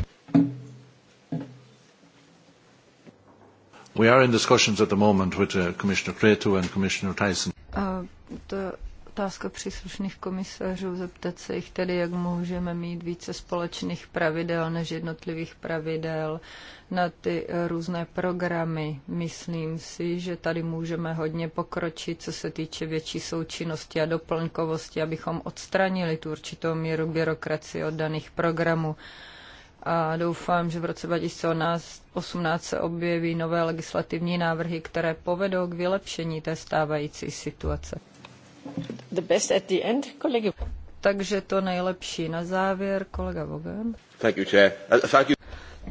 We are in discussions at the moment with uh, Commissioner Cretu and Commissioner Tyson. A to otázka příslušných komisařů, zeptat se jich tedy, jak můžeme mít více společných pravidel než jednotlivých pravidel na ty eh, různé programy. Myslím si, že tady můžeme hodně pokročit, co se týče větší součinnosti a doplňkovosti, abychom odstranili tu určitou míru byrokracie od daných programů a doufám, že v roce 2018 se objeví nové legislativní návrhy, které povedou k vylepšení té stávající situace. The best at the end, kolegy. Takže to nejlepší na závěr, kolega Vogan. Thank you, chair. Uh, thank you.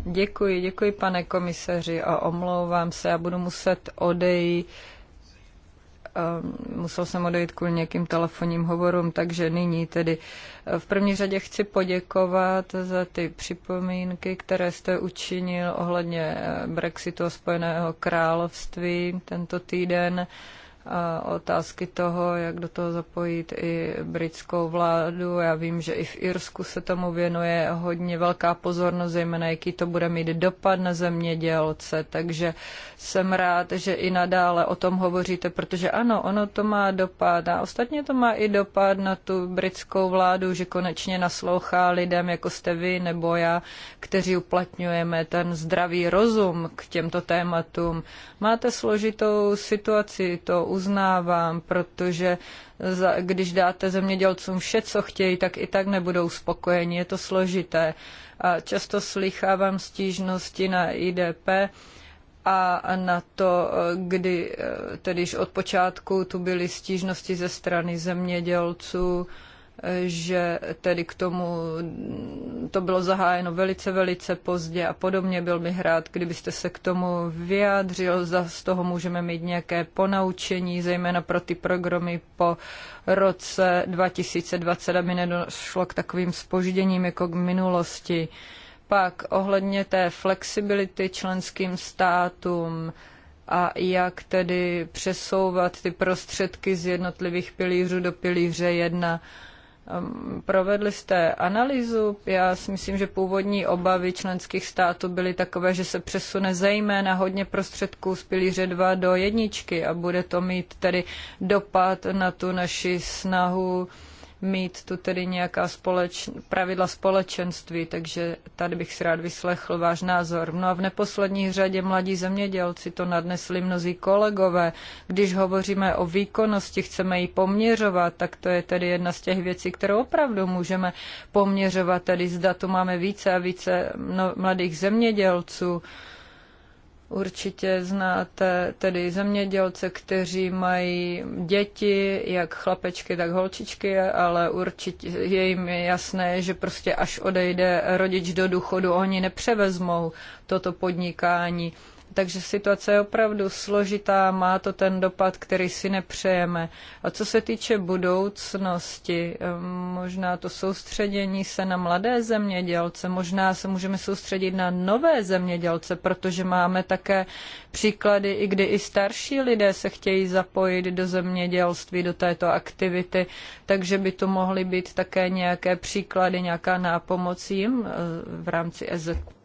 Děkuji, děkuji pane komisaři a omlouvám se, já budu muset odejít musel jsem odejít kvůli nějakým telefonním hovorům, takže nyní tedy eh, v první řadě chci poděkovat za ty připomínky, které jste učinil ohledně eh, Brexitu a Spojeného království tento týden otázky toho, jak do toho zapojit i britskou vládu. Já vím, že i v Irsku se tomu věnuje hodně velká pozornost, zejména jaký to bude mít dopad na zemědělce. Takže jsem rád, že i nadále o tom hovoříte, protože ano, ono to má dopad. A ostatně to má i dopad na tu britskou vládu, že konečně naslouchá lidem, jako jste vy nebo já, kteří uplatňujeme ten zdravý rozum k těmto tématům. Máte složitou situaci, to uznávám, protože za, když dáte zemědělcům vše, co chtějí, tak i tak nebudou spokojeni. Je to složité. A často slychávám stížnosti na IDP, a na to, kdy eh, tedyž od počátku tu byly stížnosti ze strany zemědělců, že tedy k tomu to bylo zahájeno velice, velice pozdě a podobně. Byl bych rád, kdybyste se k tomu vyjádřil, za z toho můžeme mít nějaké ponaučení, zejména pro ty programy po roce 2020, aby nedošlo k takovým spožděním jako k minulosti. Pak ohledně té flexibility členským státům, a jak tedy přesouvat ty prostředky z jednotlivých pilířů do pilíře 1. Ehm, provedli jste analýzu? Já si myslím, že původní obavy členských států byly takové, že se přesune zejména hodně prostředků z pilíře 2 do jedničky a bude to mít tedy dopad na tu naši snahu uh, mít tu tedy nějaká společ, pravidla společenství, takže tady bych si rád vyslechl váš názor. No a v neposlední řadě mladí zemědělci to nadnesli mnozí kolegové. Když hovoříme o výkonnosti, chceme ji poměřovat, tak to je tedy jedna z těch věcí, kterou opravdu můžeme poměřovat, tedy zda tu máme více a více mladých zemědělců. Určitě znáte tedy zemědělce, kteří mají děti, jak chlapečky, tak holčičky, ale určitě je jim jasné, že prostě až odejde rodič do důchodu, oni nepřevezmou toto podnikání. Takže situace je opravdu složitá, má to ten dopad, který si nepřejeme. A co se týče budoucnosti, eh, možná to soustředění se na mladé zemědělce, možná se můžeme soustředit na nové zemědělce, protože máme také příklady, i kdy i starší lidé se chtějí zapojit do zemědělství, do této aktivity, takže by to mohly být také nějaké příklady, nějaká nápomoc jim eh, v rámci EZP.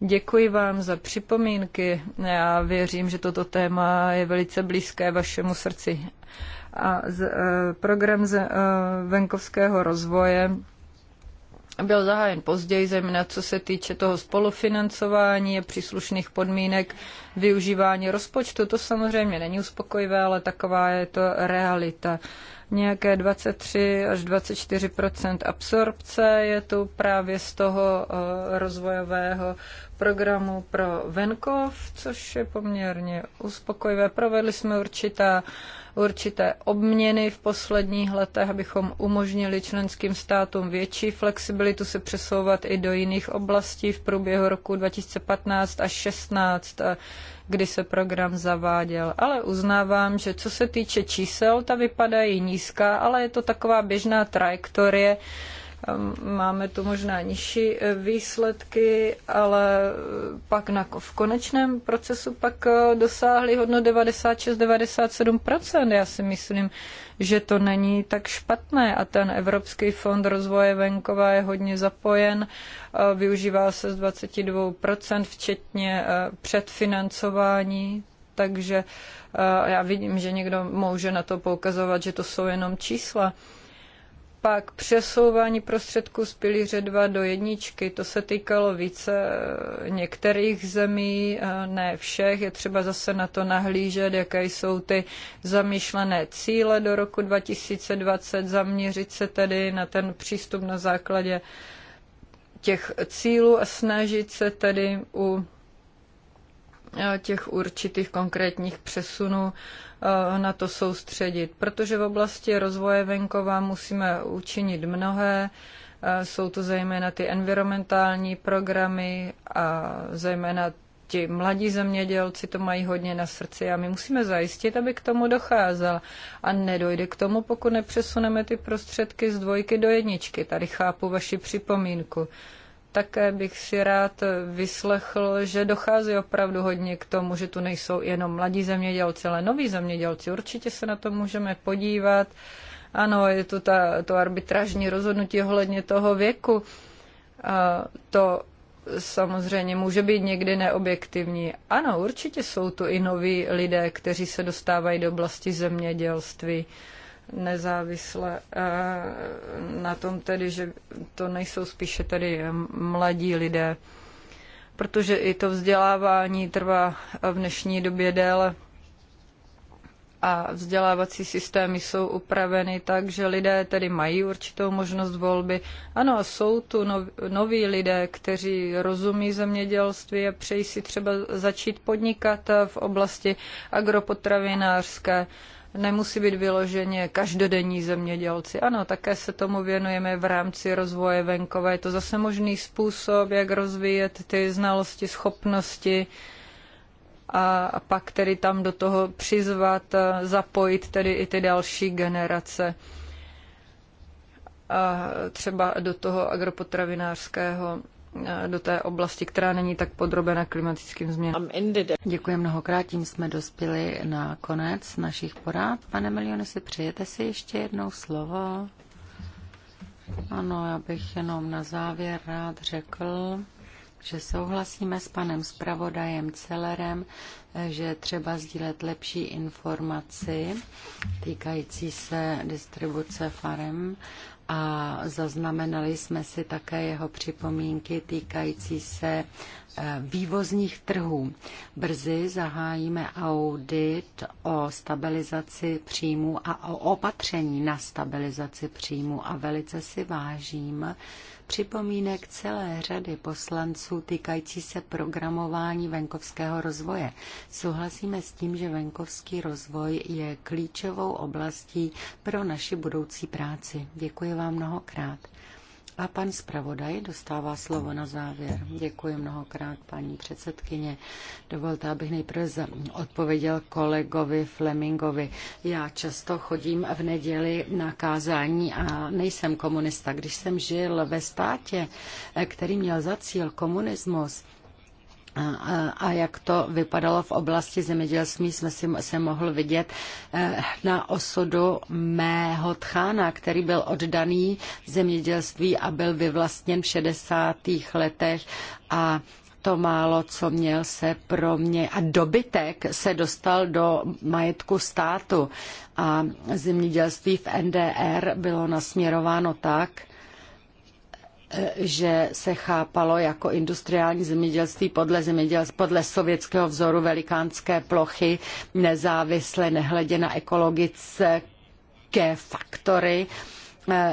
Děkuji vám za připomínky. Já věřím, že toto téma je velice blízké vašemu srdci. A z, eh, program z, eh, venkovského rozvoje byl zahájen později, zejména co se týče toho spolufinancování a příslušných podmínek využívání rozpočtu. To samozřejmě není uspokojivé, ale taková je to realita. Uh, nějaké 23 až 24 absorpce. Je to právě z toho eh, rozvojového programu pro venkov, což je poměrně uspokojivé. Provedli jsme určitá určité obměny v posledních letech, abychom umožnili členským státům větší flexibilitu se přesouvat i do jiných oblastí v průběhu roku 2015 až 16 kdy se program zaváděl, ale uznávám, že co se týče čísel, ta vypadají nízká, ale je to taková běžná trajektorie, máme tu možná nižší e, výsledky, ale e, pak na, v konečném procesu pak e, dosáhli hodno 96-97%. Já si myslím, že to není tak špatné a ten Evropský fond rozvoje venkova je hodně zapojen, využívá se z 22%, včetně předfinancování, takže já vidím, že někdo může na to poukazovat, že to jsou jenom čísla. Pak přesouvání prostředků z pilíře 2 do jedničky, to se týkalo více eh, některých zemí, eh, ne všech. Je třeba zase na to nahlížet, jaké jsou ty zamýšlené cíle do roku 2020, zaměřit se tedy na ten přístup na základě těch cílů a snažit se tedy u Eh, těch určitých konkrétních přesunů eh, na to soustředit, protože v oblasti rozvoje venkova musíme učinit mnohé. Eh, jsou to zejména ty environmentální programy a zejména ti mladí zemědělci to mají hodně na srdci a my musíme zajistit, aby k tomu docházel. A nedojde k tomu, pokud nepřesuneme ty prostředky z dvojky do jedničky. Tady chápu vaši připomínku. Také bych si rád vyslechl, že dochází opravdu hodně k tomu, že tu nejsou jenom mladí zemědělci, ale noví zemědělci. Určitě se na to můžeme podívat. Ano, je tu ta, to arbitrážní rozhodnutí ohledně toho věku. A to samozřejmě může být někdy neobjektivní. Ano, určitě jsou tu i noví lidé, kteří se dostávají do oblasti zemědělství nezávisle eh, na tom tedy, že to nejsou spíše tedy eh, mladí lidé, protože i to vzdělávání trvá eh, v dnešní době déle a vzdělávací systémy jsou upraveny tak, že lidé tedy mají určitou možnost volby. Ano, a jsou tu noví lidé, kteří rozumí zemědělství a přejí si třeba začít podnikat v oblasti agropotravinářské nemusí být vyloženě každodenní zemědělci. Ano, také se tomu věnujeme v rámci rozvoje venkové Je to zase možný způsob, jak rozvíjet ty znalosti, schopnosti a pak tedy tam do toho přizvat, zapojit tedy i ty další generace a třeba do toho agropotravinářského do té oblasti, která není tak podrobena klimatickým změnám. Děkuji mnohokrát, tím jsme dospěli na konec našich porád. Pane Milione, si přejete si ještě jednou slovo? Ano, já bych jenom na závěr rád řekl, že souhlasíme s panem zpravodajem Celerem, že třeba sdílet lepší informaci týkající se distribuce farem a zaznamenali jsme si také jeho připomínky týkající se eh, vývozních trhů. Brzy zahájíme audit o stabilizaci příjmu a o opatření na stabilizaci příjmu a velice si vážím připomínek celé řady poslanců týkající se programování venkovského rozvoje. Souhlasíme s tím, že venkovský rozvoj je klíčovou oblastí pro naši budoucí práci. Děkuji vám mnohokrát. A pan zpravodaj dostává slovo na závěr. Děkuji mnohokrát, paní předsedkyně. Dovolte, abych nejprve odpověděl kolegovi Flemingovi. Já často chodím v neděli na kázání a nejsem komunista. Když jsem žil ve státě, eh, který měl za cíl komunismus, a jak to vypadalo v oblasti zemědělství, jsme si se mohl vidět eh, na osudu mého tchána, který byl oddaný zemědělství a byl vyvlastněn v 60. letech a to málo, co měl se pro mě a dobytek se dostal do majetku státu a zemědělství v NDR bylo nasměrováno tak, Eh, že se chápalo jako industriální zemědělství podle, zemědělství, podle sovětského vzoru velikánské plochy, nezávisle, nehledě na ekologické faktory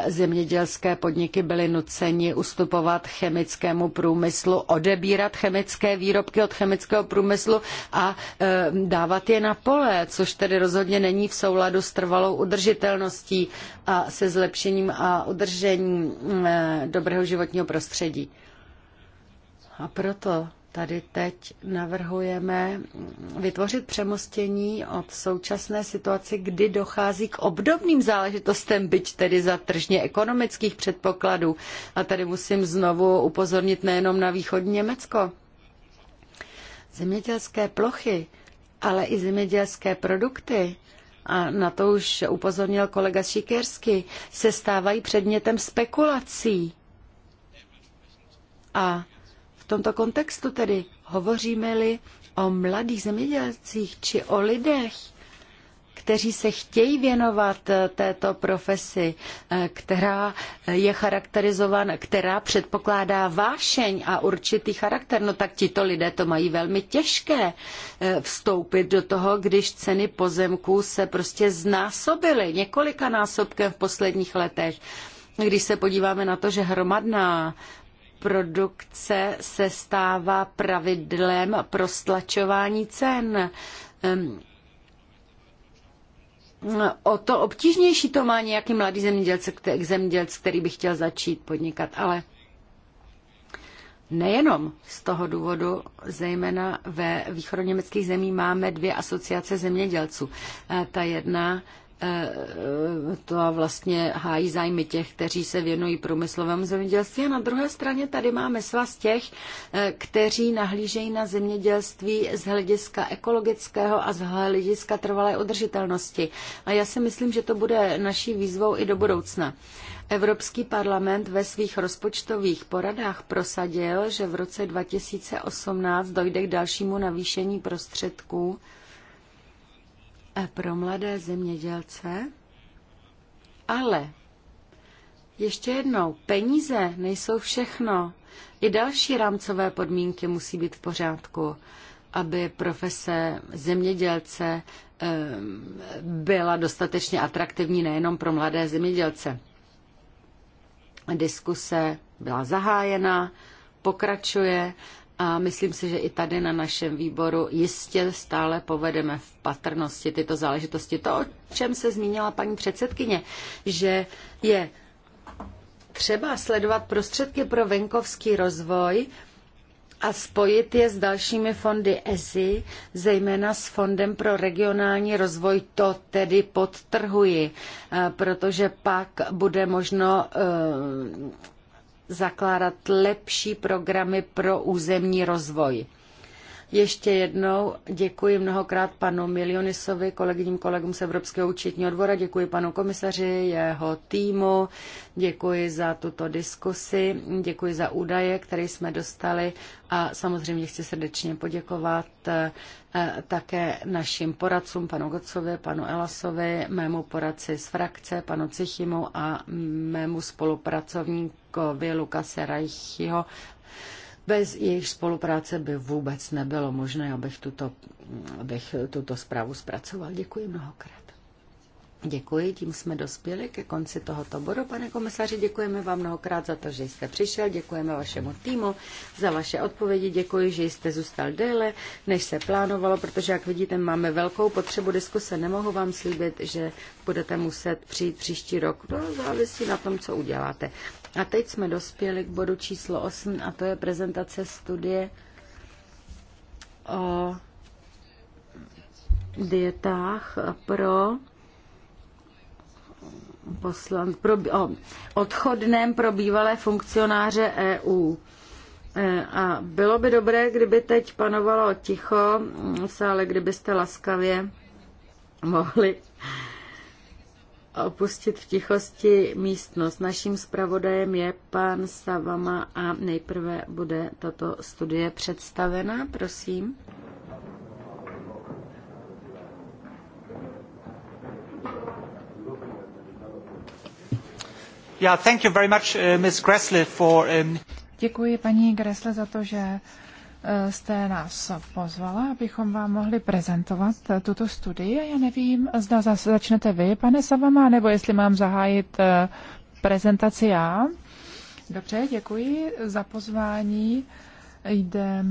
zemědělské podniky byly nuceni ustupovat chemickému průmyslu, odebírat chemické výrobky od chemického průmyslu a e, dávat je na pole, což tedy rozhodně není v souladu s trvalou udržitelností a se zlepšením a udržením e, dobrého životního prostředí. A proto Tady teď navrhujeme vytvořit přemostění od současné situace, kdy dochází k obdobným záležitostem, byť tedy za tržně ekonomických předpokladů. A tady musím znovu upozornit nejenom na východní Německo. Zemědělské plochy, ale i zemědělské produkty a na to už upozornil kolega Šikersky, se stávají předmětem spekulací. A tomto kontextu tedy hovoříme-li o mladých zemědělcích či o lidech, kteří se chtějí věnovat eh, této profesi, eh, která je charakterizována, která předpokládá vášeň a určitý charakter, no tak tito lidé to mají velmi těžké eh, vstoupit do toho, když ceny pozemků se prostě znásobily několika násobkem v posledních letech. Když se podíváme na to, že hromadná produkce se stává pravidlem pro stlačování cen. O to obtížnější to má nějaký mladý zemědělce, zemědělec, který by chtěl začít podnikat, ale Nejenom z toho důvodu, zejména ve východoněmeckých zemích máme dvě asociace zemědělců. E, ta jedna Eh, to vlastně hájí zájmy těch, kteří se věnují průmyslovému zemědělství. A na druhé straně tady máme svaz těch, eh, kteří nahlížejí na zemědělství z hlediska ekologického a z hlediska trvalé udržitelnosti. A já si myslím, že to bude naší výzvou i do budoucna. Evropský parlament ve svých rozpočtových poradách prosadil, že v roce 2018 dojde k dalšímu navýšení prostředků Eh, pro mladé zemědělce, ale ještě jednou, peníze nejsou všechno. I další rámcové podmínky musí být v pořádku, aby profese zemědělce eh, byla dostatečně atraktivní nejenom pro mladé zemědělce. Diskuse byla zahájena, pokračuje a myslím si, že i tady na našem výboru jistě stále povedeme v patrnosti tyto záležitosti. To, o čem se zmínila paní předsedkyně, že je třeba sledovat prostředky pro venkovský rozvoj a spojit je s dalšími fondy ESI, zejména s Fondem pro regionální rozvoj. To tedy podtrhuji, eh, protože pak bude možno eh, zakládat lepší programy pro územní rozvoj. Ještě jednou děkuji mnohokrát panu Milionisovi, kolegyním kolegům z Evropského účetního dvora, děkuji panu komisaři, jeho týmu, děkuji za tuto diskusi, děkuji za údaje, které jsme dostali a samozřejmě chci srdečně poděkovat eh, také našim poradcům, panu Gocovi, panu Elasovi, mému poradci z frakce, panu Cichimu a mému spolupracovníku jako Lukase Rajchyho, bez jejich spolupráce by vůbec nebylo možné, abych tuto, abych tuto zprávu zpracoval. Děkuji mnohokrát. Děkuji, tím jsme dospěli ke konci tohoto bodu. Pane komisaři, děkujeme vám mnohokrát za to, že jste přišel, děkujeme vašemu týmu za vaše odpovědi, děkuji, že jste zůstal déle, než se plánovalo, protože, jak vidíte, máme velkou potřebu diskuse. Nemohu vám slíbit, že budete muset přijít příští rok. To závisí na tom, co uděláte. A teď jsme dospěli k bodu číslo 8 a to je prezentace studie o dietách pro poslan, pro, o, odchodném pro bývalé funkcionáře EU. E, a bylo by dobré, kdyby teď panovalo ticho ale kdybyste laskavě mohli opustit v tichosti místnost. Naším zpravodajem je pan Savama a nejprve bude tato studie představena. Prosím. Yeah, thank you very much, uh, Ms. Gressle, for, um... Děkuji paní Gressle za to, že Eh, jste nás pozvala, abychom vám mohli prezentovat eh, tuto studii. Já nevím, zda začnete vy, pane Savama, nebo jestli mám zahájit eh, prezentaci já. Dobře, děkuji za pozvání. Jde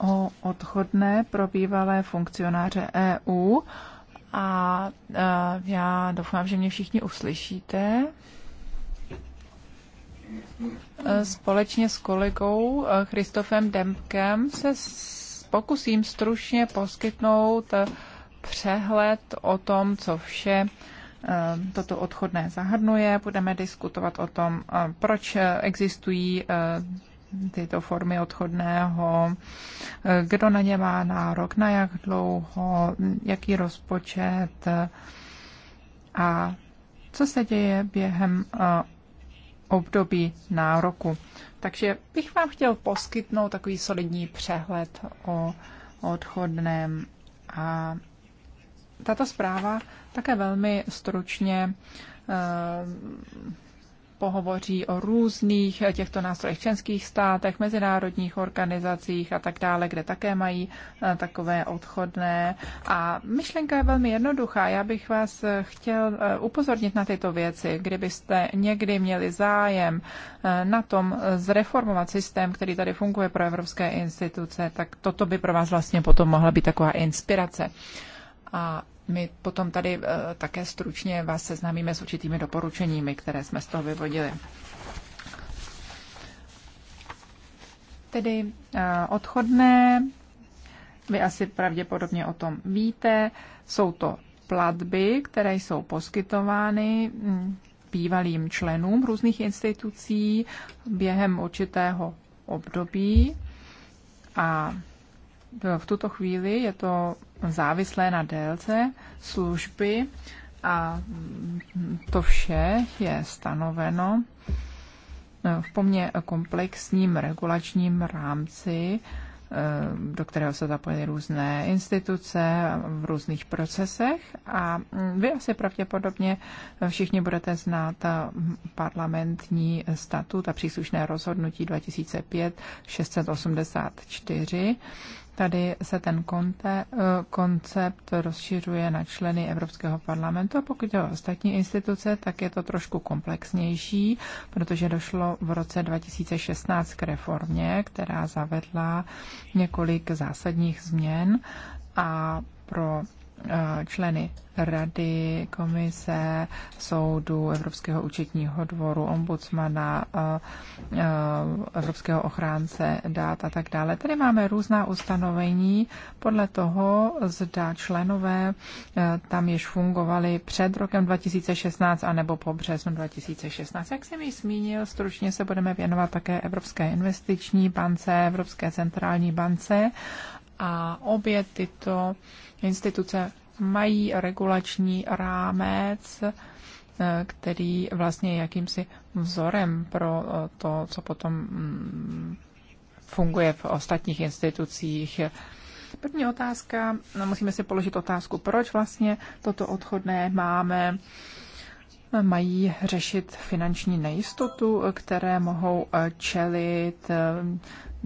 o odchodné pro bývalé funkcionáře EU a já doufám, že mě všichni uslyšíte. Společně s kolegou eh, Christofem Dempkem se pokusím stručně poskytnout eh, přehled o tom, co vše eh, toto odchodné zahrnuje. Budeme diskutovat o tom, proč existují tyto formy odchodného, kdo na ně má nárok, na jak dlouho, jaký rozpočet a co se děje během období nároku. Takže bych vám chtěl poskytnout takový solidní přehled o odchodném. A tato zpráva také velmi stručně eh, pohovoří o různých těchto nástrojích členských státech, mezinárodních organizacích a tak dále, kde také mají eh, takové odchodné. A myšlenka je velmi jednoduchá. Já bych vás chtěl eh, upozornit na tyto věci, kdybyste někdy měli zájem eh, na tom zreformovat systém, který tady funguje pro evropské instituce, tak toto by pro vás vlastně potom mohla být taková inspirace. A my potom tady eh, také stručně vás seznámíme s určitými doporučeními, které jsme z toho vyvodili. Tedy eh, odchodné, vy asi pravděpodobně o tom víte, jsou to platby, které jsou poskytovány hm, bývalým členům různých institucí během určitého období a v tuto chvíli je to závislé na délce služby a to vše je stanoveno v poměrně komplexním regulačním rámci, do kterého se zapojily různé instituce v různých procesech. A vy asi pravděpodobně všichni budete znát parlamentní statut a příslušné rozhodnutí 2005-684, Tady se ten konte, eh, koncept rozšiřuje na členy Evropského parlamentu a pokud je o ostatní instituce, tak je to trošku komplexnější, protože došlo v roce 2016 k reformě, která zavedla několik zásadních změn a pro Eh, členy rady, komise, soudu, Evropského účetního dvoru, ombudsmana, eh, eh, Evropského ochránce dát a tak dále. Tady máme různá ustanovení podle toho, zda členové tam již fungovali před rokem 2016 anebo po březnu 2016. Jak jsem ji zmínil, stručně se budeme věnovat také Evropské investiční bance, Evropské centrální bance a obě tyto instituce mají regulační rámec, eh, který vlastně je jakýmsi vzorem pro eh, to, co potom mm, funguje v ostatních institucích. První otázka, no, musíme si položit otázku, proč vlastně toto odchodné máme. Mají řešit finanční nejistotu, které mohou eh, čelit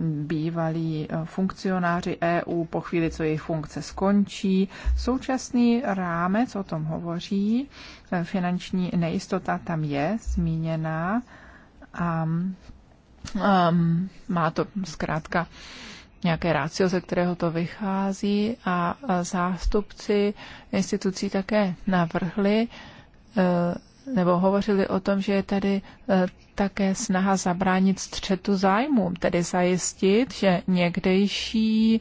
bývalí eh, funkcionáři EU po chvíli, co jejich funkce skončí. Současný rámec o tom hovoří, eh, finanční nejistota tam je zmíněná a um, má to zkrátka nějaké rácio, ze kterého to vychází a zástupci institucí také navrhli eh, nebo hovořili o tom, že je tady e, také snaha zabránit střetu zájmů, tedy zajistit, že někdejší e,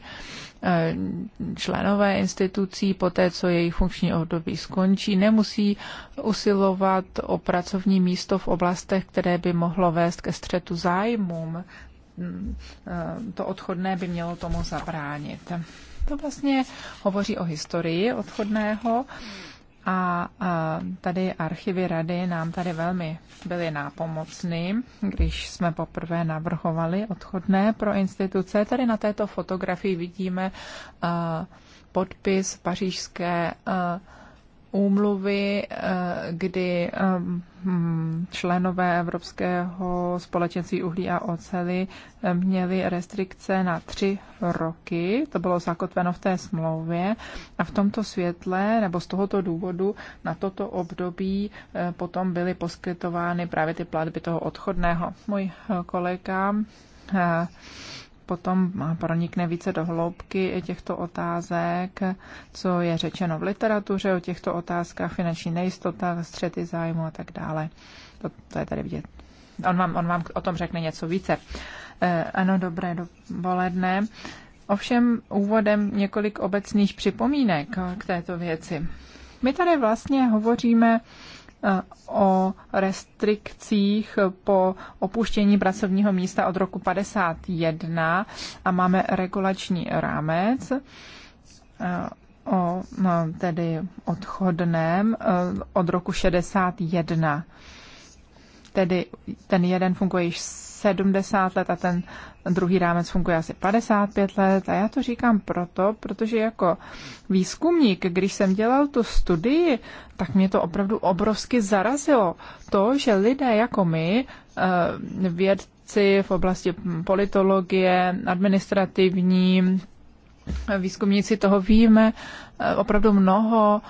členové institucí po té, co jejich funkční období skončí, nemusí usilovat o pracovní místo v oblastech, které by mohlo vést ke střetu zájmům. E, to odchodné by mělo tomu zabránit. To vlastně hovoří o historii odchodného a, a tady archivy rady nám tady velmi byly nápomocny, když jsme poprvé navrhovali odchodné pro instituce. Tady na této fotografii vidíme a, podpis pařížské a, úmluvy, eh, kdy eh, mm, členové Evropského společenství uhlí a oceli eh, měli restrikce na tři roky. To bylo zakotveno v té smlouvě a v tomto světle nebo z tohoto důvodu na toto období potom byly poskytovány právě ty platby toho odchodného. Můj kolega potom pronikne více do hloubky těchto otázek, co je řečeno v literatuře o těchto otázkách, finanční nejistota, střety zájmu a tak dále. To, to je tady vidět. On vám, on vám o tom řekne něco více. E, ano, dobré dopoledne. Ovšem úvodem několik obecných připomínek k této věci. My tady vlastně hovoříme o restrikcích po opuštění pracovního místa od roku 51 a máme regulační rámec eh, o no, tedy odchodném eh, od roku 61 tedy ten jeden funguje již 70 let a ten druhý rámec funguje asi 55 let. A já to říkám proto, protože jako výzkumník, když jsem dělal tu studii, tak mě to opravdu obrovsky zarazilo. To, že lidé jako my, eh, vědci v oblasti politologie, administrativní, výzkumníci toho víme eh, opravdu mnoho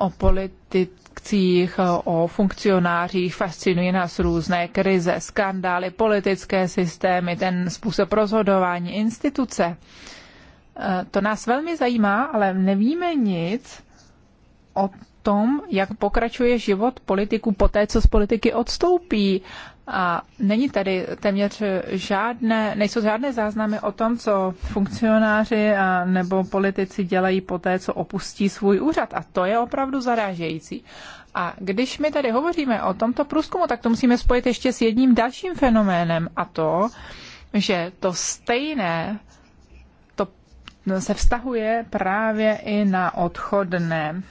o politicích, o funkcionářích, fascinují nás různé krize, skandály, politické systémy, ten způsob rozhodování, instituce. E, to nás velmi zajímá, ale nevíme nic o tom, jak pokračuje život politiků po té, co z politiky odstoupí. A není tady téměř žádné, nejsou žádné záznamy o tom, co funkcionáři a, nebo politici dělají po té, co opustí svůj úřad. A to je opravdu zarážející. A když my tady hovoříme o tomto průzkumu, tak to musíme spojit ještě s jedním dalším fenoménem a to, že to stejné to se vztahuje právě i na odchodné.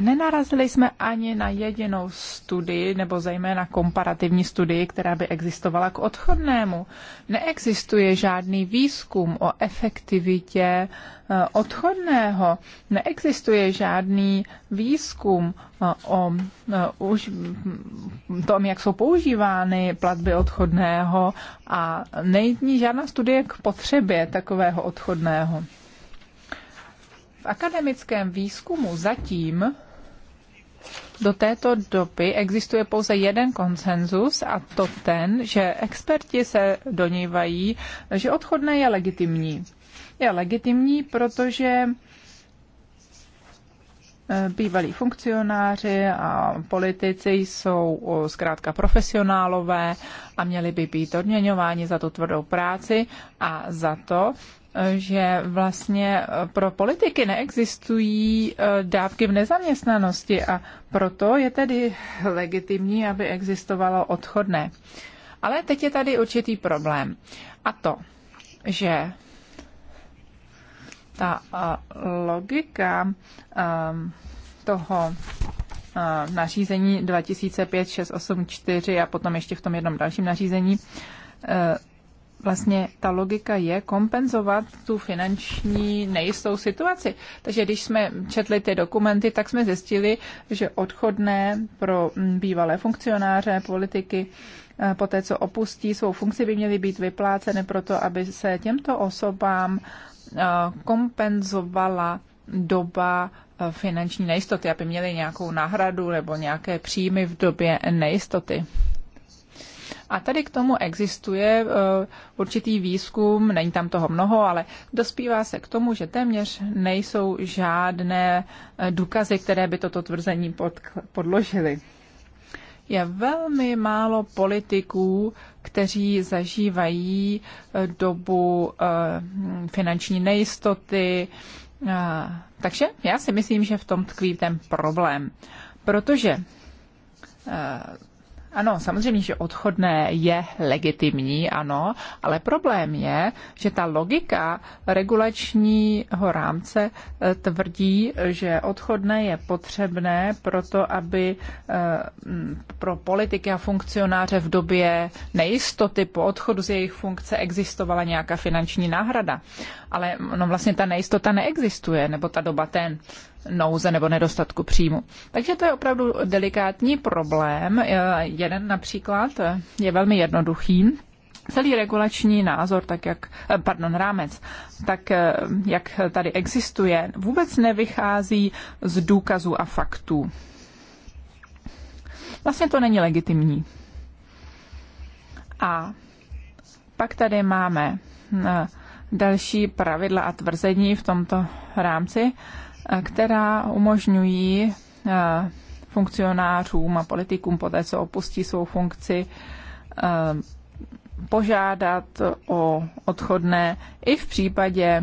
Nenarazili jsme ani na jedinou studii, nebo zejména komparativní studii, která by existovala k odchodnému. Neexistuje žádný výzkum o efektivitě eh, odchodného. Neexistuje žádný výzkum eh, o eh, už mm, tom, jak jsou používány platby odchodného a není žádná studie k potřebě takového odchodného. V akademickém výzkumu zatím do této doby existuje pouze jeden konsenzus a to ten, že experti se donívají, že odchodné je legitimní. Je legitimní, protože eh, bývalí funkcionáři a politici jsou eh, zkrátka profesionálové a měli by být odměňováni za tu tvrdou práci a za to, že vlastně eh, pro politiky neexistují eh, dávky v nezaměstnanosti a proto je tedy legitimní, aby existovalo odchodné. Ale teď je tady určitý problém. A to, že ta eh, logika ehm, toho nařízení 2005-684 a potom ještě v tom jednom dalším nařízení vlastně ta logika je kompenzovat tu finanční nejistou situaci. Takže když jsme četli ty dokumenty, tak jsme zjistili, že odchodné pro mm, bývalé funkcionáře, politiky, eh, po té, co opustí svou funkci, by měly být vypláceny proto, aby se těmto osobám eh, kompenzovala doba eh, finanční nejistoty, aby měli nějakou náhradu nebo nějaké příjmy v době nejistoty. A tady k tomu existuje eh, určitý výzkum, není tam toho mnoho, ale dospívá se k tomu, že téměř nejsou žádné eh, důkazy, které by toto tvrzení podložily. Je velmi málo politiků, kteří zažívají eh, dobu finanční nejistoty. Takže já si myslím, že v tom tkví ten problém. Protože ano, samozřejmě, že odchodné je legitimní, ano, ale problém je, že ta logika regulačního rámce eh, tvrdí, že odchodné je potřebné proto, aby eh, pro politiky a funkcionáře v době nejistoty po odchodu z jejich funkce existovala nějaká finanční náhrada. Ale no, vlastně ta nejistota neexistuje, nebo ta doba ten nouze nebo nedostatku příjmu. Takže to je opravdu delikátní problém. Eh, jeden například eh, je velmi jednoduchý. Celý regulační názor, tak jak, eh, pardon, rámec, tak jak tady existuje, vůbec nevychází z důkazů a faktů. Vlastně to není legitimní. A pak tady máme další pravidla a tvrzení v tomto rámci. Eh, která umožňují eh, funkcionářům a politikům poté, co opustí svou funkci, eh, požádat o odchodné i v případě,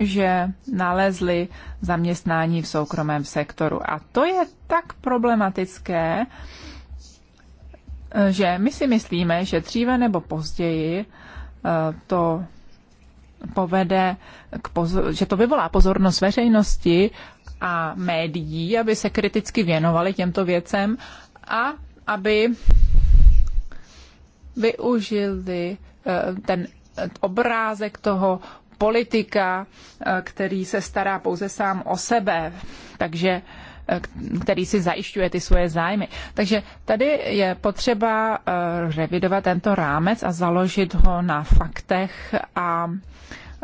že nalezli zaměstnání v soukromém sektoru. A to je tak problematické, že my si myslíme, že dříve nebo později to povede k pozor- že to vyvolá pozornost veřejnosti a médií, aby se kriticky věnovali těmto věcem a aby využili eh, ten obrázek toho politika, eh, který se stará pouze sám o sebe, takže eh, který si zajišťuje ty svoje zájmy. Takže tady je potřeba revidovat tento rámec a založit ho na faktech a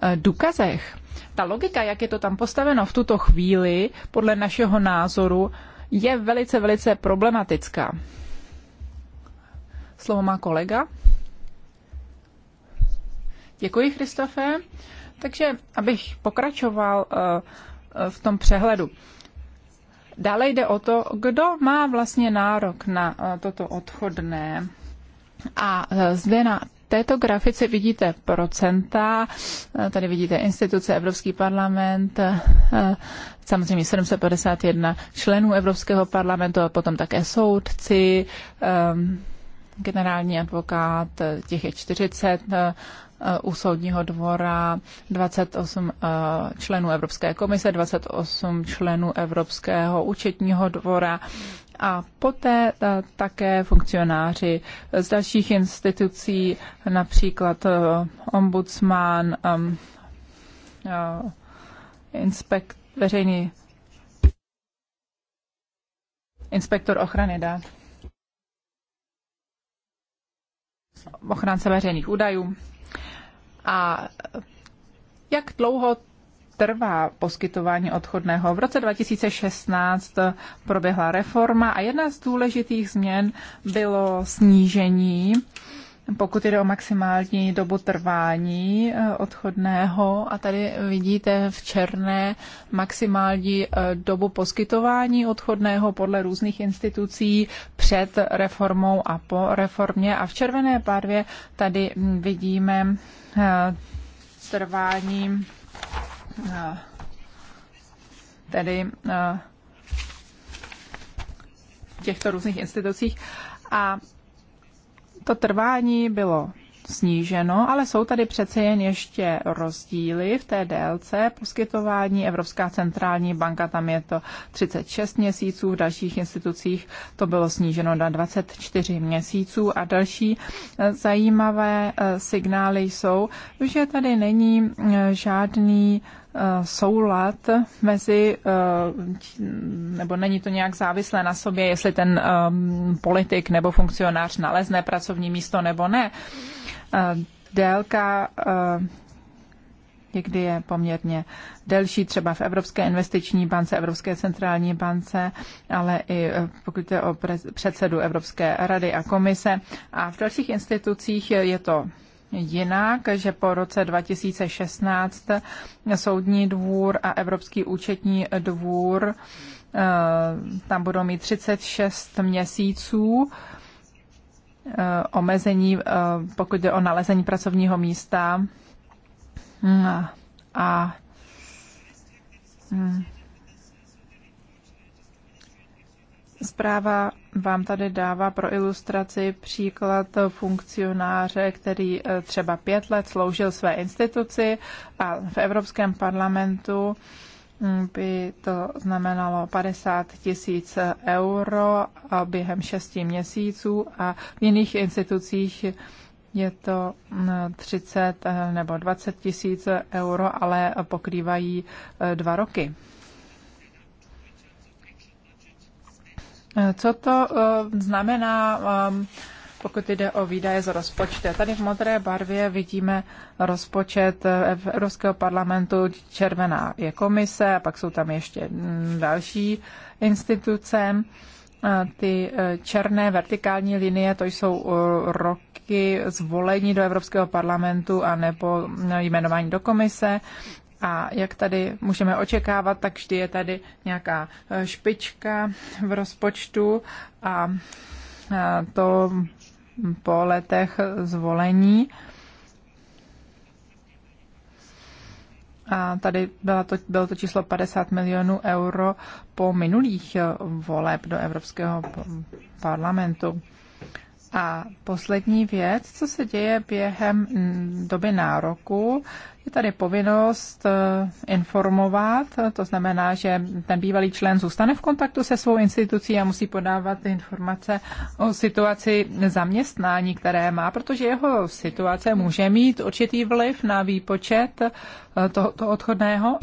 Eh, důkazech. Ta logika, jak je to tam postaveno v tuto chvíli, podle našeho názoru, je velice, velice problematická. Slovo má kolega. Děkuji, Kristofe. Takže, abych pokračoval eh, eh, v tom přehledu. Dále jde o to, kdo má vlastně nárok na toto odchodné. A zde na této grafice vidíte procenta, tady vidíte instituce, Evropský parlament, eh, samozřejmě 751 členů Evropského parlamentu a potom také soudci, eh, generální advokát, těch je 40 eh, u soudního dvora, 28 členů Evropské komise, 28 členů Evropského účetního dvora a poté eh, také funkcionáři z dalších institucí, například eh, ombudsman, eh, inspekt, veřejný inspektor ochrany dat, ochránce veřejných údajů. A jak dlouho trvá poskytování odchodného. V roce 2016 proběhla reforma a jedna z důležitých změn bylo snížení pokud jde o maximální dobu trvání eh, odchodného, a tady vidíte v černé maximální eh, dobu poskytování odchodného podle různých institucí před reformou a po reformě. A v červené barvě tady hm, vidíme eh, trvání Eh, tedy eh, těchto různých institucích. A to trvání bylo sníženo, ale jsou tady přece jen ještě rozdíly v té délce poskytování. Evropská centrální banka, tam je to 36 měsíců, v dalších institucích to bylo sníženo na 24 měsíců a další eh, zajímavé signály jsou, že tady není žádný Eh, soulad mezi, eh, nebo není to nějak závislé na sobě, jestli ten eh, politik nebo funkcionář nalezne pracovní místo nebo ne. Délka někdy je poměrně delší, třeba v Evropské investiční bance, Evropské centrální bance, ale i pokud je o předsedu Evropské rady a komise. A v dalších institucích je to jinak, že po roce 2016 Soudní dvůr a Evropský účetní dvůr eh, tam budou mít 36 měsíců eh, omezení, eh, pokud jde o nalezení pracovního místa. Hmm, a, a hmm. Zpráva vám tady dává pro ilustraci příklad funkcionáře, který eh, třeba pět let sloužil své instituci a v Evropském parlamentu hm, by to znamenalo 50 tisíc euro během šesti měsíců a v jiných institucích je to 30 hm, eh, nebo 20 tisíc euro, ale pokrývají eh, dva roky. Eh, co to eh, znamená, ehm, pokud jde o výdaje z rozpočtu? Tady v modré barvě vidíme rozpočet eh, Evropského parlamentu, červená je komise a pak jsou tam ještě mm, další instituce. Ty černé vertikální linie, to jsou roky zvolení do Evropského parlamentu a nebo no, jmenování do komise. A jak tady můžeme očekávat, tak vždy je tady nějaká e, špička v rozpočtu a e, to po letech zvolení. A tady bylo to, bylo to číslo 50 milionů euro po minulých e, voleb do Evropského parlamentu. A poslední věc, co se děje během doby nároku, je tady povinnost eh, informovat, to znamená, že ten bývalý člen zůstane v kontaktu se svou institucí a musí podávat informace o situaci zaměstnání, které má, protože jeho situace může mít určitý vliv na výpočet eh, toho to odchodného.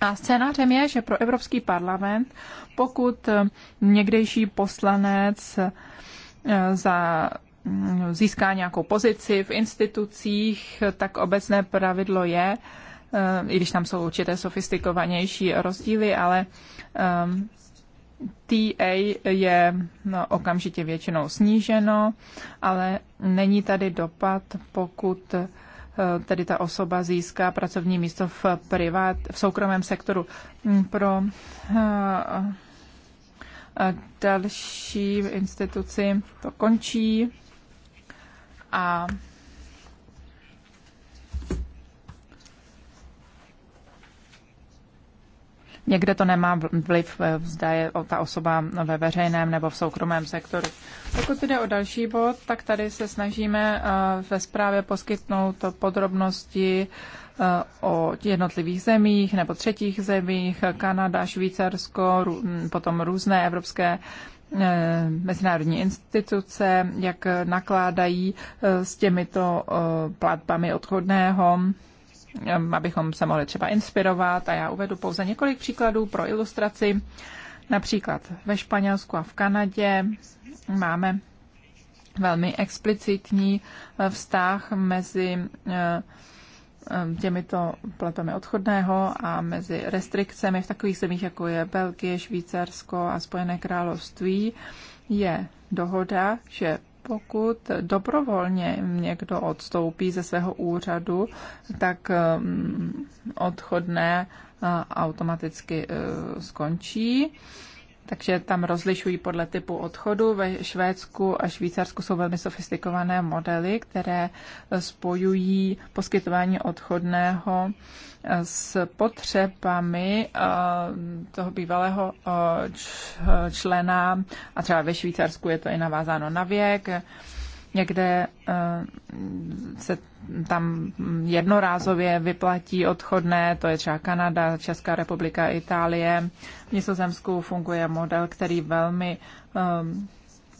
A scénářem je, že pro Evropský parlament, pokud eh, někdejší poslanec za získá nějakou pozici v institucích, tak obecné pravidlo je, eh, i když tam jsou určité sofistikovanější rozdíly, ale eh, TA je no, okamžitě většinou sníženo, ale není tady dopad, pokud eh, tedy ta osoba získá pracovní místo v, privát, v soukromém sektoru. Mm, pro další instituci to končí. A Někde to nemá vliv, eh, zda je ta osoba ve veřejném nebo v soukromém sektoru. Pokud jde o další bod, tak tady se snažíme eh, ve zprávě poskytnout podrobnosti eh, o jednotlivých zemích nebo třetích zemích, Kanada, Švýcarsko, potom různé evropské Eh, mezinárodní instituce, jak nakládají eh, s těmito eh, platbami odchodného, abychom se mohli třeba inspirovat. A já uvedu pouze několik příkladů pro ilustraci. Například ve Španělsku a v Kanadě máme velmi explicitní vztah mezi Eh, těmito platami odchodného a mezi restrikcemi v takových zemích, jako je Belgie, Švýcarsko a Spojené království, je dohoda, že pokud dobrovolně někdo odstoupí ze svého úřadu, tak mm, odchodné eh, automaticky eh, skončí takže tam rozlišují podle typu odchodu. Ve Švédsku a Švýcarsku jsou velmi sofistikované modely, které spojují poskytování odchodného s potřebami eh, toho bývalého eh, člena, a třeba ve Švýcarsku je to i navázáno na věk, Někde eh, se tam jednorázově vyplatí odchodné, to je třeba Kanada, Česká republika, Itálie. V Nizozemsku funguje model, který velmi ehm,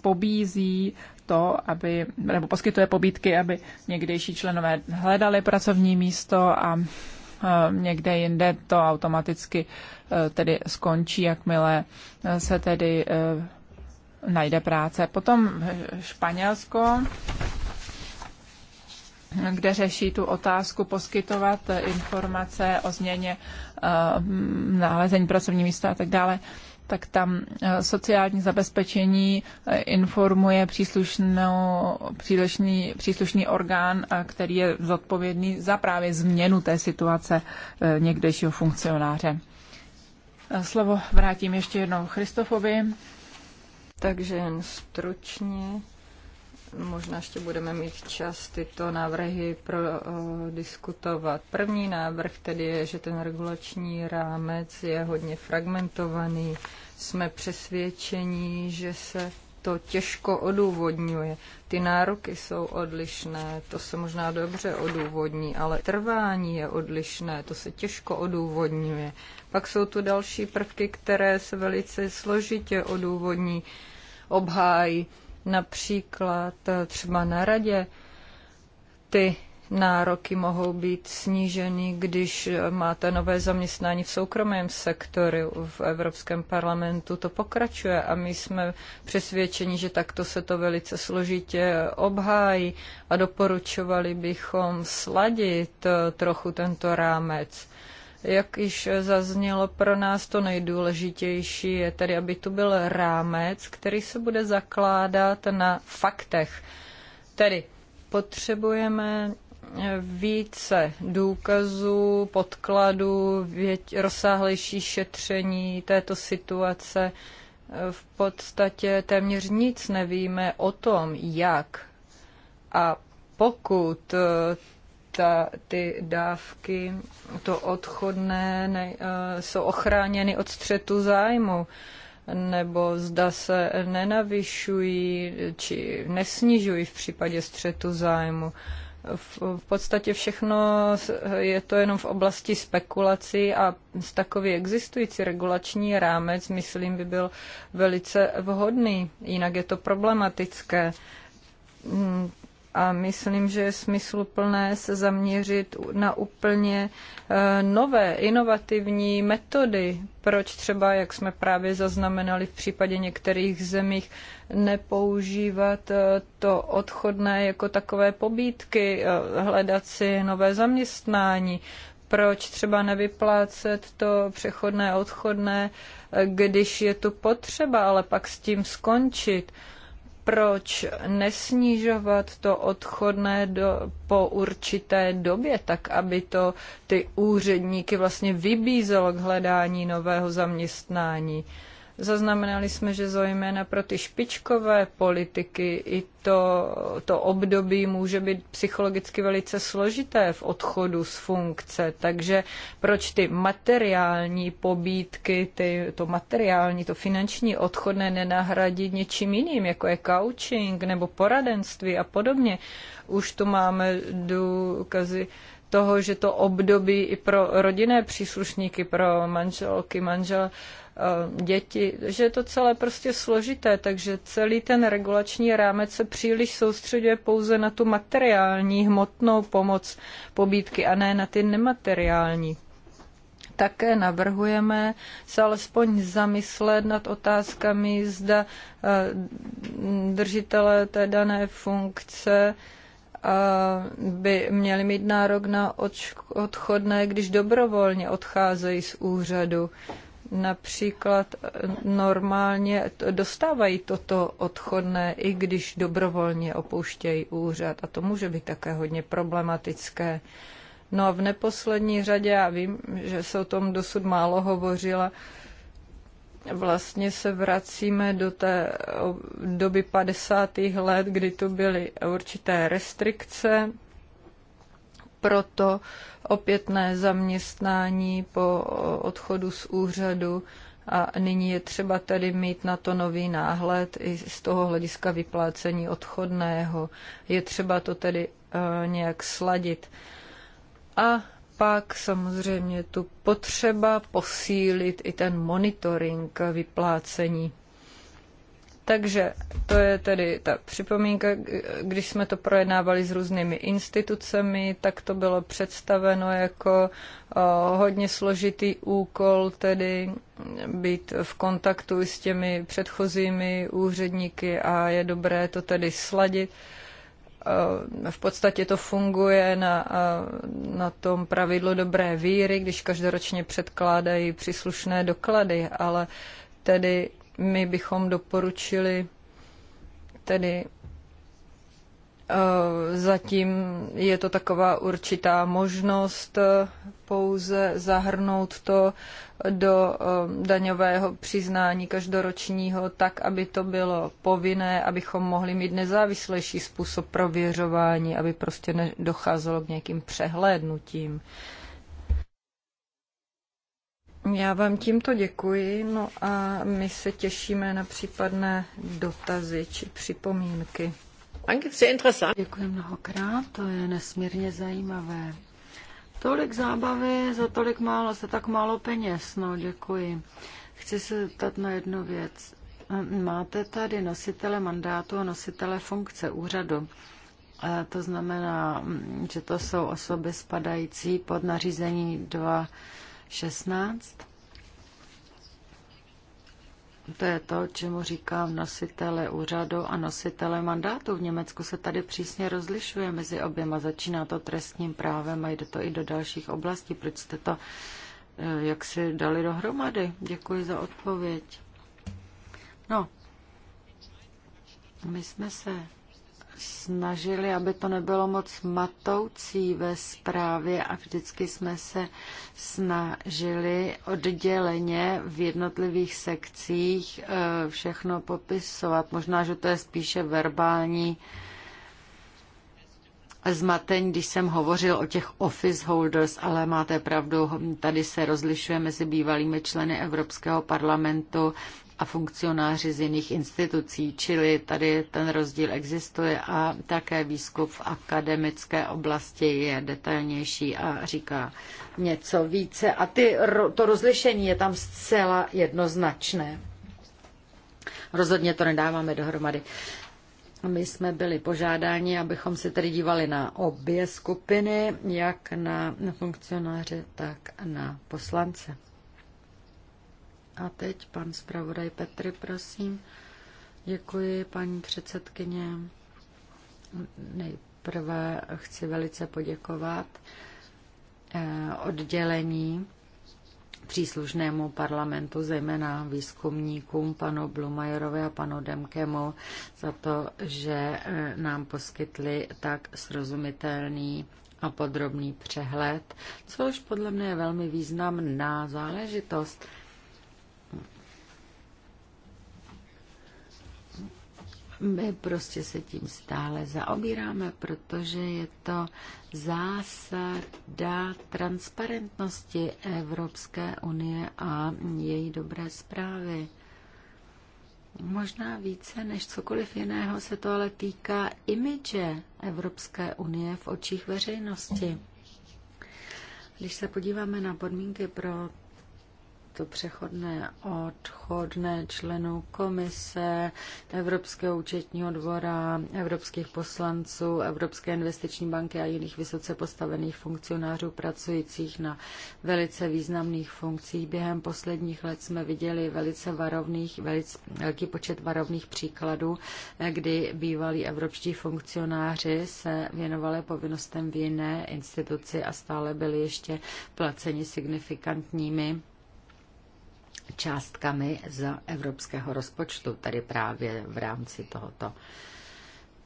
pobízí to, aby, nebo poskytuje pobídky, aby někdejší členové hledali pracovní místo a eh, někde jinde to automaticky eh, tedy skončí, jakmile se tedy najde práce. Potom eh, Španělsko, kde řeší tu otázku poskytovat eh, informace o změně eh, nálezení pracovní místa a tak dále tak tam sociální zabezpečení informuje příslušný, příslušný orgán, který je zodpovědný za právě změnu té situace někdejšího funkcionáře. Slovo vrátím ještě jednou Christofovi. Takže jen stručně. Možná ještě budeme mít čas tyto návrhy pro eh, diskutovat. První návrh tedy je, že ten regulační rámec je hodně fragmentovaný. Jsme přesvědčeni, že se to těžko odůvodňuje. Ty nároky jsou odlišné, to se možná dobře odůvodní, ale trvání je odlišné, to se těžko odůvodňuje. Pak jsou tu další prvky, které se velice složitě odůvodní, obhájí. Například eh, třeba na radě ty nároky mohou být sníženy, když máte nové zaměstnání v soukromém sektoru v Evropském parlamentu. To pokračuje a my jsme přesvědčeni, že takto se to velice složitě obhájí a doporučovali bychom sladit eh, trochu tento rámec. Jak již zaznělo, pro nás to nejdůležitější je tedy, aby tu byl rámec, který se bude zakládat na faktech. Tedy potřebujeme více důkazů, podkladů, rozsáhlejší šetření této situace. V podstatě téměř nic nevíme o tom, jak a pokud eh, ta, ty dávky, to odchodné, ne, eh, jsou ochráněny od střetu zájmu, nebo zda se nenavyšují či nesnižují v případě střetu zájmu v podstatě všechno je to jenom v oblasti spekulací a takový existující regulační rámec, myslím, by byl velice vhodný. Jinak je to problematické mm, a myslím, že je smysluplné se zaměřit na úplně eh, nové, inovativní metody, proč třeba, jak jsme právě zaznamenali v případě některých zemích, nepoužívat eh, to odchodné jako takové pobídky, eh, hledat si nové zaměstnání, proč třeba nevyplácet to přechodné odchodné, když je tu potřeba, ale pak s tím skončit proč nesnižovat to odchodné do, po určité době, tak aby to ty úředníky vlastně vybízelo k hledání nového zaměstnání? Zaznamenali jsme, že zejména pro ty špičkové politiky i to, to období může být psychologicky velice složité v odchodu z funkce. Takže proč ty materiální pobídky, ty, to materiální, to finanční odchodné nenahradit něčím jiným, jako je coaching nebo poradenství a podobně. Už tu máme důkazy toho, že to období i pro rodinné příslušníky, pro manželky, manžel, eh, děti, že je to celé prostě složité, takže celý ten regulační rámec se příliš soustředuje pouze na tu materiální, hmotnou pomoc pobídky a ne na ty nemateriální. Také navrhujeme se alespoň zamyslet nad otázkami, zda eh, držitele té dané funkce by měli mít nárok na odchodné, když dobrovolně odcházejí z úřadu. Například e, normálně dostávají toto odchodné, i když dobrovolně opouštějí úřad. A to může být také hodně problematické. No a v neposlední řadě, já vím, že se o tom dosud málo hovořila, vlastně se vracíme do té doby 50. let, kdy tu byly určité restrikce, proto opětné zaměstnání po odchodu z úřadu a nyní je třeba tedy mít na to nový náhled i z toho hlediska vyplácení odchodného. Je třeba to tedy eh, nějak sladit. A pak samozřejmě tu potřeba posílit i ten monitoring vyplácení. Takže to je tedy ta připomínka, když jsme to projednávali s různými institucemi, tak to bylo představeno jako hodně složitý úkol, tedy být v kontaktu s těmi předchozími úředníky a je dobré to tedy sladit. Eh, v podstatě to funguje na, eh, na tom pravidlo dobré víry, když každoročně předkládají příslušné doklady, ale tedy my bychom doporučili tedy Eh, zatím je to taková určitá možnost eh, pouze zahrnout to do eh, daňového přiznání každoročního tak, aby to bylo povinné, abychom mohli mít nezávislejší způsob prověřování, aby prostě nedocházelo k nějakým přehlédnutím. Já vám tímto děkuji, no a my se těšíme na případné dotazy či připomínky. Děkuji mnohokrát, to je nesmírně zajímavé. Tolik zábavy, za tolik málo, za tak málo peněz, no děkuji. Chci se zeptat na jednu věc. Hm, máte tady nositele mandátu a nositele funkce úřadu. E, to znamená, hm, že to jsou osoby spadající pod nařízení 216. To je to, čemu říkám nositele úřadu a nositele mandátu. V Německu se tady přísně rozlišuje mezi oběma. Začíná to trestním právem a jde to i do dalších oblastí. Proč jste to eh, jak si dali dohromady? Děkuji za odpověď. No, my jsme se snažili, aby to nebylo moc matoucí ve zprávě a vždycky jsme se snažili odděleně v jednotlivých sekcích eh, všechno popisovat. Možná, že to je spíše verbální zmateň, když jsem hovořil o těch office holders, ale máte pravdu, tady se rozlišuje mezi bývalými členy Evropského parlamentu a funkcionáři z jiných institucí, čili tady ten rozdíl existuje a také výzkum v akademické oblasti je detailnější a říká něco více. A ty, to rozlišení je tam zcela jednoznačné. Rozhodně to nedáváme dohromady. My jsme byli požádáni, abychom se tedy dívali na obě skupiny, jak na funkcionáře, tak na poslance. A teď pan zpravodaj Petry, prosím. Děkuji, paní předsedkyně. Nejprve chci velice poděkovat eh, oddělení příslušnému parlamentu, zejména výzkumníkům, panu Blumajerovi a panu Demkemu, za to, že eh, nám poskytli tak srozumitelný a podrobný přehled, což podle mě je velmi významná záležitost My prostě se tím stále zaobíráme, protože je to zásada transparentnosti Evropské unie a její dobré zprávy. Možná více než cokoliv jiného se to ale týká imidže Evropské unie v očích veřejnosti. Když se podíváme na podmínky pro to přechodné odchodné členů komise, Evropského účetního dvora, evropských poslanců, Evropské investiční banky a jiných vysoce postavených funkcionářů pracujících na velice významných funkcích. Během posledních let jsme viděli velice varovných, velice velký počet varovných příkladů, kdy bývalí evropští funkcionáři se věnovali povinnostem v jiné instituci a stále byli ještě placeni signifikantními částkami z evropského rozpočtu, tedy právě v rámci tohoto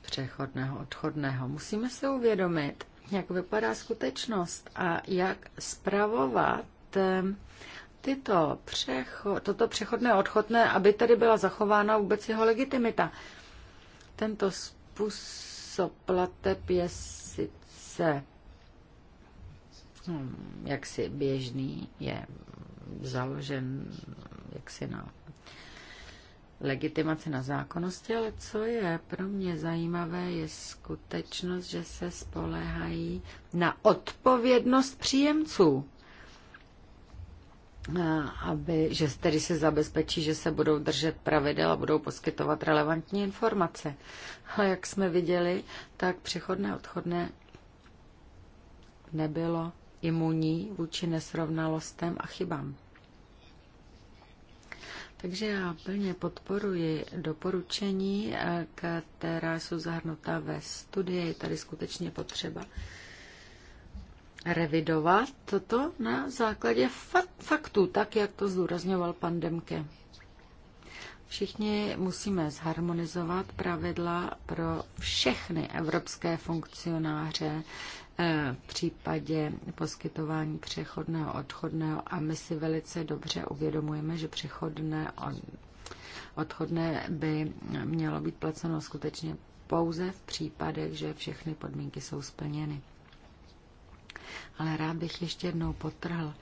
přechodného, odchodného. Musíme se uvědomit, jak vypadá skutečnost a jak spravovat ehm, tyto přecho, toto přechodné odchodné, aby tady byla zachována vůbec jeho legitimita. Tento způsob plateb je sice hmm, jaksi běžný, je založen jaksi na legitimaci na zákonnosti, ale co je pro mě zajímavé, je skutečnost, že se spolehají na odpovědnost příjemců. Aby, že tedy se zabezpečí, že se budou držet pravidel a budou poskytovat relevantní informace. A jak jsme viděli, tak přechodné odchodné nebylo imunní vůči nesrovnalostem a chybám. Takže já plně podporuji doporučení, eh, která jsou zahrnuta ve studii. Je tady skutečně potřeba revidovat toto na základě faktů, tak jak to zdůrazňoval pan Demke. Všichni musíme zharmonizovat pravidla pro všechny evropské funkcionáře, E, v případě poskytování přechodného odchodného a my si velice dobře uvědomujeme, že přechodné odchodné by mělo být placeno skutečně pouze v případech, že všechny podmínky jsou splněny. Ale rád bych ještě jednou potrhl,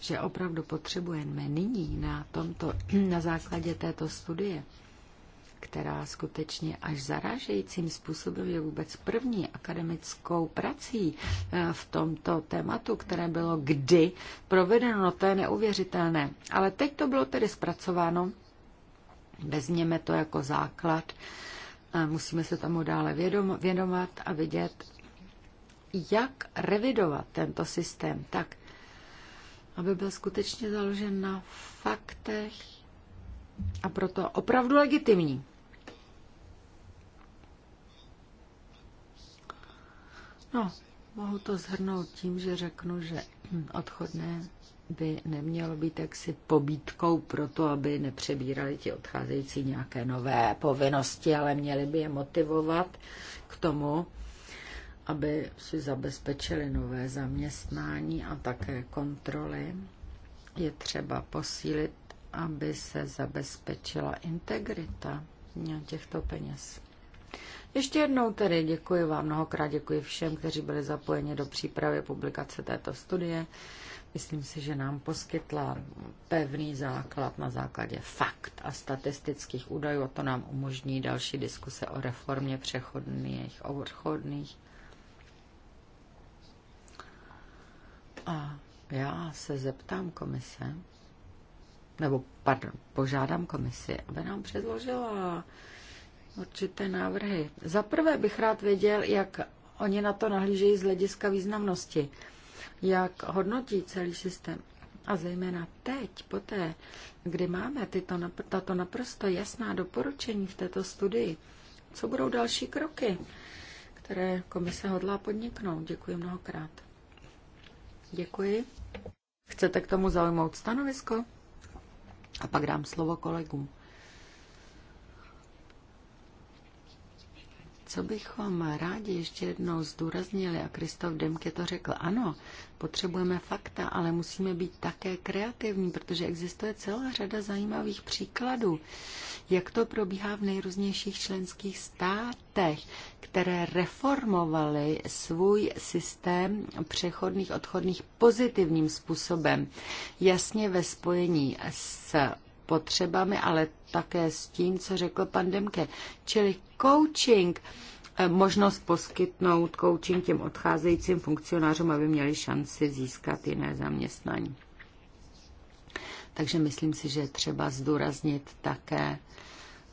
že opravdu potřebujeme nyní na, tomto, na základě této studie která skutečně až zarážejícím způsobem je vůbec první akademickou prací eh, v tomto tématu, které bylo kdy provedeno, no to je neuvěřitelné. Ale teď to bylo tedy zpracováno, vezměme to jako základ, eh, musíme se tomu dále vědom vědomat a vidět, jak revidovat tento systém tak, aby byl skutečně založen na faktech, a proto opravdu legitimní. No, mohu to zhrnout tím, že řeknu, že odchodné by nemělo být jaksi pobítkou pro to, aby nepřebírali ti odcházející nějaké nové povinnosti, ale měli by je motivovat k tomu, aby si zabezpečili nové zaměstnání a také kontroly. Je třeba posílit aby se zabezpečila integrita těchto peněz. Ještě jednou tedy děkuji vám mnohokrát, děkuji všem, kteří byli zapojeni do přípravy publikace této studie. Myslím si, že nám poskytla pevný základ na základě fakt a statistických údajů a to nám umožní další diskuse o reformě přechodných, a odchodných. A já se zeptám komise, nebo pardon, požádám komisi, aby nám předložila určité návrhy. Za prvé bych rád věděl, jak oni na to nahlížejí z hlediska významnosti, jak hodnotí celý systém. A zejména teď, poté, kdy máme tyto, tato naprosto jasná doporučení v této studii, co budou další kroky, které komise hodlá podniknout. Děkuji mnohokrát. Děkuji. Chcete k tomu zaujmout stanovisko? A pak dám slovo kolegům. Co bychom rádi ještě jednou zdůraznili, a Kristof Demke to řekl, ano, potřebujeme fakta, ale musíme být také kreativní, protože existuje celá řada zajímavých příkladů, jak to probíhá v nejrůznějších členských státech, které reformovaly svůj systém přechodných odchodných pozitivním způsobem, jasně ve spojení s potřebami, ale také s tím, co řekl pan Demke. Čili coaching, eh, možnost poskytnout coaching těm odcházejícím funkcionářům, aby měli šanci získat jiné zaměstnání. Takže myslím si, že je třeba zdůraznit také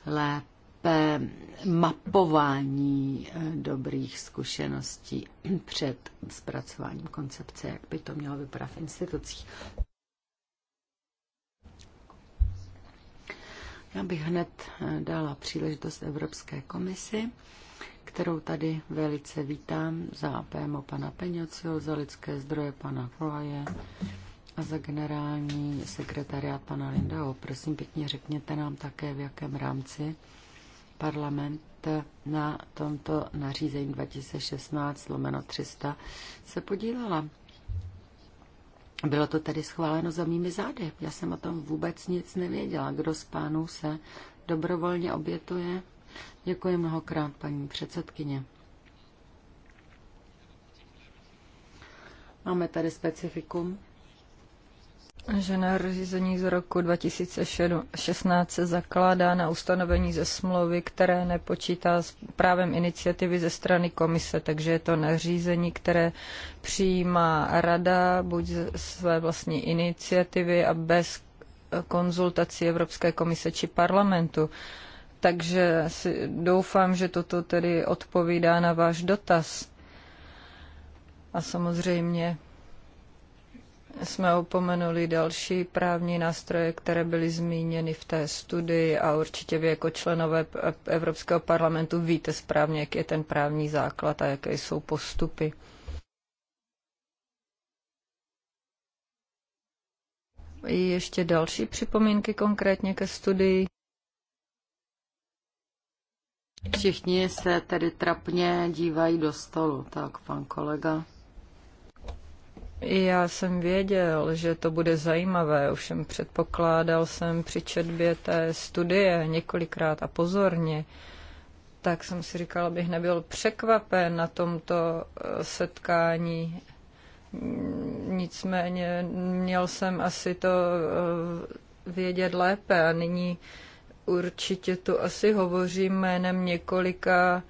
lépe mapování eh, dobrých zkušeností před zpracováním koncepce, jak by to mělo vypadat v institucích. Já bych hned eh, dala příležitost Evropské komisi, kterou tady velice vítám za PMO pana Peňocio, za lidské zdroje pana Kroje a za generální sekretariát pana Lindao. Prosím pěkně, řekněte nám také, v jakém rámci parlament na tomto nařízení 2016 lomeno 300 se podílela. Bylo to tedy schváleno za mými zády. Já jsem o tom vůbec nic nevěděla. Kdo z pánů se dobrovolně obětuje? Děkuji mnohokrát, paní předsedkyně. Máme tady specifikum že nařízení z roku 2016 se zakládá na ustanovení ze smlouvy, které nepočítá s právem iniciativy ze strany komise, takže je to nařízení, které přijímá rada buď ze své vlastní iniciativy a bez konzultací Evropské komise či parlamentu. Takže si doufám, že toto tedy odpovídá na váš dotaz. A samozřejmě jsme opomenuli další právní nástroje, které byly zmíněny v té studii a určitě vy jako členové Evropského parlamentu víte správně, jaký je ten právní základ a jaké jsou postupy. I Ještě další připomínky konkrétně ke studii. Všichni se tedy trapně dívají do stolu, tak pan kolega. Já jsem věděl, že to bude zajímavé, ovšem předpokládal jsem při četbě té studie několikrát a pozorně, tak jsem si říkal, abych nebyl překvapen na tomto eh, setkání. Nicméně měl jsem asi to eh, vědět lépe a nyní určitě tu asi hovořím jménem několika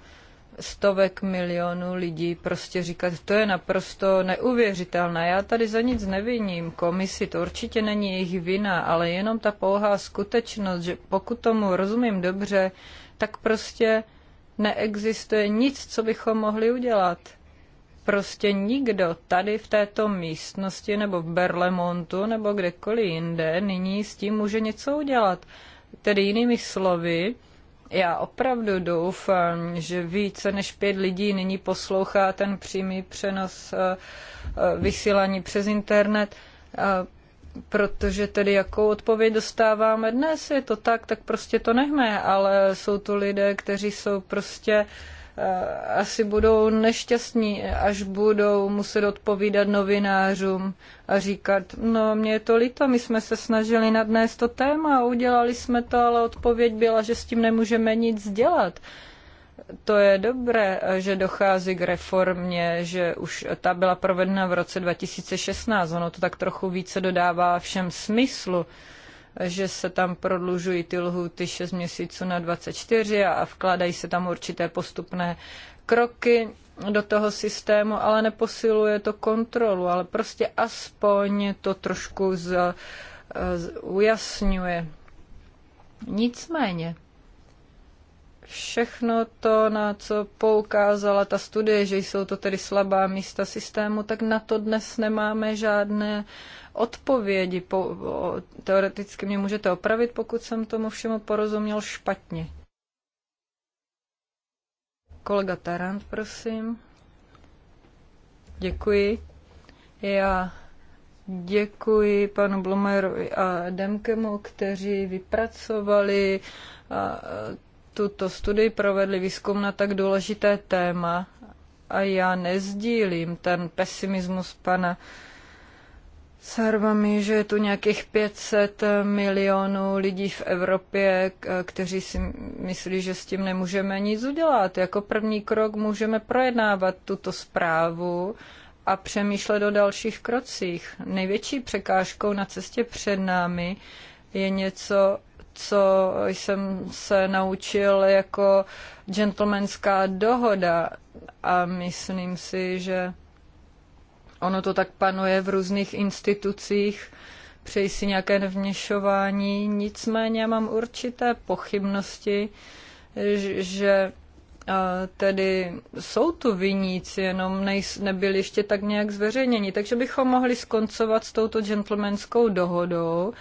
stovek milionů lidí prostě říkat, to je naprosto neuvěřitelné. Já tady za nic neviním komisi, to určitě není jejich vina, ale jenom ta pouhá skutečnost, že pokud tomu rozumím dobře, tak prostě neexistuje nic, co bychom mohli udělat. Prostě nikdo tady v této místnosti nebo v Berlemontu nebo kdekoliv jinde nyní s tím může něco udělat. Tedy jinými slovy, já opravdu doufám, že více než pět lidí nyní poslouchá ten přímý přenos eh, eh, vysílání přes internet, eh, protože tedy jakou odpověď dostáváme dnes, je to tak, tak prostě to nechme, ale jsou tu lidé, kteří jsou prostě uh, Eh, asi budou nešťastní, až budou muset odpovídat novinářům a říkat, no mě je to líto, my jsme se snažili nadnést to téma, udělali jsme to, ale odpověď byla, že s tím nemůžeme nic dělat. To je dobré, eh, že dochází k reformě, že už ta byla provedena v roce 2016. Ono to tak trochu více dodává všem smyslu že se tam prodlužují ty lhuty 6 měsíců na 24 a vkládají se tam určité postupné kroky do toho systému, ale neposiluje to kontrolu, ale prostě aspoň to trošku z, z, ujasňuje. Nicméně, všechno to, na co poukázala ta studie, že jsou to tedy slabá místa systému, tak na to dnes nemáme žádné odpovědi. Po, teoreticky mě můžete opravit, pokud jsem tomu všemu porozuměl špatně. Kolega Tarant, prosím. Děkuji. Já děkuji panu Blumerovi a Demkemu, kteří vypracovali tuto studii, provedli výzkum na tak důležité téma. A já nezdílím ten pesimismus pana uh, Sarva mi, že je tu nějakých 500 milionů lidí v Evropě, kteří si myslí, že s tím nemůžeme nic udělat. Jako první krok můžeme projednávat tuto zprávu a přemýšlet o dalších krocích. Největší překážkou na cestě před námi je něco, co jsem se naučil jako gentlemanská dohoda a myslím si, že Ono to tak panuje v různých institucích, přeji si nějaké nevněšování, nicméně mám určité pochybnosti, že tedy jsou tu viníci, jenom nebyli ještě tak nějak zveřejněni. Takže bychom mohli skoncovat s touto gentlemanskou dohodou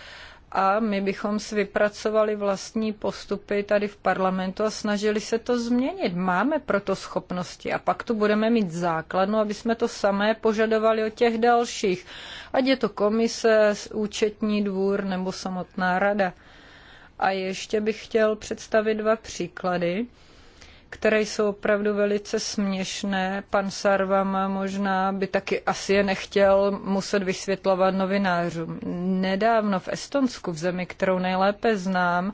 a my bychom si vypracovali vlastní postupy tady v parlamentu a snažili se to změnit. Máme proto schopnosti a pak tu budeme mít základnu, aby jsme to samé požadovali od těch dalších. Ať je to komise, účetní dvůr nebo samotná rada. A ještě bych chtěl představit dva příklady které jsou opravdu velice směšné. Pan Sarvam možná by taky asi je nechtěl muset vysvětlovat novinářům. Nedávno v Estonsku, v zemi, kterou nejlépe znám,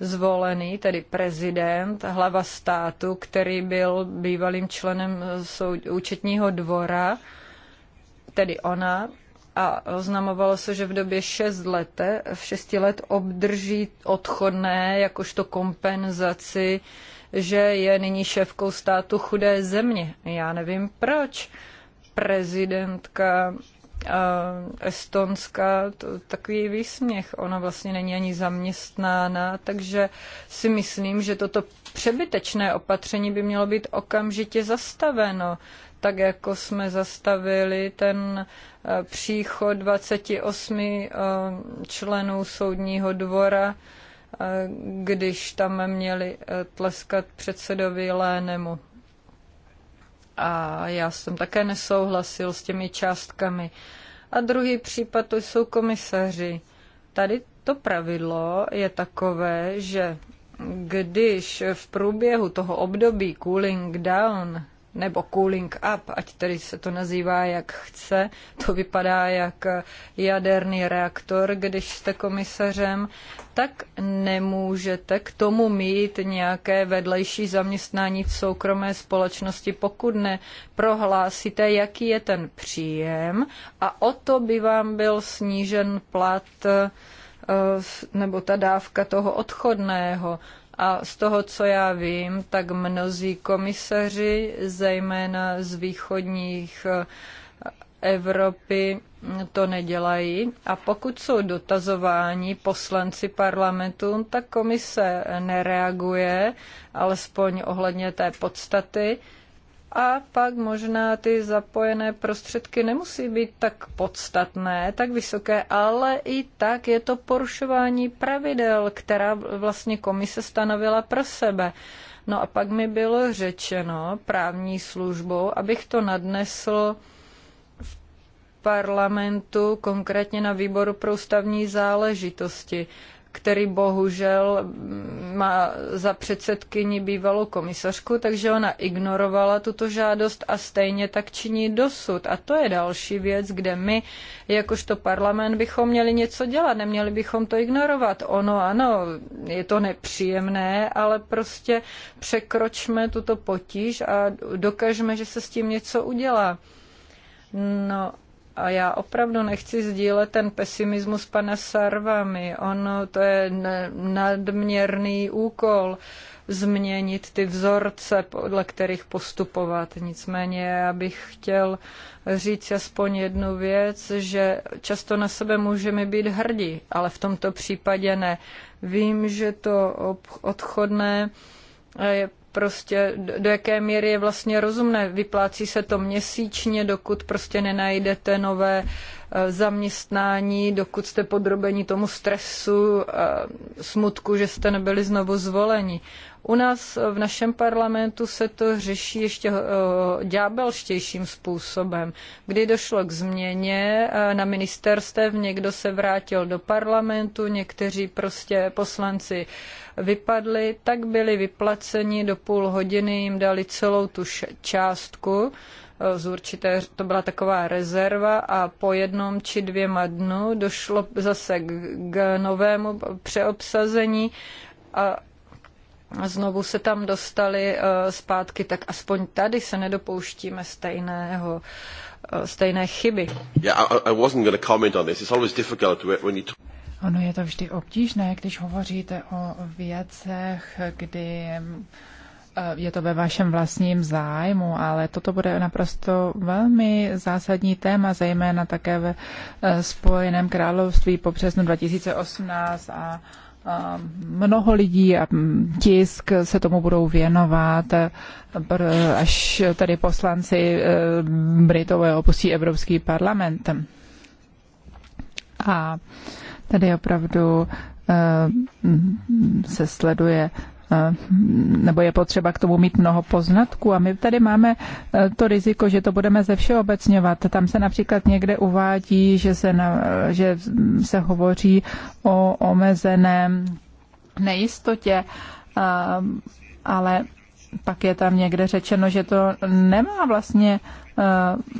zvolený, tedy prezident, hlava státu, který byl bývalým členem soud, účetního dvora, tedy ona, a oznamovalo se, že v době 6 let, v 6 let obdrží odchodné jakožto kompenzaci že je nyní šéfkou státu chudé země. Já nevím proč. Prezidentka eh, Estonska, to takový výsměch. Ona vlastně není ani zaměstnána, takže si myslím, že toto přebytečné opatření by mělo být okamžitě zastaveno, tak jako jsme zastavili ten eh, příchod 28 eh, členů soudního dvora když tam měli eh, tleskat předsedovi Lénemu. A já jsem také nesouhlasil s těmi částkami. A druhý případ to jsou komisaři. Tady to pravidlo je takové, že když v průběhu toho období cooling down nebo cooling up, ať tedy se to nazývá jak chce, to vypadá jak jaderný reaktor, když jste komisařem, tak nemůžete k tomu mít nějaké vedlejší zaměstnání v soukromé společnosti, pokud neprohlásíte, jaký je ten příjem a o to by vám byl snížen plat eh, nebo ta dávka toho odchodného. A z toho, co já vím, tak mnozí komisaři, zejména z východních eh, Evropy, to nedělají. A pokud jsou dotazováni poslanci parlamentu, tak komise nereaguje, alespoň ohledně té podstaty a pak možná ty zapojené prostředky nemusí být tak podstatné, tak vysoké, ale i tak je to porušování pravidel, která vlastně komise stanovila pro sebe. No a pak mi bylo řečeno právní službou, abych to nadnesl v parlamentu, konkrétně na výboru pro ústavní záležitosti který bohužel má za předsedkyni bývalou komisařku, takže ona ignorovala tuto žádost a stejně tak činí dosud. A to je další věc, kde my, jakožto parlament, bychom měli něco dělat, neměli bychom to ignorovat. Ono ano, je to nepříjemné, ale prostě překročme tuto potíž a dokažme, že se s tím něco udělá. No a já opravdu nechci sdílet ten pesimismus pana Sarvami. On to je nadměrný úkol změnit ty vzorce, podle kterých postupovat. Nicméně já bych chtěl říct aspoň jednu věc, že často na sebe můžeme být hrdí, ale v tomto případě ne. Vím, že to odchodné je eh, prostě do jaké míry je vlastně rozumné. Vyplácí se to měsíčně, dokud prostě nenajdete nové eh, zaměstnání, dokud jste podrobeni tomu stresu, smutku, že jste nebyli znovu zvoleni. U nás v našem parlamentu se to řeší ještě eh, ďábelštějším způsobem. Kdy došlo k změně eh, na ministerstev, někdo se vrátil do parlamentu, někteří prostě poslanci vypadli, tak byli vyplaceni do půl hodiny, jim dali celou tu částku, eh, z určité, to byla taková rezerva a po jednom či dvěma dnu došlo zase k, k novému přeobsazení a znovu se tam dostali eh, zpátky, tak aspoň tady se nedopouštíme stejného eh, stejné chyby. Ono je to vždy obtížné, když hovoříte o věcech, kdy eh, je to ve vašem vlastním zájmu, ale toto bude naprosto velmi zásadní téma, zejména také ve Spojeném království po březnu 2018 a mnoho lidí a tisk se tomu budou věnovat, až tady poslanci e, Britové opustí Evropský parlament. A tady opravdu e, se sleduje Eh, nebo je potřeba k tomu mít mnoho poznatků. A my tady máme eh, to riziko, že to budeme ze všeobecňovat. Tam se například někde uvádí, že se, na, že se hovoří o omezeném nejistotě, eh, ale pak je tam někde řečeno, že to nemá vlastně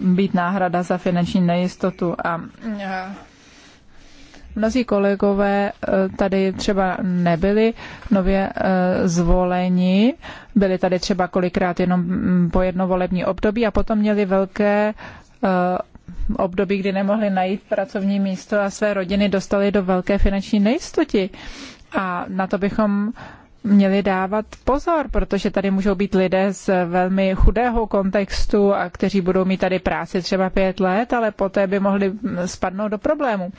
být náhrada za finanční nejistotu. A Mnozí kolegové eh, tady třeba nebyli nově eh, zvoleni, byli tady třeba kolikrát jenom mm, po jedno volební období a potom měli velké eh, období, kdy nemohli najít pracovní místo a své rodiny dostali do velké finanční nejistoty. A na to bychom měli dávat pozor, protože tady můžou být lidé z velmi chudého kontextu a kteří budou mít tady práci třeba pět let, ale poté by mohli spadnout do problému.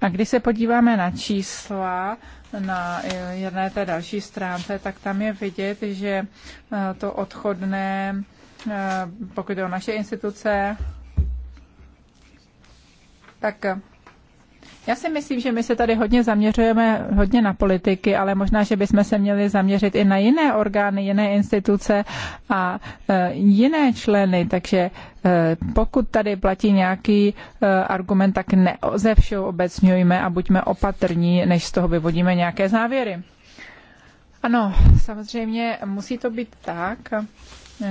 A když se podíváme na čísla na jedné té další stránce, tak tam je vidět, že eh, to odchodné, eh, pokud je o naše instituce, tak já si myslím, že my se tady hodně zaměřujeme hodně na politiky, ale možná, že bychom se měli zaměřit i na jiné orgány, jiné instituce a e, jiné členy. Takže e, pokud tady platí nějaký e, argument, tak ne ze všeho obecňujme a buďme opatrní, než z toho vyvodíme nějaké závěry. Ano, samozřejmě musí to být tak,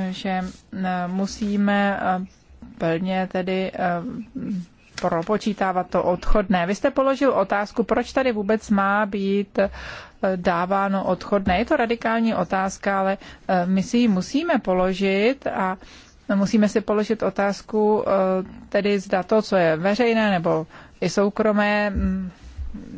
že musíme plně tedy propočítávat to odchodné. Vy jste položil otázku, proč tady vůbec má být eh, dáváno odchodné. Je to radikální otázka, ale eh, my si ji musíme položit a musíme si položit otázku, eh, tedy zda to, co je veřejné nebo i soukromé, mm,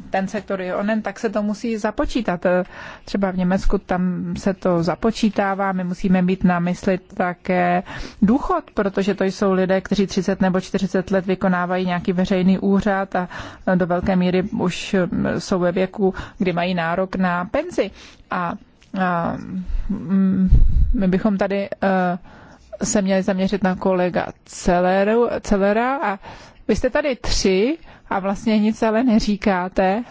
ten sektor je onen, tak se to musí započítat. E, Třeba v Německu tam se to započítává, my musíme mít na mysli také důchod, protože to jsou lidé, kteří 30 nebo 40 let vykonávají nějaký veřejný úřad a e, do velké míry už e, jsou ve věku, kdy mají nárok na penzi. A, a mm, my bychom tady se měli zaměřit na kolega Celera a vy jste tady tři a vlastně nic ale neříkáte.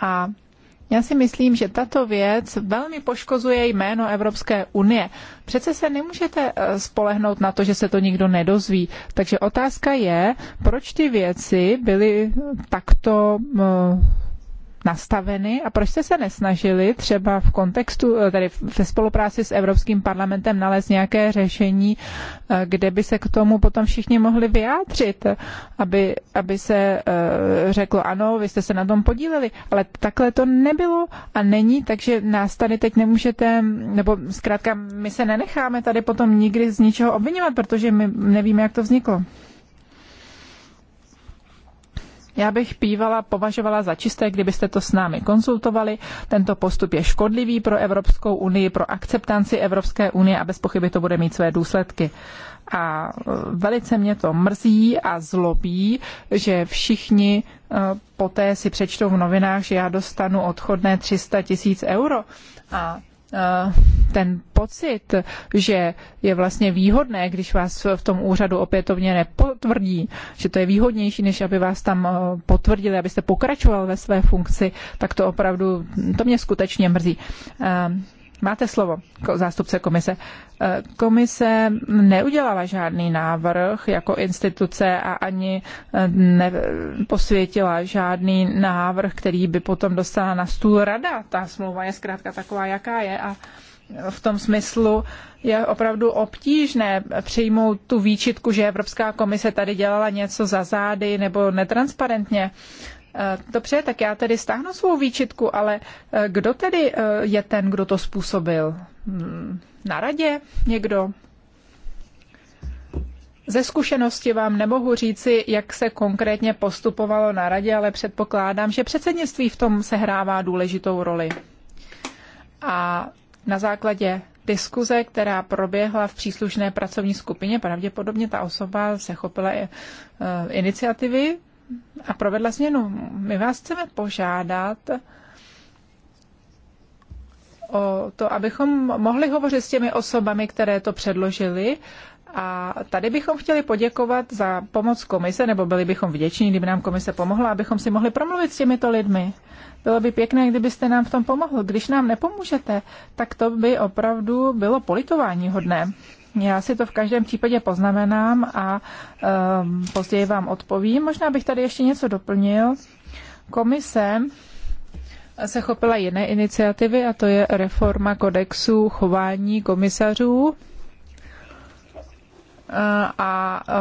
A já si myslím, že tato věc velmi poškozuje jméno Evropské unie. Přece se nemůžete eh, spolehnout na to, že se to nikdo nedozví. Takže otázka je, proč ty věci byly takto eh, nastaveny a proč jste se nesnažili třeba v kontextu, eh, tedy ve spolupráci s Evropským parlamentem nalézt nějaké řešení, eh, kde by se k tomu potom všichni mohli vyjádřit, aby, aby se eh, řeklo ano, vy jste se na tom podíleli, ale takhle to nebylo a není, takže nás tady teď nemůžete, nebo zkrátka my se nenecháme tady potom nikdy z ničeho obvinovat, protože my nevíme, jak to vzniklo. Já bych pívala, považovala za čisté, kdybyste to s námi konzultovali. Tento postup je škodlivý pro Evropskou unii, pro akceptanci Evropské unie a bez pochyby to bude mít své důsledky. A e, velice mě to mrzí a zlobí, že všichni e, poté si přečtou v novinách, že já dostanu odchodné 300 tisíc euro. A Eh, ten pocit, že je vlastně výhodné, když vás v tom úřadu opětovně nepotvrdí, že to je výhodnější, než aby vás tam eh, potvrdili, abyste pokračoval ve své funkci, tak to opravdu, to mě skutečně mrzí. Eh, Máte slovo, zástupce komise. E, komise neudělala žádný návrh jako instituce a ani e, neposvětila žádný návrh, který by potom dostala na stůl rada. Ta smlouva je zkrátka taková, jaká je a v tom smyslu je opravdu obtížné přijmout tu výčitku, že Evropská komise tady dělala něco za zády nebo netransparentně. Eh, dobře, tak já tedy stáhnu svou výčitku, ale eh, kdo tedy eh, je ten, kdo to způsobil? Hmm, na radě někdo? Ze zkušenosti vám nemohu říci, jak se konkrétně postupovalo na radě, ale předpokládám, že předsednictví v tom sehrává důležitou roli. A na základě diskuze, která proběhla v příslušné pracovní skupině, pravděpodobně ta osoba se chopila iniciativy a provedla změnu. My vás chceme požádat o to, abychom mohli hovořit s těmi osobami, které to předložili. A tady bychom chtěli poděkovat za pomoc komise, nebo byli bychom vděční, kdyby nám komise pomohla, abychom si mohli promluvit s těmito lidmi. Bylo by pěkné, kdybyste nám v tom pomohl. Když nám nepomůžete, tak to by opravdu bylo politování hodné. Já si to v každém případě poznamenám a um, později vám odpovím. Možná bych tady ještě něco doplnil. Komise se chopila jiné iniciativy a to je reforma kodexu chování komisařů a eh,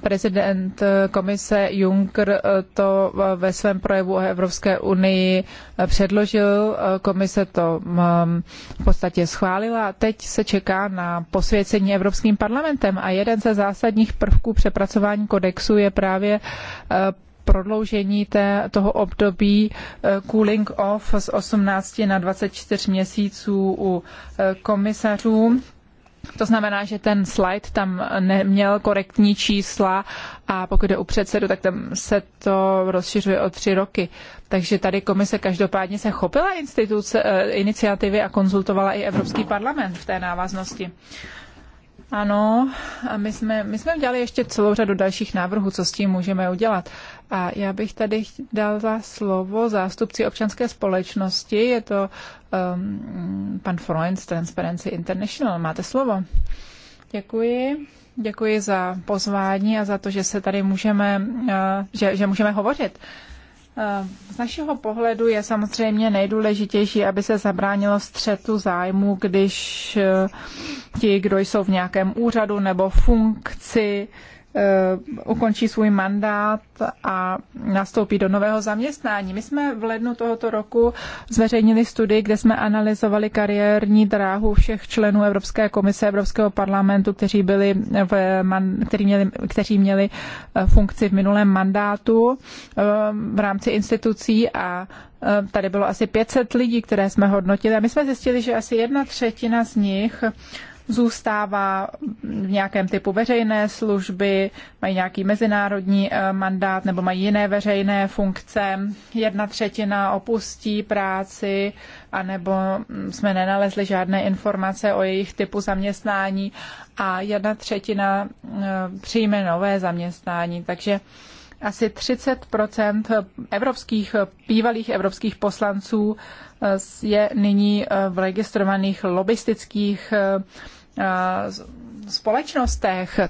prezident komise Juncker to ve svém projevu o Evropské unii předložil. Komise to eh, v podstatě schválila. Teď se čeká na posvěcení Evropským parlamentem a jeden ze zásadních prvků přepracování kodexu je právě eh, prodloužení té, toho období cooling off z 18 na 24 měsíců u komisařů to znamená, že ten slide tam neměl korektní čísla a pokud je u předsedu, tak tam se to rozšiřuje o tři roky. Takže tady komise každopádně se chopila instituce, eh, iniciativy a konzultovala i Evropský parlament v té návaznosti. Ano, a my jsme, my jsme udělali ještě celou řadu dalších návrhů, co s tím můžeme udělat. A já bych tady dala slovo zástupci občanské společnosti. Je to um, pan Freund z Transparency International. Máte slovo. Děkuji. Děkuji za pozvání a za to, že se tady můžeme, uh, že, že můžeme hovořit. Uh, z našeho pohledu je samozřejmě nejdůležitější, aby se zabránilo střetu zájmu, když uh, ti, kdo jsou v nějakém úřadu nebo funkci, Eh, ukončí svůj mandát a nastoupí do nového zaměstnání. My jsme v lednu tohoto roku zveřejnili studii, kde jsme analyzovali kariérní dráhu všech členů Evropské komise, Evropského parlamentu, kteří, byli v, kteří, měli, kteří měli eh, funkci v minulém mandátu eh, v rámci institucí a tady bylo asi 500 lidí, které jsme hodnotili a my jsme zjistili, že asi jedna třetina z nich zůstává v nějakém typu veřejné služby, mají nějaký mezinárodní eh, mandát nebo mají jiné veřejné funkce. Jedna třetina opustí práci, anebo hm, jsme nenalezli žádné informace o jejich typu zaměstnání a jedna třetina eh, přijme nové zaměstnání. Takže asi 30 evropských, bývalých evropských poslanců eh, je nyní v registrovaných lobistických Eh, společnostech.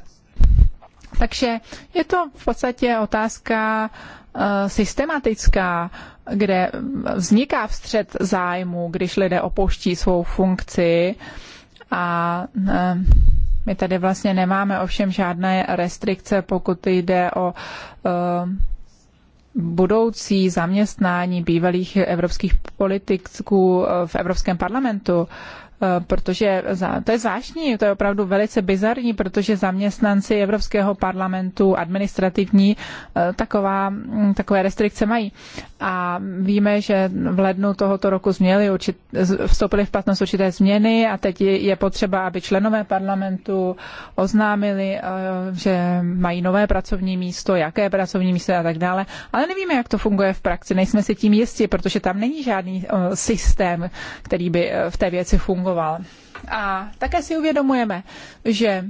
Takže je to v podstatě otázka eh, systematická, kde vzniká vstřed zájmu, když lidé opouští svou funkci a eh, my tady vlastně nemáme ovšem žádné restrikce, pokud jde o budoucí zaměstnání bývalých evropských politiků v Evropském parlamentu. Eh, protože to je zvláštní, to je opravdu velice bizarní, protože zaměstnanci Evropského parlamentu administrativní eh, taková, hm, takové restrikce mají. A víme, že v lednu tohoto roku změli, určit, vstoupili v platnost určité změny a teď je potřeba, aby členové parlamentu oznámili, eh, že mají nové pracovní místo, jaké pracovní místo a tak dále. Ale nevíme, jak to funguje v praxi, nejsme si tím jistí, protože tam není žádný systém, který by v té věci fungoval fungoval. A také si uvědomujeme, že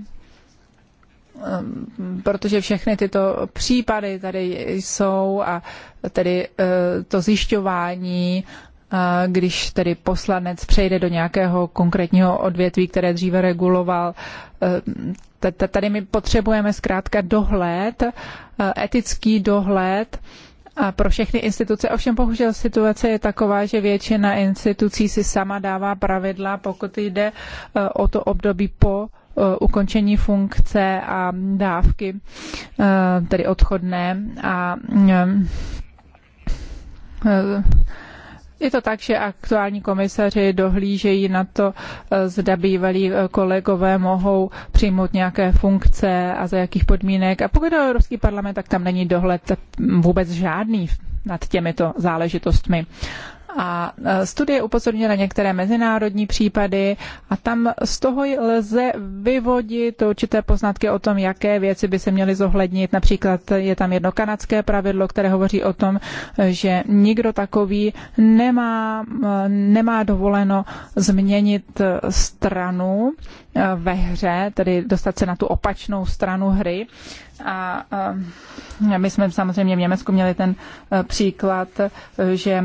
um, protože všechny tyto případy tady jsou a tedy uh, to zjišťování, uh, když tedy poslanec přejde do nějakého konkrétního odvětví, které dříve reguloval, uh, tady my potřebujeme zkrátka dohled, etický dohled, a pro všechny instituce. Ovšem bohužel situace je taková, že většina institucí si sama dává pravidla, pokud jde e, o to období po e, ukončení funkce a dávky, e, tedy odchodné. A je to tak, že aktuální komisaři dohlížejí na to, eh, zda bývalí eh, kolegové mohou přijmout nějaké funkce a za jakých podmínek. A pokud je Evropský parlament, tak tam není dohled vůbec žádný nad těmito záležitostmi. A e, studie upozorňuje na některé mezinárodní případy a tam z toho lze vyvodit určité poznatky o tom, jaké věci by se měly zohlednit. Například je tam jedno kanadské pravidlo, které hovoří o tom, že nikdo takový nemá, e, nemá dovoleno změnit e, stranu Eh, ve hře, tedy dostat se na tu opačnou stranu hry. A eh, my jsme samozřejmě v Německu měli ten eh, příklad, že,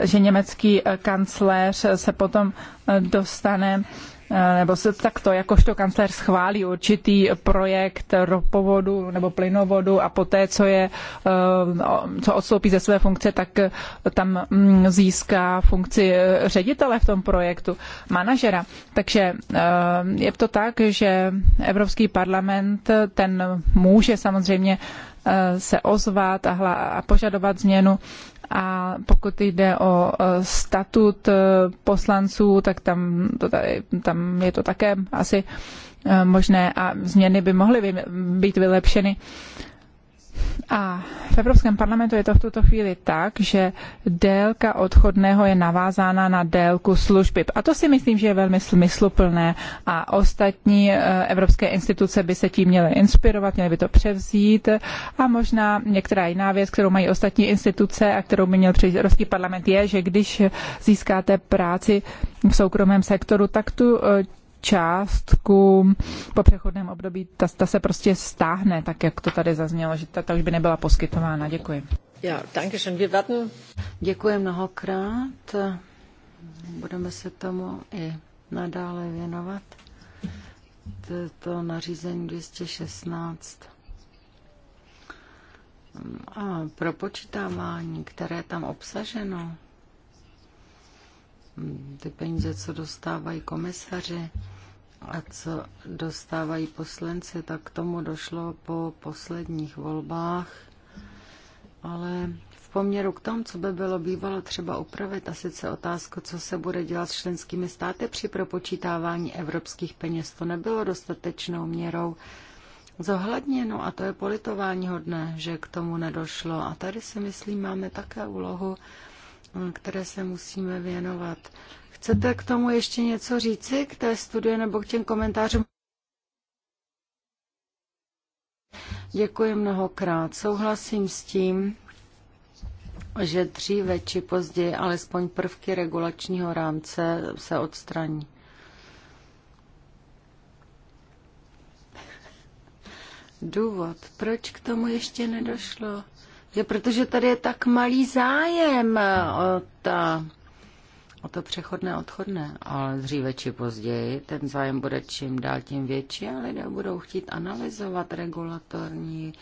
že německý kancléř se potom dostane Eh, nebo se takto jakožto kancler schválí určitý projekt ropovodu nebo plynovodu a poté, co je, eh, co odstoupí ze své funkce, tak eh, tam mm, získá funkci ředitele v tom projektu, manažera. Takže je to tak, že Evropský parlament ten může samozřejmě se ozvat a, hla, a požadovat změnu a pokud jde o e, statut e, poslanců, tak tam, to tady, tam je to také asi e, možné a změny by mohly být vylepšeny. A v Evropském parlamentu je to v tuto chvíli tak, že délka odchodného je navázána na délku služby. A to si myslím, že je velmi smysluplné a ostatní e, evropské instituce by se tím měly inspirovat, měly by to převzít a možná některá jiná věc, kterou mají ostatní instituce a kterou by měl přijít Evropský parlament je, že když získáte práci v soukromém sektoru, tak tu e, částku po přechodném období, ta, ta se prostě stáhne, tak jak to tady zaznělo, že ta, ta už by nebyla poskytována. Děkuji. Ja, danke schön. Wir werden... Děkuji mnohokrát. Budeme se tomu i nadále věnovat. To, to nařízení 216 a propočítávání, které je tam obsaženo, Mm, ty peníze, co dostávají komisaři a co dostávají poslanci, tak k tomu došlo po posledních volbách. Ale v poměru k tomu, co by bylo bývalo třeba upravit, a sice otázku, co se bude dělat s členskými státy při propočítávání evropských peněz, to nebylo dostatečnou měrou zohledněno a to je politování hodné, že k tomu nedošlo. A tady si myslím, máme také úlohu Mm, které se musíme věnovat. Chcete k tomu ještě něco říci, k té studii nebo k těm komentářům? Děkuji mnohokrát. Souhlasím s tím, že dříve či později alespoň prvky regulačního rámce se odstraní. Důvod, proč k tomu ještě nedošlo? je protože tady je tak malý zájem o, ta, o to přechodné odchodné. Ale dříve či později ten zájem bude čím dál tím větší a lidé budou chtít analyzovat regulatorní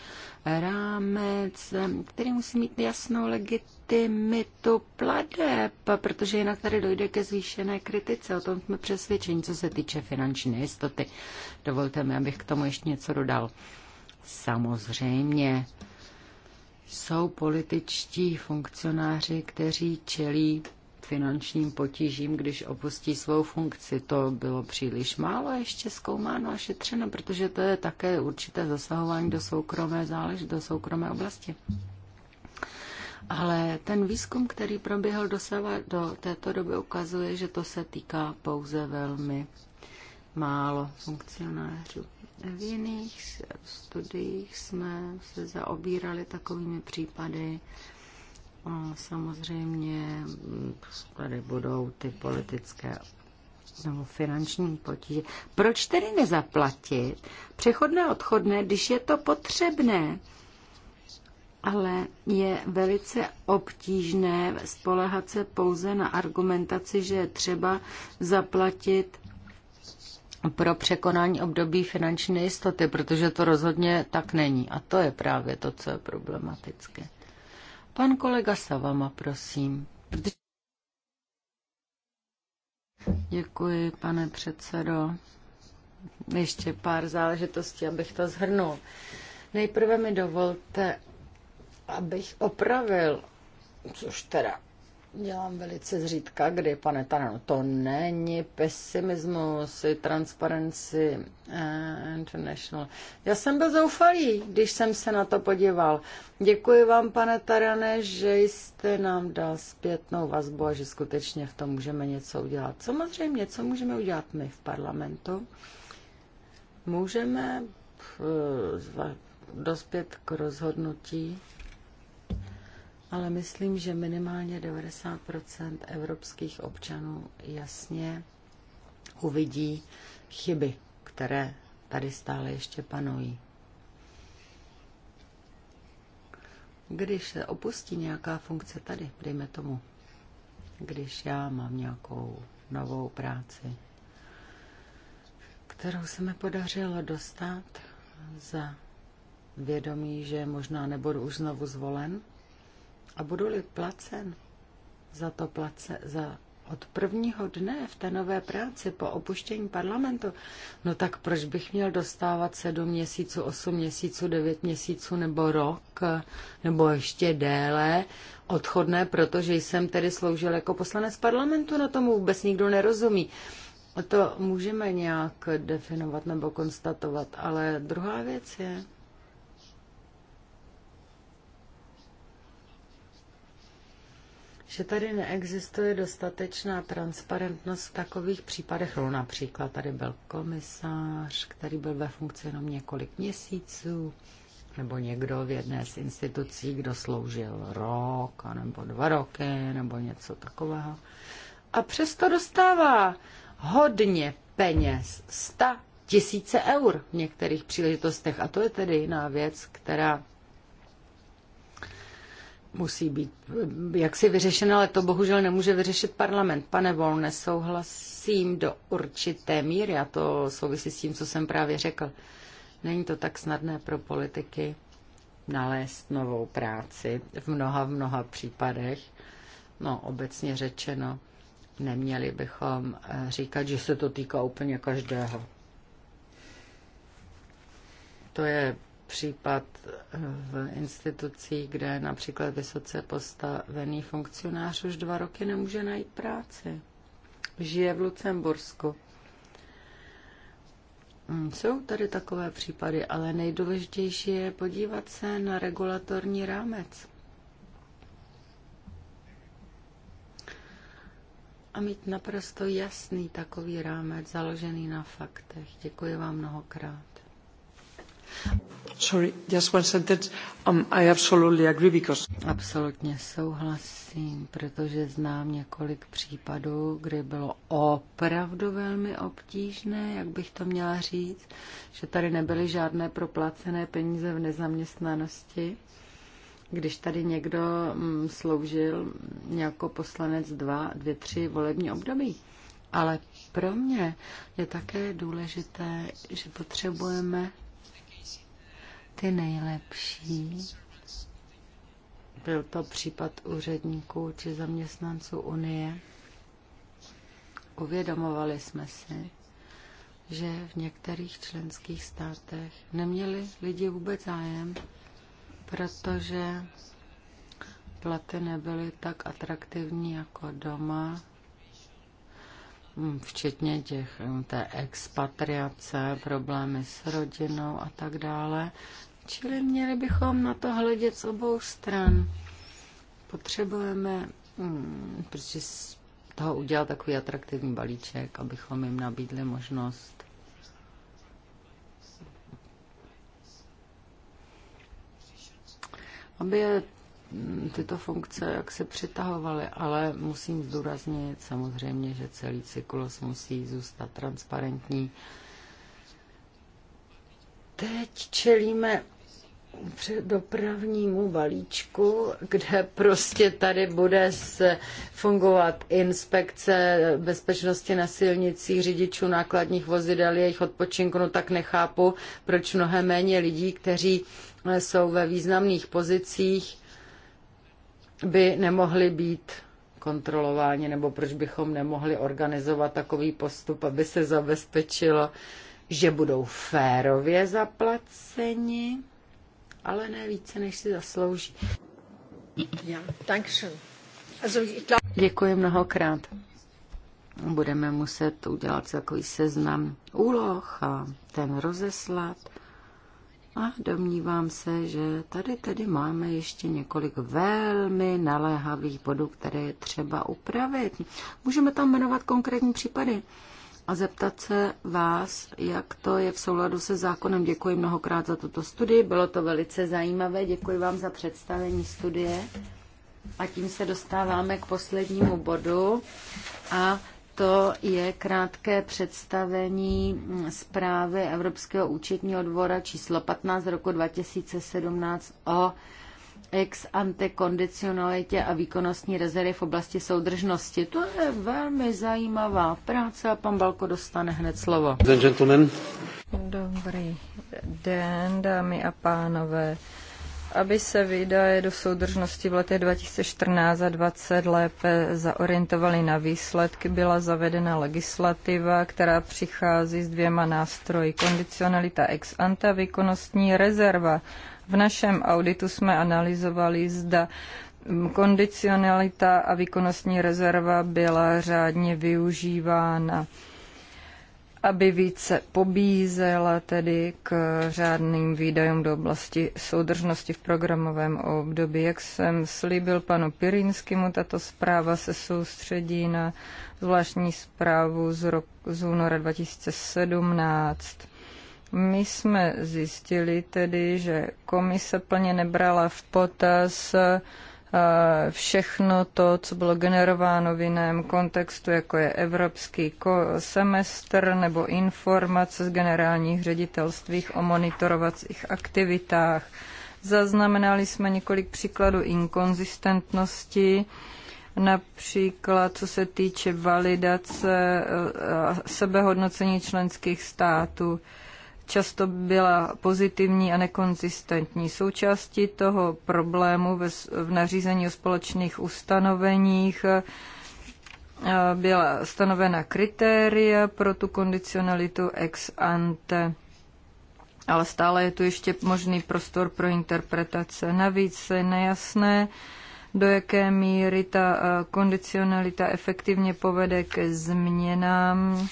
rámec, který musí mít jasnou legitimitu pladeb, protože jinak tady dojde ke zvýšené kritice. O tom jsme přesvědčeni, co se týče finanční jistoty. Dovolte mi, abych k tomu ještě něco dodal. Samozřejmě jsou političtí funkcionáři, kteří čelí finančním potížím, když opustí svou funkci. To bylo příliš málo ještě zkoumáno a šetřeno, protože to je také určité zasahování do soukromé zálež, do soukromé oblasti. Ale ten výzkum, který proběhl dosava, do této doby, ukazuje, že to se týká pouze velmi málo funkcionářů. V jiných studiích jsme se zaobírali takovými případy. Samozřejmě tady budou ty politické nebo finanční potíže. Proč tedy nezaplatit přechodné odchodné, když je to potřebné? Ale je velice obtížné spolehat se pouze na argumentaci, že je třeba zaplatit pro překonání období finanční nejistoty, protože to rozhodně tak není. A to je právě to, co je problematické. Pan kolega Savama, prosím. Děkuji, pane předsedo. Ještě pár záležitostí, abych to zhrnul. Nejprve mi dovolte, abych opravil, což teda dělám velice zřídka, kdy, pane Tarano, to není pesimismus, transparency eh, international. Já jsem byl zoufalý, když jsem se na to podíval. Děkuji vám, pane Tarane, že jste nám dal zpětnou vazbu a že skutečně v tom můžeme něco udělat. Samozřejmě, co můžeme udělat my v parlamentu? Můžeme eh, dospět k rozhodnutí, ale myslím, že minimálně 90 evropských občanů jasně uvidí chyby, které tady stále ještě panují. Když se opustí nějaká funkce tady, dejme tomu, když já mám nějakou novou práci, kterou se mi podařilo dostat za vědomí, že možná nebudu už znovu zvolen, a budu-li placen za to place, za od prvního dne v té nové práci po opuštění parlamentu, no tak proč bych měl dostávat sedm měsíců, osm měsíců, devět měsíců nebo rok, nebo ještě déle odchodné, protože jsem tedy sloužil jako poslanec parlamentu, na tomu vůbec nikdo nerozumí. To můžeme nějak definovat nebo konstatovat, ale druhá věc je, že tady neexistuje dostatečná transparentnost v takových případech. Například tady byl komisář, který byl ve funkci jenom několik měsíců, nebo někdo v jedné z institucí, kdo sloužil rok, nebo dva roky, nebo něco takového. A přesto dostává hodně peněz, 100 tisíce eur v některých příležitostech. A to je tedy jiná věc, která musí být jaksi vyřešeno, ale to bohužel nemůže vyřešit parlament. Pane Volne, souhlasím do určité míry a to souvisí s tím, co jsem právě řekl. Není to tak snadné pro politiky nalézt novou práci v mnoha, v mnoha případech. No, obecně řečeno, neměli bychom eh, říkat, že se to týká úplně každého. To je případ eh, v institucích, kde například vysoce postavený funkcionář už dva roky nemůže najít práci. Žije v Lucembursku. Hmm, jsou tady takové případy, ale nejdůležitější je podívat se na regulatorní rámec. A mít naprosto jasný takový rámec, založený na faktech. Děkuji vám mnohokrát. Sorry, just one sentence. Um, I absolutely agree because... Absolutně souhlasím, protože znám několik případů, kdy bylo opravdu velmi obtížné, jak bych to měla říct, že tady nebyly žádné proplacené peníze v nezaměstnanosti. Když tady někdo mm, sloužil jako poslanec dva, dvě, tři volební období. Ale pro mě je také důležité, že potřebujeme ty nejlepší. Byl to případ úředníků či zaměstnanců Unie. Uvědomovali jsme si, že v některých členských státech neměli lidi vůbec zájem, protože platy nebyly tak atraktivní jako doma Mm, včetně těch, mm, té expatriace, problémy s rodinou a tak dále. Čili měli bychom na to hledět z obou stran. Potřebujeme hmm, prostě z toho udělat takový atraktivní balíček, abychom jim nabídli možnost aby je tyto funkce jak se přitahovaly, ale musím zdůraznit samozřejmě, že celý cyklus musí zůstat transparentní. Teď čelíme před dopravnímu balíčku, kde prostě tady bude fungovat inspekce bezpečnosti na silnicích řidičů nákladních vozidel, jejich odpočinku, no tak nechápu, proč mnohem méně lidí, kteří jsou ve významných pozicích, by nemohli být kontrolováni, nebo proč bychom nemohli organizovat takový postup, aby se zabezpečilo, že budou férově zaplaceni, ale ne více, než si zaslouží. Děkuji mnohokrát. Budeme muset udělat takový seznam úloh a ten rozeslat a domnívám se, že tady tedy máme ještě několik velmi naléhavých bodů, které je třeba upravit. Můžeme tam jmenovat konkrétní případy a zeptat se vás, jak to je v souladu se zákonem. Děkuji mnohokrát za tuto studii, bylo to velice zajímavé, děkuji vám za představení studie. A tím se dostáváme k poslednímu bodu a to je krátké představení zprávy Evropského účetního dvora číslo 15 roku 2017 o ex ante kondicionalitě a výkonnostní rezervy v oblasti soudržnosti. To je velmi zajímavá práce a pan Balko dostane hned slovo. Dobrý den, dámy a pánové aby se výdaje do soudržnosti v letech 2014 a 2020 lépe zaorientovaly na výsledky, byla zavedena legislativa, která přichází s dvěma nástroji. Kondicionalita ex ante a výkonnostní rezerva. V našem auditu jsme analyzovali, zda kondicionalita a výkonnostní rezerva byla řádně využívána aby více pobízela tedy k řádným výdajům do oblasti soudržnosti v programovém období. Jak jsem slíbil panu Pirinskému, tato zpráva se soustředí na zvláštní zprávu z, roku, z února 2017. My jsme zjistili tedy, že komise plně nebrala v potaz všechno to, co bylo generováno v jiném kontextu, jako je evropský semestr nebo informace z generálních ředitelství o monitorovacích aktivitách. Zaznamenali jsme několik příkladů inkonzistentnosti, například co se týče validace e, sebehodnocení členských států často byla pozitivní a nekonzistentní. Součástí toho problému ve, v nařízení o společných ustanoveních eh, byla stanovena kritéria pro tu kondicionalitu ex ante. Ale stále je tu ještě možný prostor pro interpretace. Navíc je nejasné, do jaké míry ta eh, kondicionalita efektivně povede ke změnám.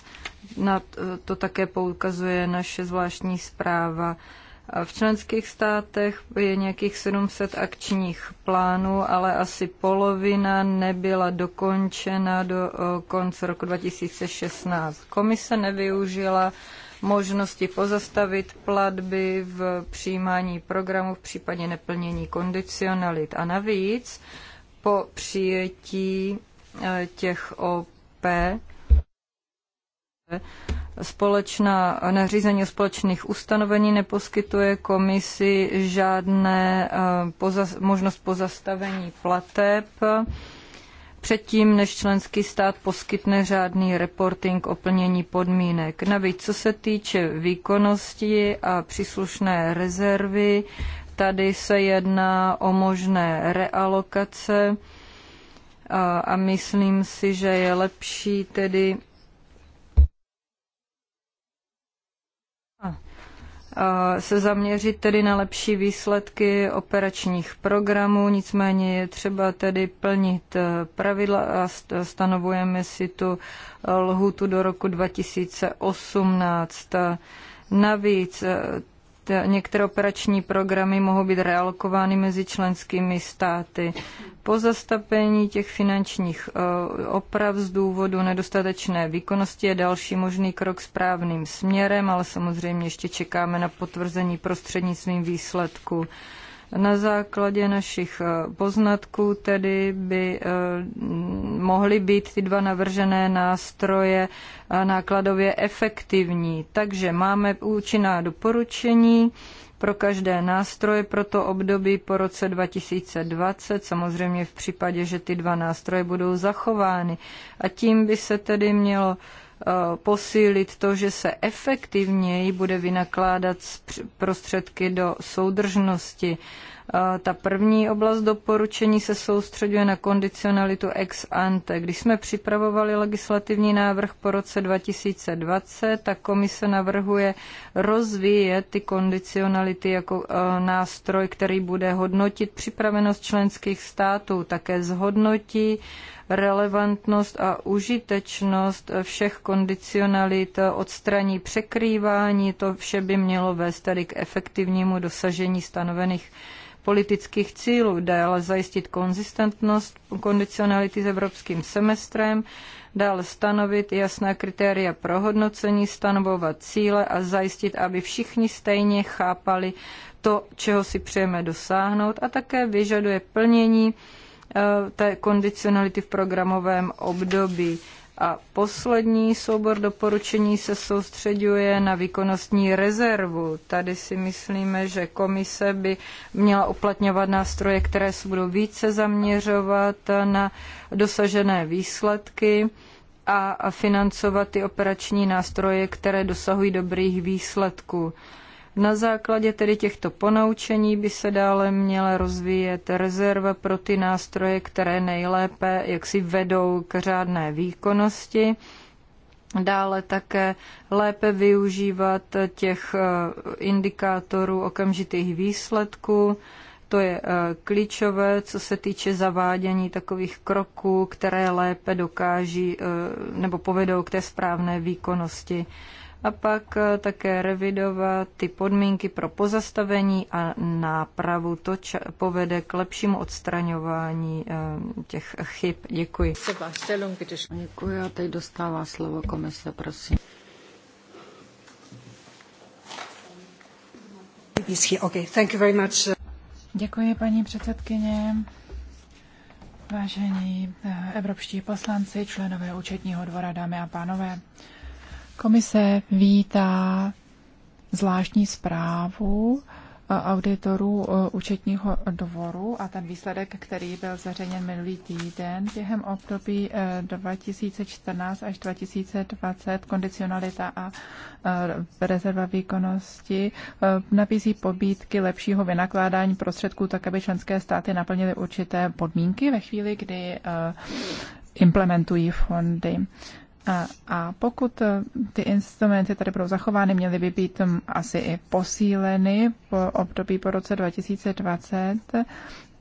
Na to také poukazuje naše zvláštní zpráva. V členských státech je nějakých 700 akčních plánů, ale asi polovina nebyla dokončena do eh, konce roku 2016. Komise nevyužila možnosti pozastavit platby v přijímání programu v případě neplnění kondicionalit. A navíc po přijetí eh, těch OP společná, nařízení o společných ustanovení neposkytuje komisi žádné eh, možnost pozastavení plateb předtím, než členský stát poskytne řádný reporting o plnění podmínek. Navíc, co se týče výkonnosti a příslušné rezervy, tady se jedná o možné realokace a myslím si, že je lepší tedy se zaměřit tedy na lepší výsledky operačních programů, nicméně je třeba tedy plnit eh, pravidla a stanovujeme si tu eh, lhutu do roku 2018. Navíc eh, některé operační programy mohou být realokovány mezi členskými státy. Pozastavení těch finančních eh, oprav z důvodu nedostatečné výkonnosti je další možný krok správným směrem, ale samozřejmě ještě čekáme na potvrzení prostřednictvím výsledku. Na základě našich eh, poznatků tedy by eh, mohly být ty dva navržené nástroje eh, nákladově efektivní. Takže máme účinná doporučení pro každé nástroje pro to období po roce 2020, samozřejmě v případě, že ty dva nástroje budou zachovány. A tím by se tedy mělo Eh, posílit to, že se efektivněji bude vynakládat prostředky do soudržnosti. Eh, ta první oblast doporučení se soustředuje na kondicionalitu ex ante. Když jsme připravovali legislativní návrh po roce 2020, tak komise navrhuje rozvíjet ty kondicionality jako eh, nástroj, který bude hodnotit připravenost členských států, také zhodnotí relevantnost a užitečnost všech kondicionalit, odstraní překrývání, to vše by mělo vést tady k efektivnímu dosažení stanovených politických cílů, dále zajistit konzistentnost kondicionality s evropským semestrem, dále stanovit jasná kritéria pro hodnocení, stanovovat cíle a zajistit, aby všichni stejně chápali to, čeho si přejeme dosáhnout a také vyžaduje plnění Eh, té kondicionality v programovém období. A poslední soubor doporučení se soustředuje na výkonnostní rezervu. Tady si myslíme, že komise by měla uplatňovat nástroje, které se budou více zaměřovat na dosažené výsledky a financovat ty operační nástroje, které dosahují dobrých výsledků. Na základě tedy těchto ponaučení by se dále měla rozvíjet rezerva pro ty nástroje, které nejlépe jaksi vedou k řádné výkonnosti dále také lépe využívat těch eh, indikátorů okamžitých výsledků. To je eh, klíčové, co se týče zavádění takových kroků, které lépe dokáží eh, nebo povedou k té správné výkonnosti a pak eh, také revidovat ty podmínky pro pozastavení a nápravu. To povede k lepšímu odstraňování eh, těch chyb. Děkuji. Děkuji a teď dostává slovo komise, prosím. Děkuji, paní předsedkyně. Vážení eh, evropští poslanci, členové účetního dvora, dámy a pánové, Komise vítá zvláštní zprávu eh, auditorů eh, účetního dvoru a ten výsledek, který byl zveřejněn minulý týden během období 2014 eh, až 2020, kondicionalita a rezerva výkonnosti nabízí pobídky lepšího vynakládání prostředků tak, aby členské státy naplnily určité podmínky ve chvíli, kdy implementují fondy. A pokud eh, ty instrumenty tady budou zachovány, měly by být mm, asi i posíleny po období po roce 2020.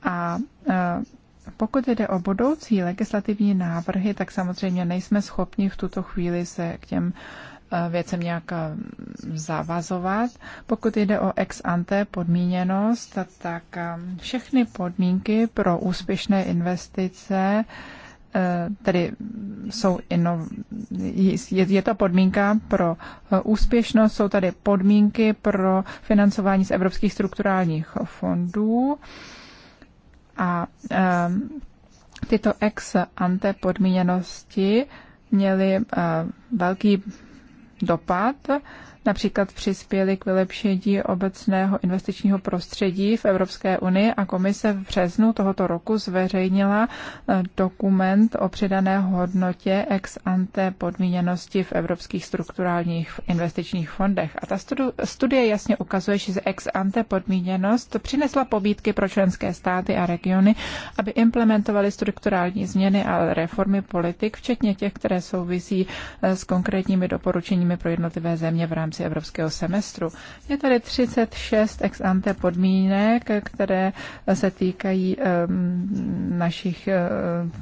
A eh, pokud jde o budoucí legislativní návrhy, tak samozřejmě nejsme schopni v tuto chvíli se k těm eh, věcem nějak zavazovat. Pokud jde o ex ante podmíněnost, tak všechny podmínky pro úspěšné investice Eh, tedy jsou ino, je, je to podmínka pro eh, úspěšnost, jsou tady podmínky pro financování z evropských strukturálních fondů a eh, tyto ex ante podmíněnosti měly velký dopad například přispěly k vylepšení obecného investičního prostředí v Evropské unii a komise v březnu tohoto roku zveřejnila eh, dokument o přidané hodnotě ex ante podmíněnosti v evropských strukturálních investičních fondech. A ta studie jasně ukazuje, že ex ante podmíněnost přinesla pobídky pro členské státy a regiony, aby implementovali strukturální změny a reformy politik, včetně těch, které souvisí eh, s konkrétními doporučeními pro jednotlivé země v rámci rámci evropského semestru. Je tady 36 ex ante podmínek, které se týkají našich eh,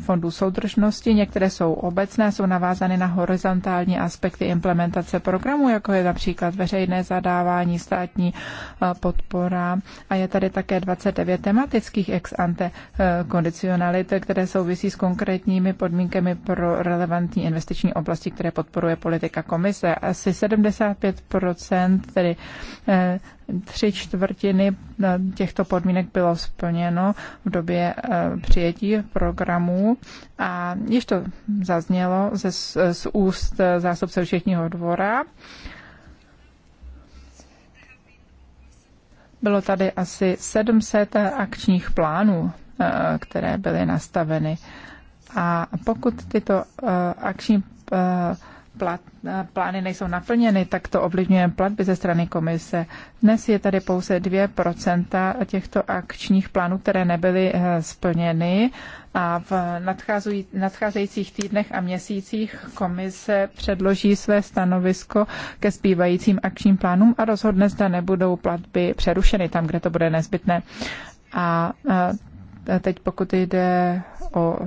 fondů soudržnosti. Některé jsou obecné, jsou navázány na horizontální aspekty implementace programu, jako je například veřejné zadávání, státní eh, podpora. A je tady také 29 tematických ex ante eh, kondicionalit, které souvisí s konkrétními podmínkami pro relevantní investiční oblasti, které podporuje politika komise. Asi 75 tedy eh, tři čtvrtiny eh, těchto podmínek bylo splněno v době eh, přijetí programů a již to zaznělo ze, z úst zástupce účetního dvora. Bylo tady asi 700 akčních plánů, které byly nastaveny. A pokud tyto akční plat, eh, plány nejsou naplněny, tak to ovlivňuje platby ze strany komise. Dnes je tady pouze 2% těchto akčních plánů, které nebyly eh, splněny a v nadcházejících týdnech a měsících komise předloží své stanovisko ke zbývajícím akčním plánům a rozhodne, zda nebudou platby přerušeny tam, kde to bude nezbytné. A teď pokud jde o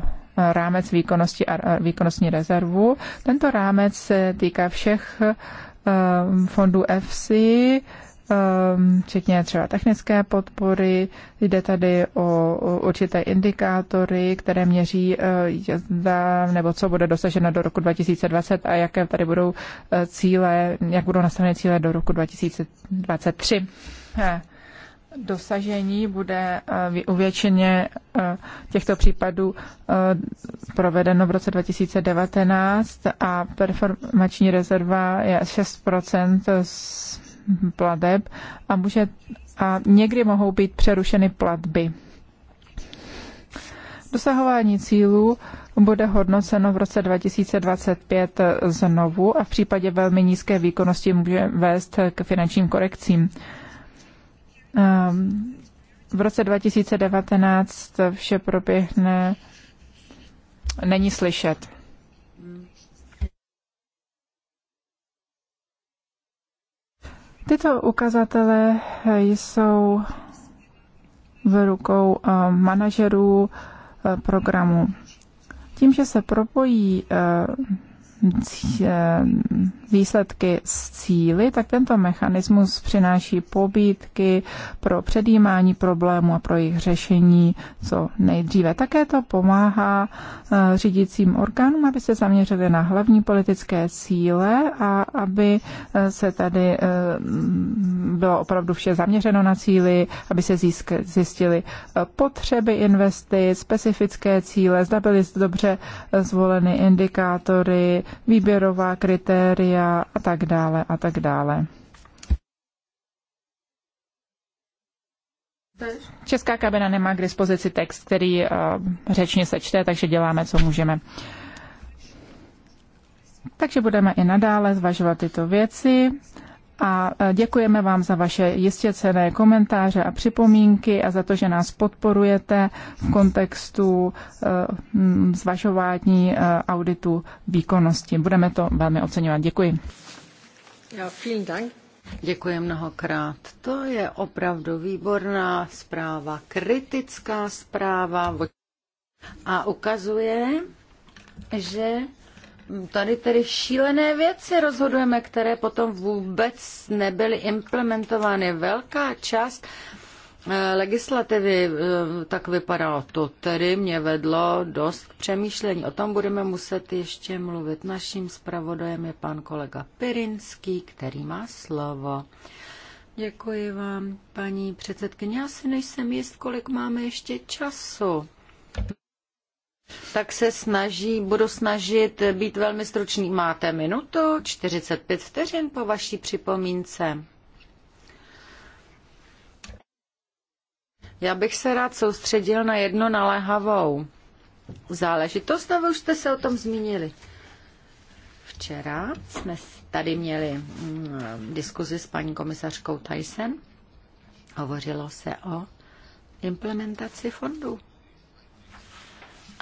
rámec výkonnosti a výkonnostní rezervu. Tento rámec se týká všech ehm, fondů EFSI, ehm, včetně třeba technické podpory. Jde tady o určité indikátory, které měří, eh, nebo co bude dosaženo do roku 2020 a jaké tady budou eh, cíle, jak budou nastaveny cíle do roku 2023 dosažení bude eh, u většině eh, těchto případů eh, provedeno v roce 2019 a performační rezerva je 6 z plateb a, může, a někdy mohou být přerušeny platby. Dosahování cílů bude hodnoceno v roce 2025 znovu a v případě velmi nízké výkonnosti může vést k finančním korekcím. Ehm, v roce 2019 vše proběhne, není slyšet. Tyto ukazatele jsou v rukou ehm, manažerů eh, programu. Tím, že se propojí eh, Eh, výsledky z cíly, tak tento mechanismus přináší pobídky pro předjímání problémů a pro jejich řešení co nejdříve. Také to pomáhá eh, řídícím orgánům, aby se zaměřili na hlavní politické cíle a aby eh, se tady bylo opravdu vše zaměřeno na cíly, aby se zjistily potřeby investic, specifické cíle, zda byly dobře zvoleny indikátory, výběrová kritéria a tak dále a tak dále. Česká kabina nemá k dispozici text, který uh, řečně sečte, takže děláme, co můžeme. Takže budeme i nadále zvažovat tyto věci a e, děkujeme vám za vaše jistě cené komentáře a připomínky a za to, že nás podporujete v kontextu e, zvažování e, auditu výkonnosti. Budeme to velmi oceňovat. Děkuji. Ja, Dank. Děkuji mnohokrát. To je opravdu výborná zpráva, kritická zpráva a ukazuje, že tady tedy šílené věci rozhodujeme, které potom vůbec nebyly implementovány. Velká část eh, legislativy eh, tak vypadalo. To tedy mě vedlo dost k přemýšlení. O tom budeme muset ještě mluvit. Naším zpravodajem je pan kolega Pirinský, který má slovo. Děkuji vám, paní předsedkyně. Já si nejsem jist, kolik máme ještě času tak se snaží, budu snažit být velmi stručný. Máte minutu, 45 vteřin po vaší připomínce. Já bych se rád soustředil na jednu naléhavou záležitost, a vy už jste se o tom zmínili. Včera jsme tady měli mm, diskuzi s paní komisařkou Tyson. Hovořilo se o implementaci fondů.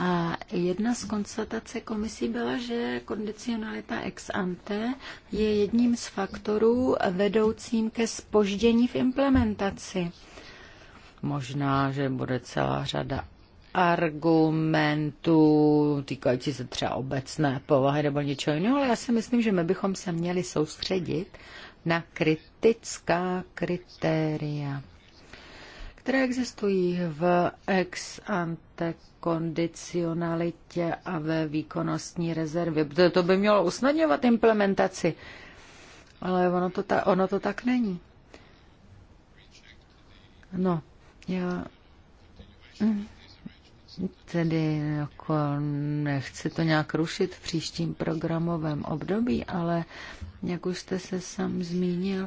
A jedna z konstatace komisí byla, že kondicionalita ex ante je jedním z faktorů vedoucím ke spoždění v implementaci. Možná, že bude celá řada argumentů týkající se třeba obecné povahy nebo něčeho jiného, ale já si myslím, že my bychom se měli soustředit na kritická kritéria které existují v ex ante kondicionalitě a ve výkonnostní rezervě. To, to by mělo usnadňovat implementaci, ale ono to, ta, ono to tak není. No, já tedy jako nechci to nějak rušit v příštím programovém období, ale jak už jste se sám zmínil,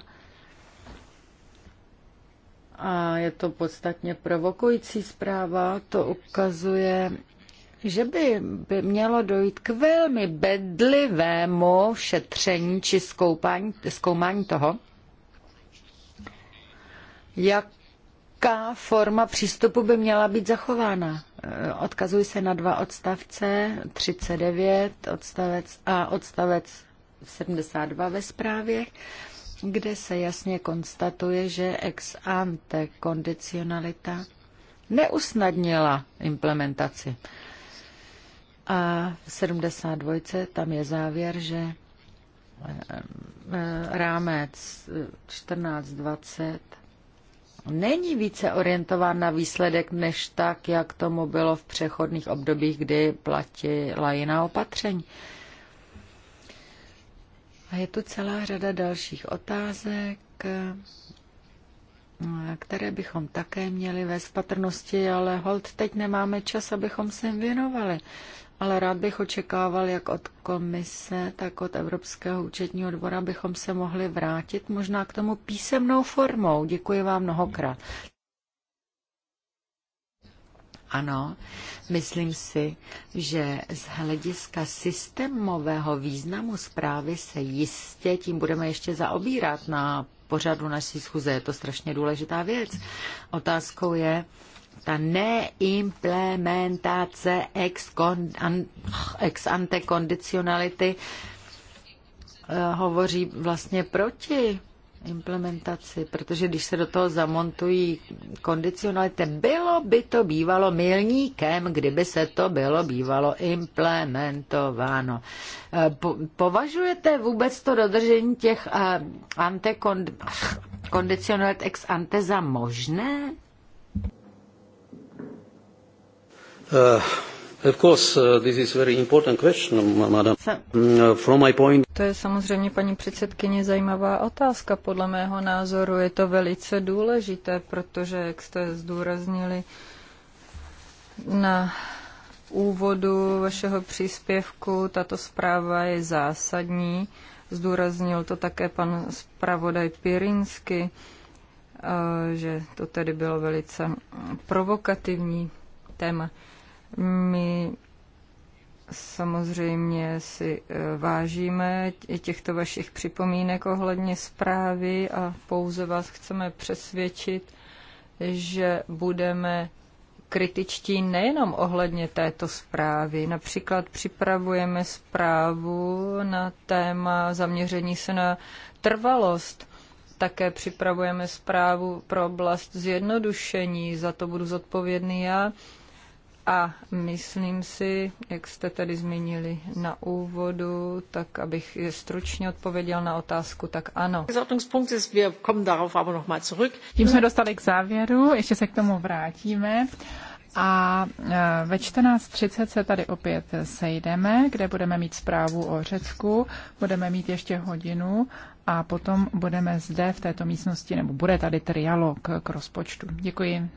a je to podstatně provokující zpráva, to ukazuje, že by, by mělo dojít k velmi bedlivému šetření či zkoumání, zkoumání toho, jaká forma přístupu by měla být zachována. E, odkazuji se na dva odstavce, 39 odstavec a odstavec 72 ve zprávě kde se jasně konstatuje, že ex ante kondicionalita neusnadnila implementaci. A v 72. tam je závěr, že eh, eh, rámec 1420 eh, není více orientován na výsledek, než tak, jak tomu bylo v přechodných obdobích, kdy platila jiná opatření. A je tu celá řada dalších otázek, které bychom také měli ve spatrnosti, ale hold teď nemáme čas, abychom se věnovali. Ale rád bych očekával, jak od komise, tak od Evropského účetního dvora bychom se mohli vrátit možná k tomu písemnou formou. Děkuji vám mnohokrát. Ano, myslím si, že z hlediska systémového významu zprávy se jistě tím budeme ještě zaobírat na pořadu naší schůze. Je to strašně důležitá věc. Otázkou je, ta neimplementace ex, kon, an, ex ante kondicionality eh, hovoří vlastně proti implementaci, protože když se do toho zamontují kondicionality, bylo by to bývalo milníkem, kdyby se to bylo bývalo implementováno. Eh, považujete vůbec to dodržení těch eh, kondicionalit ex ante za možné? Uh. To je samozřejmě, paní předsedkyně, zajímavá otázka. Podle mého názoru je to velice důležité, protože, jak jste zdůraznili na úvodu vašeho příspěvku, tato zpráva je zásadní. Zdůraznil to také pan zpravodaj Pirinsky, uh, že to tedy bylo velice provokativní téma. My samozřejmě si eh, vážíme těchto vašich připomínek ohledně zprávy a pouze vás chceme přesvědčit, že budeme kritičtí nejenom ohledně této zprávy. Například připravujeme zprávu na téma zaměření se na trvalost. Také připravujeme zprávu pro oblast zjednodušení, za to budu zodpovědný já. A myslím si, jak jste tady zmínili na úvodu, tak abych stručně odpověděl na otázku, tak ano. Tím jsme dostali k závěru, ještě se k tomu vrátíme. A e, ve 14.30 se tady opět sejdeme, kde budeme mít zprávu o Řecku, budeme mít ještě hodinu a potom budeme zde v této místnosti, nebo bude tady trialog k rozpočtu. Děkuji.